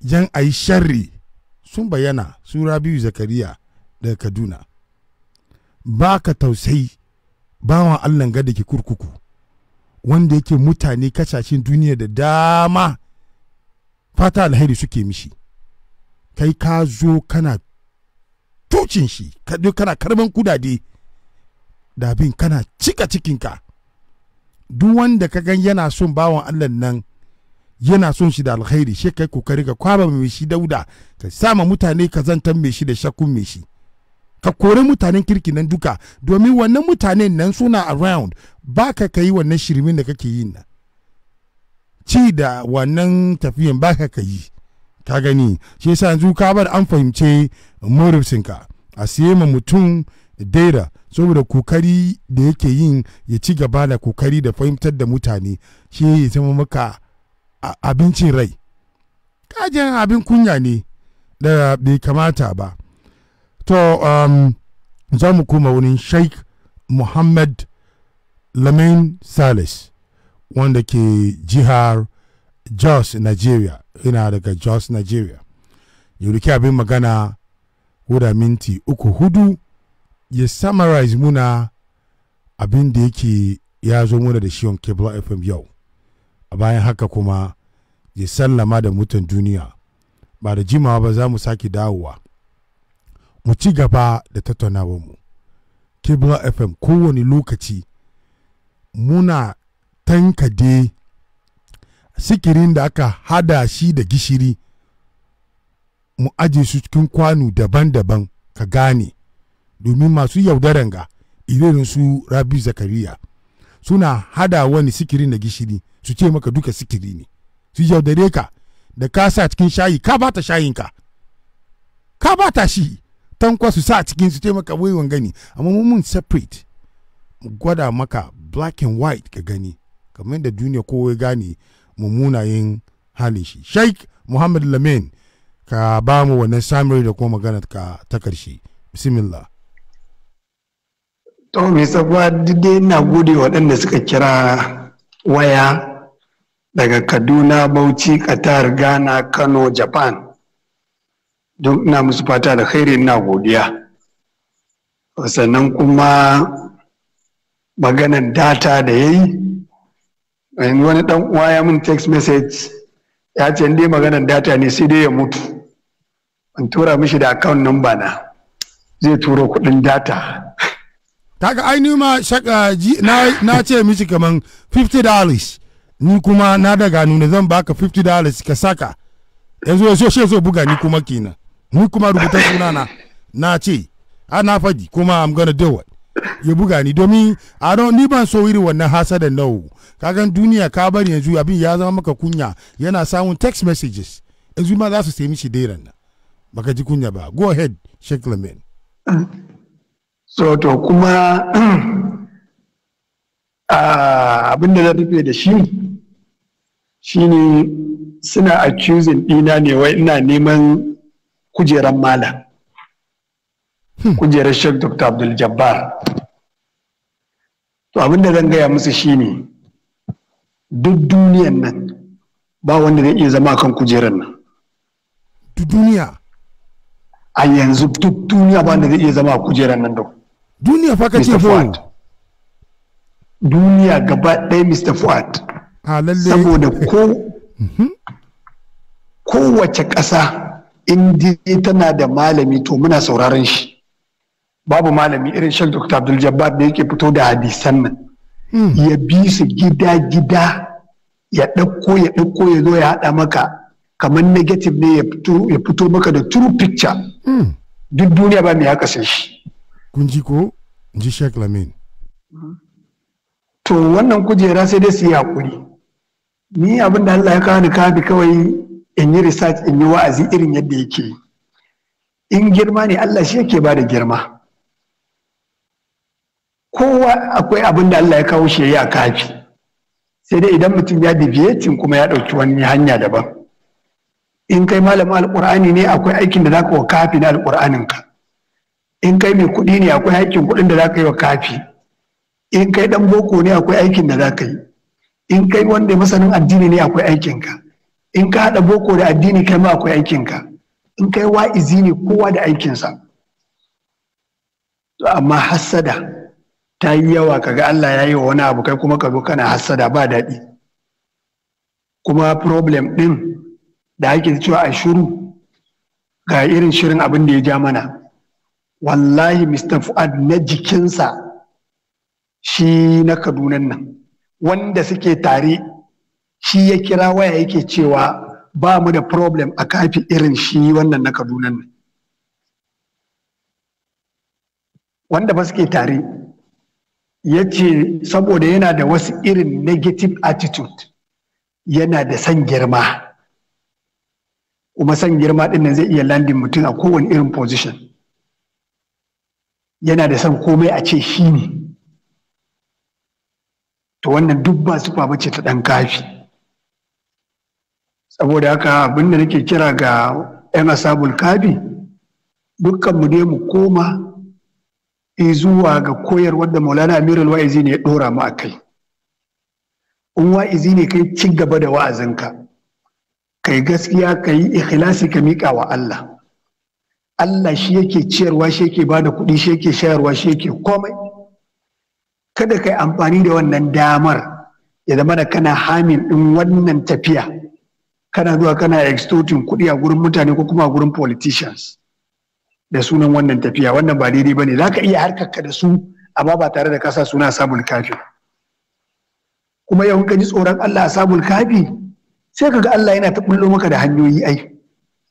yan a yi sharri sun bayyana sura biyu zakariya daga kaduna ba ka tausayi bawan allah ga gada ke kurkuku wanda yake mutane kasashen duniya da dama fata alheri suke mishi kai ka zo kana tucin shi kana karban kudade da abin kana cika cikinka duk wanda ka gan yana son bawan allah nan yana son shi da alheri shi kai kokari ka kwaba mai shi dauda ka sama mutane ka zantan mai shi da shakkun mai shi ka kore mutanen kirki nan duka domin wannan mutanen nan suna around ba ka ka yi wannan shirimin da kake yi nan ci da wannan tafiyan ba ka ka yi ka gani shi yasa yanzu ka bar an fahimce morisinka a siye ma mutum daira saboda kokari da yake yin ya ci gaba da kokari da fahimtar da mutane shi ya zama maka abincin rai kajin abin kunya ne da bai kamata ba to um, za mu kuma wani sheikh muhammad lamin salis wanda ke jihar jos nigeria yana daga jos nigeria yauduki abin magana wuda minti uku hudu ya summarize muna abin da yake ya zo muna da shiyon kebla fm yau a bayan haka kuma ya sallama da mutan duniya ba da jimawa ba za mu sake dawowa mu ci gaba da tattaunawar mu kibla fm kowane lokaci muna tankade sikirin da aka hada shi da gishiri mu aje su cikin kwano daban-daban ka gane domin masu yaudaran ga irin su rabi zakariya suna hada wani sikirin da gishiri su ce maka duka sikiri ne su yaudare ka da ka sa cikin shayi ka bata shayinka ka bata shi tankwa su sa cikin su taimaka wai gani amma mun mun separate mu gwada maka black and white ka gani kamar da duniya kowa gane mummunayen halin shi sheikh muhammad lamin ka ba mu wannan summary da kuma magana ka ta karshe bismillah to mai sabuwa dai na gode waɗanda suka kira waya daga kaduna bauchi qatar ghana kano japan don ina musu fata da khairi ina godiya sannan kuma maganan data da ya yi wani dan uwa ya min text message ya ce dai maganan data ne sai dai ya mutu in tura mishi da account number na zai turo kudin data Taka ai ni ma eh, na ce mishi kaman 50 dollars ni kuma na daga nuna zan baka 50 dollars ka saka yanzu ya shi buga ni kuma kenan ni kuma rubuta sunana na ce ana ah, faɗi kuma am gonna do it ya buga ni domin a don ni ban so iri wannan hasadan nau kagan duniya ka bari yanzu abin ya zama maka kunya yana samun text messages yanzu ma za su sai mishi dairan nan baka ji kunya ba go ahead Sheikh Lamin so to kuma ah, abin da na rufe da shi shine suna accusing ɗina ne wai ina neman kujeran malam hmm. kujerar Sheikh Dr. Abdul Jabbar. To abin da zan gaya musu shine duk duniyan nan ba wanda zai iya zama kan kujerar nan. Duk duniya? A yanzu duk duniya ba wanda zai iya zama a kujerar nan duk. Duniya fa ce Fuad. Duniya gaba ɗaya Mr. Fuad. Ah, Saboda ko mhm. kowace ƙasa in dai tana da malami to muna sauraron shi babu malami irin shan dr abdul jabbar da yake fito da hadisan nan hmm. ya bi su gida gida ya ɗauko ya ɗauko ya zo ya haɗa maka kamar negative ne ya fito maka da true picture hmm. duk duniya ba mai haka shi kun ji ko ji shek lamin to wannan kujera sai dai su yi hakuri ni abin da Allah ya kawo ni kawai in yi research in yi wa'azi irin yadda yake in girma ne Allah shi yake ba da girma kowa akwai abin da Allah ya kawo shi ya kafi sai dai idan mutum ya deviating kuma ya ɗauki wani hanya daban in kai malamin alƙur'ani ne akwai aikin da zaka wa kafi na alƙur'anin ka in kai mai kuɗi ne akwai aikin kuɗin da zaka yi wa kafi in kai ɗan boko ne akwai aikin da zaka yi in kai wanda masanin addini ne akwai aikin ka in ka haɗa boko da addini kai ma akwai aikinka in kai wa'izi ne kowa da aikinsa to amma hassada ta yi yawa kaga Allah ya yi wa wani abu kai kuma ka zo kana hassada ba daɗi kuma problem ɗin da ake cewa a shiru ga irin shirin abin da ya ja mana wallahi Mr. Fuad na jikinsa shi na Kadunan nan wanda suke tare shi ya kira waya yake cewa ba mu da problem a kafi irin shi wannan na kaduna nan wanda ba suke tare ya ce saboda yana da wasu irin negative attitude yana da san girma kuma san girma ɗin nan zai iya landin mutum a kowane irin position yana da san komai a ce shi ne to wannan duk ba su ce ta ɗan kafi saboda haka abin da nake kira ga 'yan asabul kabi dukkan mu ne mu koma zuwa ga koyar da maulana amirul wa'izi ne ya dora mu a kai in wa'izi ne kai ci gaba da wa'azinka kai gaskiya ka yi ikhlasi ka miƙa wa Allah Allah shi yake ciyarwa shi yake bada kuɗi shi yake shayarwa shi yake komai kada ka amfani da wannan damar ya zama da kana hamin ɗin wannan tafiya kana zuwa kana extorting kuɗi a gurin mutane ko kuma a gurin politicians da sunan wannan tafiya wannan ba daidai bane zaka iya harkarka da su amma ba tare da kasa suna sabul kafi kuma yau ka ji tsoron Allah sabul kafi sai kaga Allah yana ta bullo maka da hanyoyi ai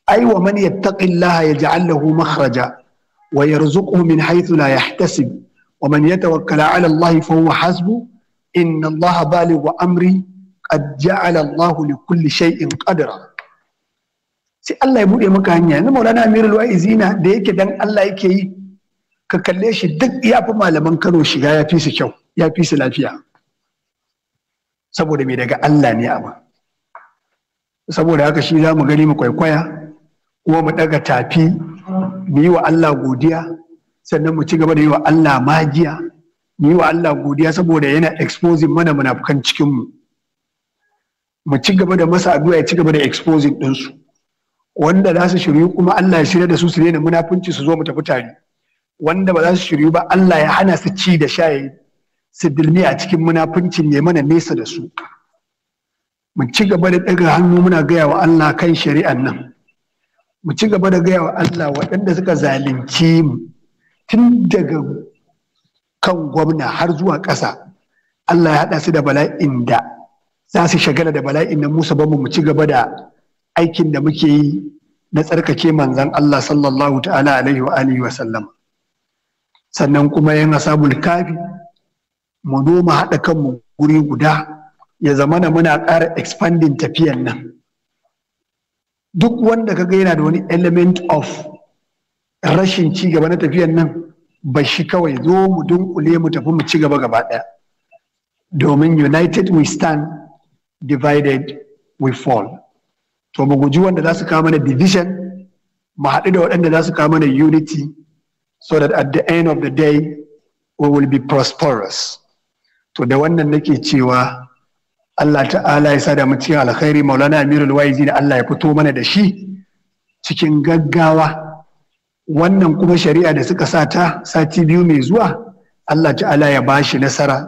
ai wa man ya yaj'al lahu makhraja wa yarzuquhu min haythu la yahtasib wa man yatawakkala 'ala Allah fa huwa hasbu inna Allah baligh amri qad ja'ala Allahu li kulli shay'in sai Allah ya bude maka hanya na Maulana Amirul Waizina da yake dan Allah yake yi ka kalle shi duk ya fi malaman Kano shiga ya fi su kyau ya fi su lafiya saboda me daga Allah ne amma saboda haka shi za mu gani mu kwaikwaya kuma mu daga tafi mu yi wa Allah godiya sannan mu ci gaba da yi wa Allah magiya mu yi wa Allah godiya saboda yana exposing mana munafukan cikin mu mu ci gaba da masa addu'a ya ci gaba da exposing ɗinsu wanda za su shiryu kuma Allah ya shirya da su su daina munafunci su zo mu tafi tare wanda ba za su shiryu ba Allah ya hana su ci da shaye su dirmi a cikin munafuncin ya mana nesa da su mu ci gaba da ɗaga hannu muna gaya wa Allah kan shari'an nan mu ci gaba da gaya wa Allah waɗanda suka zalunci mu tun daga kan gwamna har zuwa ƙasa Allah ya haɗa su da bala'in da za su shagala da bala'in na musa ba mu ci gaba da aikin da muke yi na tsarkake manzan Allah sallallahu ta'ala alaihi wa wa sallam sannan kuma yan asabul kafi mu noma haɗa kanmu guri guda ya zamana muna ƙara expanding tafiyan nan duk wanda kaga yana da wani element of rashin ci gaba na tafiyan nan ba shi kawai zo mu dunkule mu tafi mu ci gaba gaba ɗaya domin united we stand divided we fall to mu guji wanda za su kawo mana division mu haɗu da waɗanda za su kawo mana unity so that at the end of the day we will be prosperous to da wannan nake cewa Allah ta'ala ya sada mu cikin alkhairi maulana amirul waizi da Allah ya fito mana da shi cikin gaggawa wannan kuma shari'a da suka sa ta sati biyu mai zuwa Allah ta'ala ya bashi nasara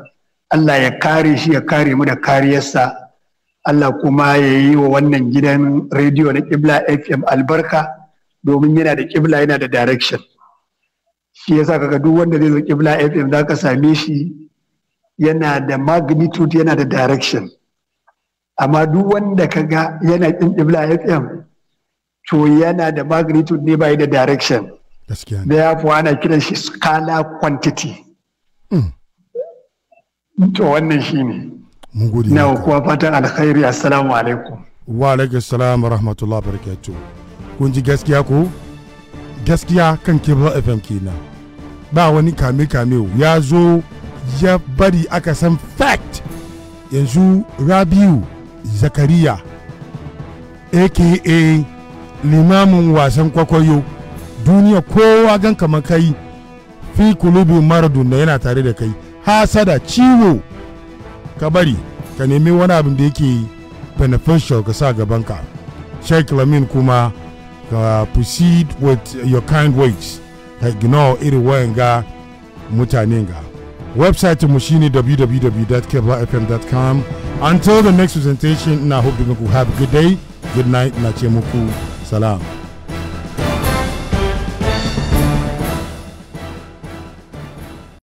Allah ya kare shi ya kare mu da kariyarsa Allah kuma ya yi wa wannan gidan rediyo na Kibla FM albarka domin yana da Kibla yana da direction. Shi ya yasa kaga duk wanda zai zo Kibla FM za ka same shi yana da magnitude yana da direction. Amma duk wanda ka ga yana kin Kibla FM to yana da magnitude ne ba da direction. Da ya fi ana kiran shi scala quantity. Mm. To wannan shi ne. mun gode na kuwa fatan alkhairi assalamu alaikum wa alaikum assalam wa rahmatullahi barakatu kun ji gaskiya ko gaskiya kan kebla fm kenan ba wani kame kame ya zo ya bari aka san fact yanzu rabiu zakariya aka limamin wasan kwakwayo duniya kowa gan kamar kai fi kulubi maradun da yana tare da kai hasada ciwo ka bari ka nemi wani abin da yake beneficial ga sa gabanka sheikh lamin kuma ka proceed with your kind words ka ignore irin wayan ga mutane ga website mu shine www.kebafm.com until the next presentation na hope you have a good day good night na ce muku salam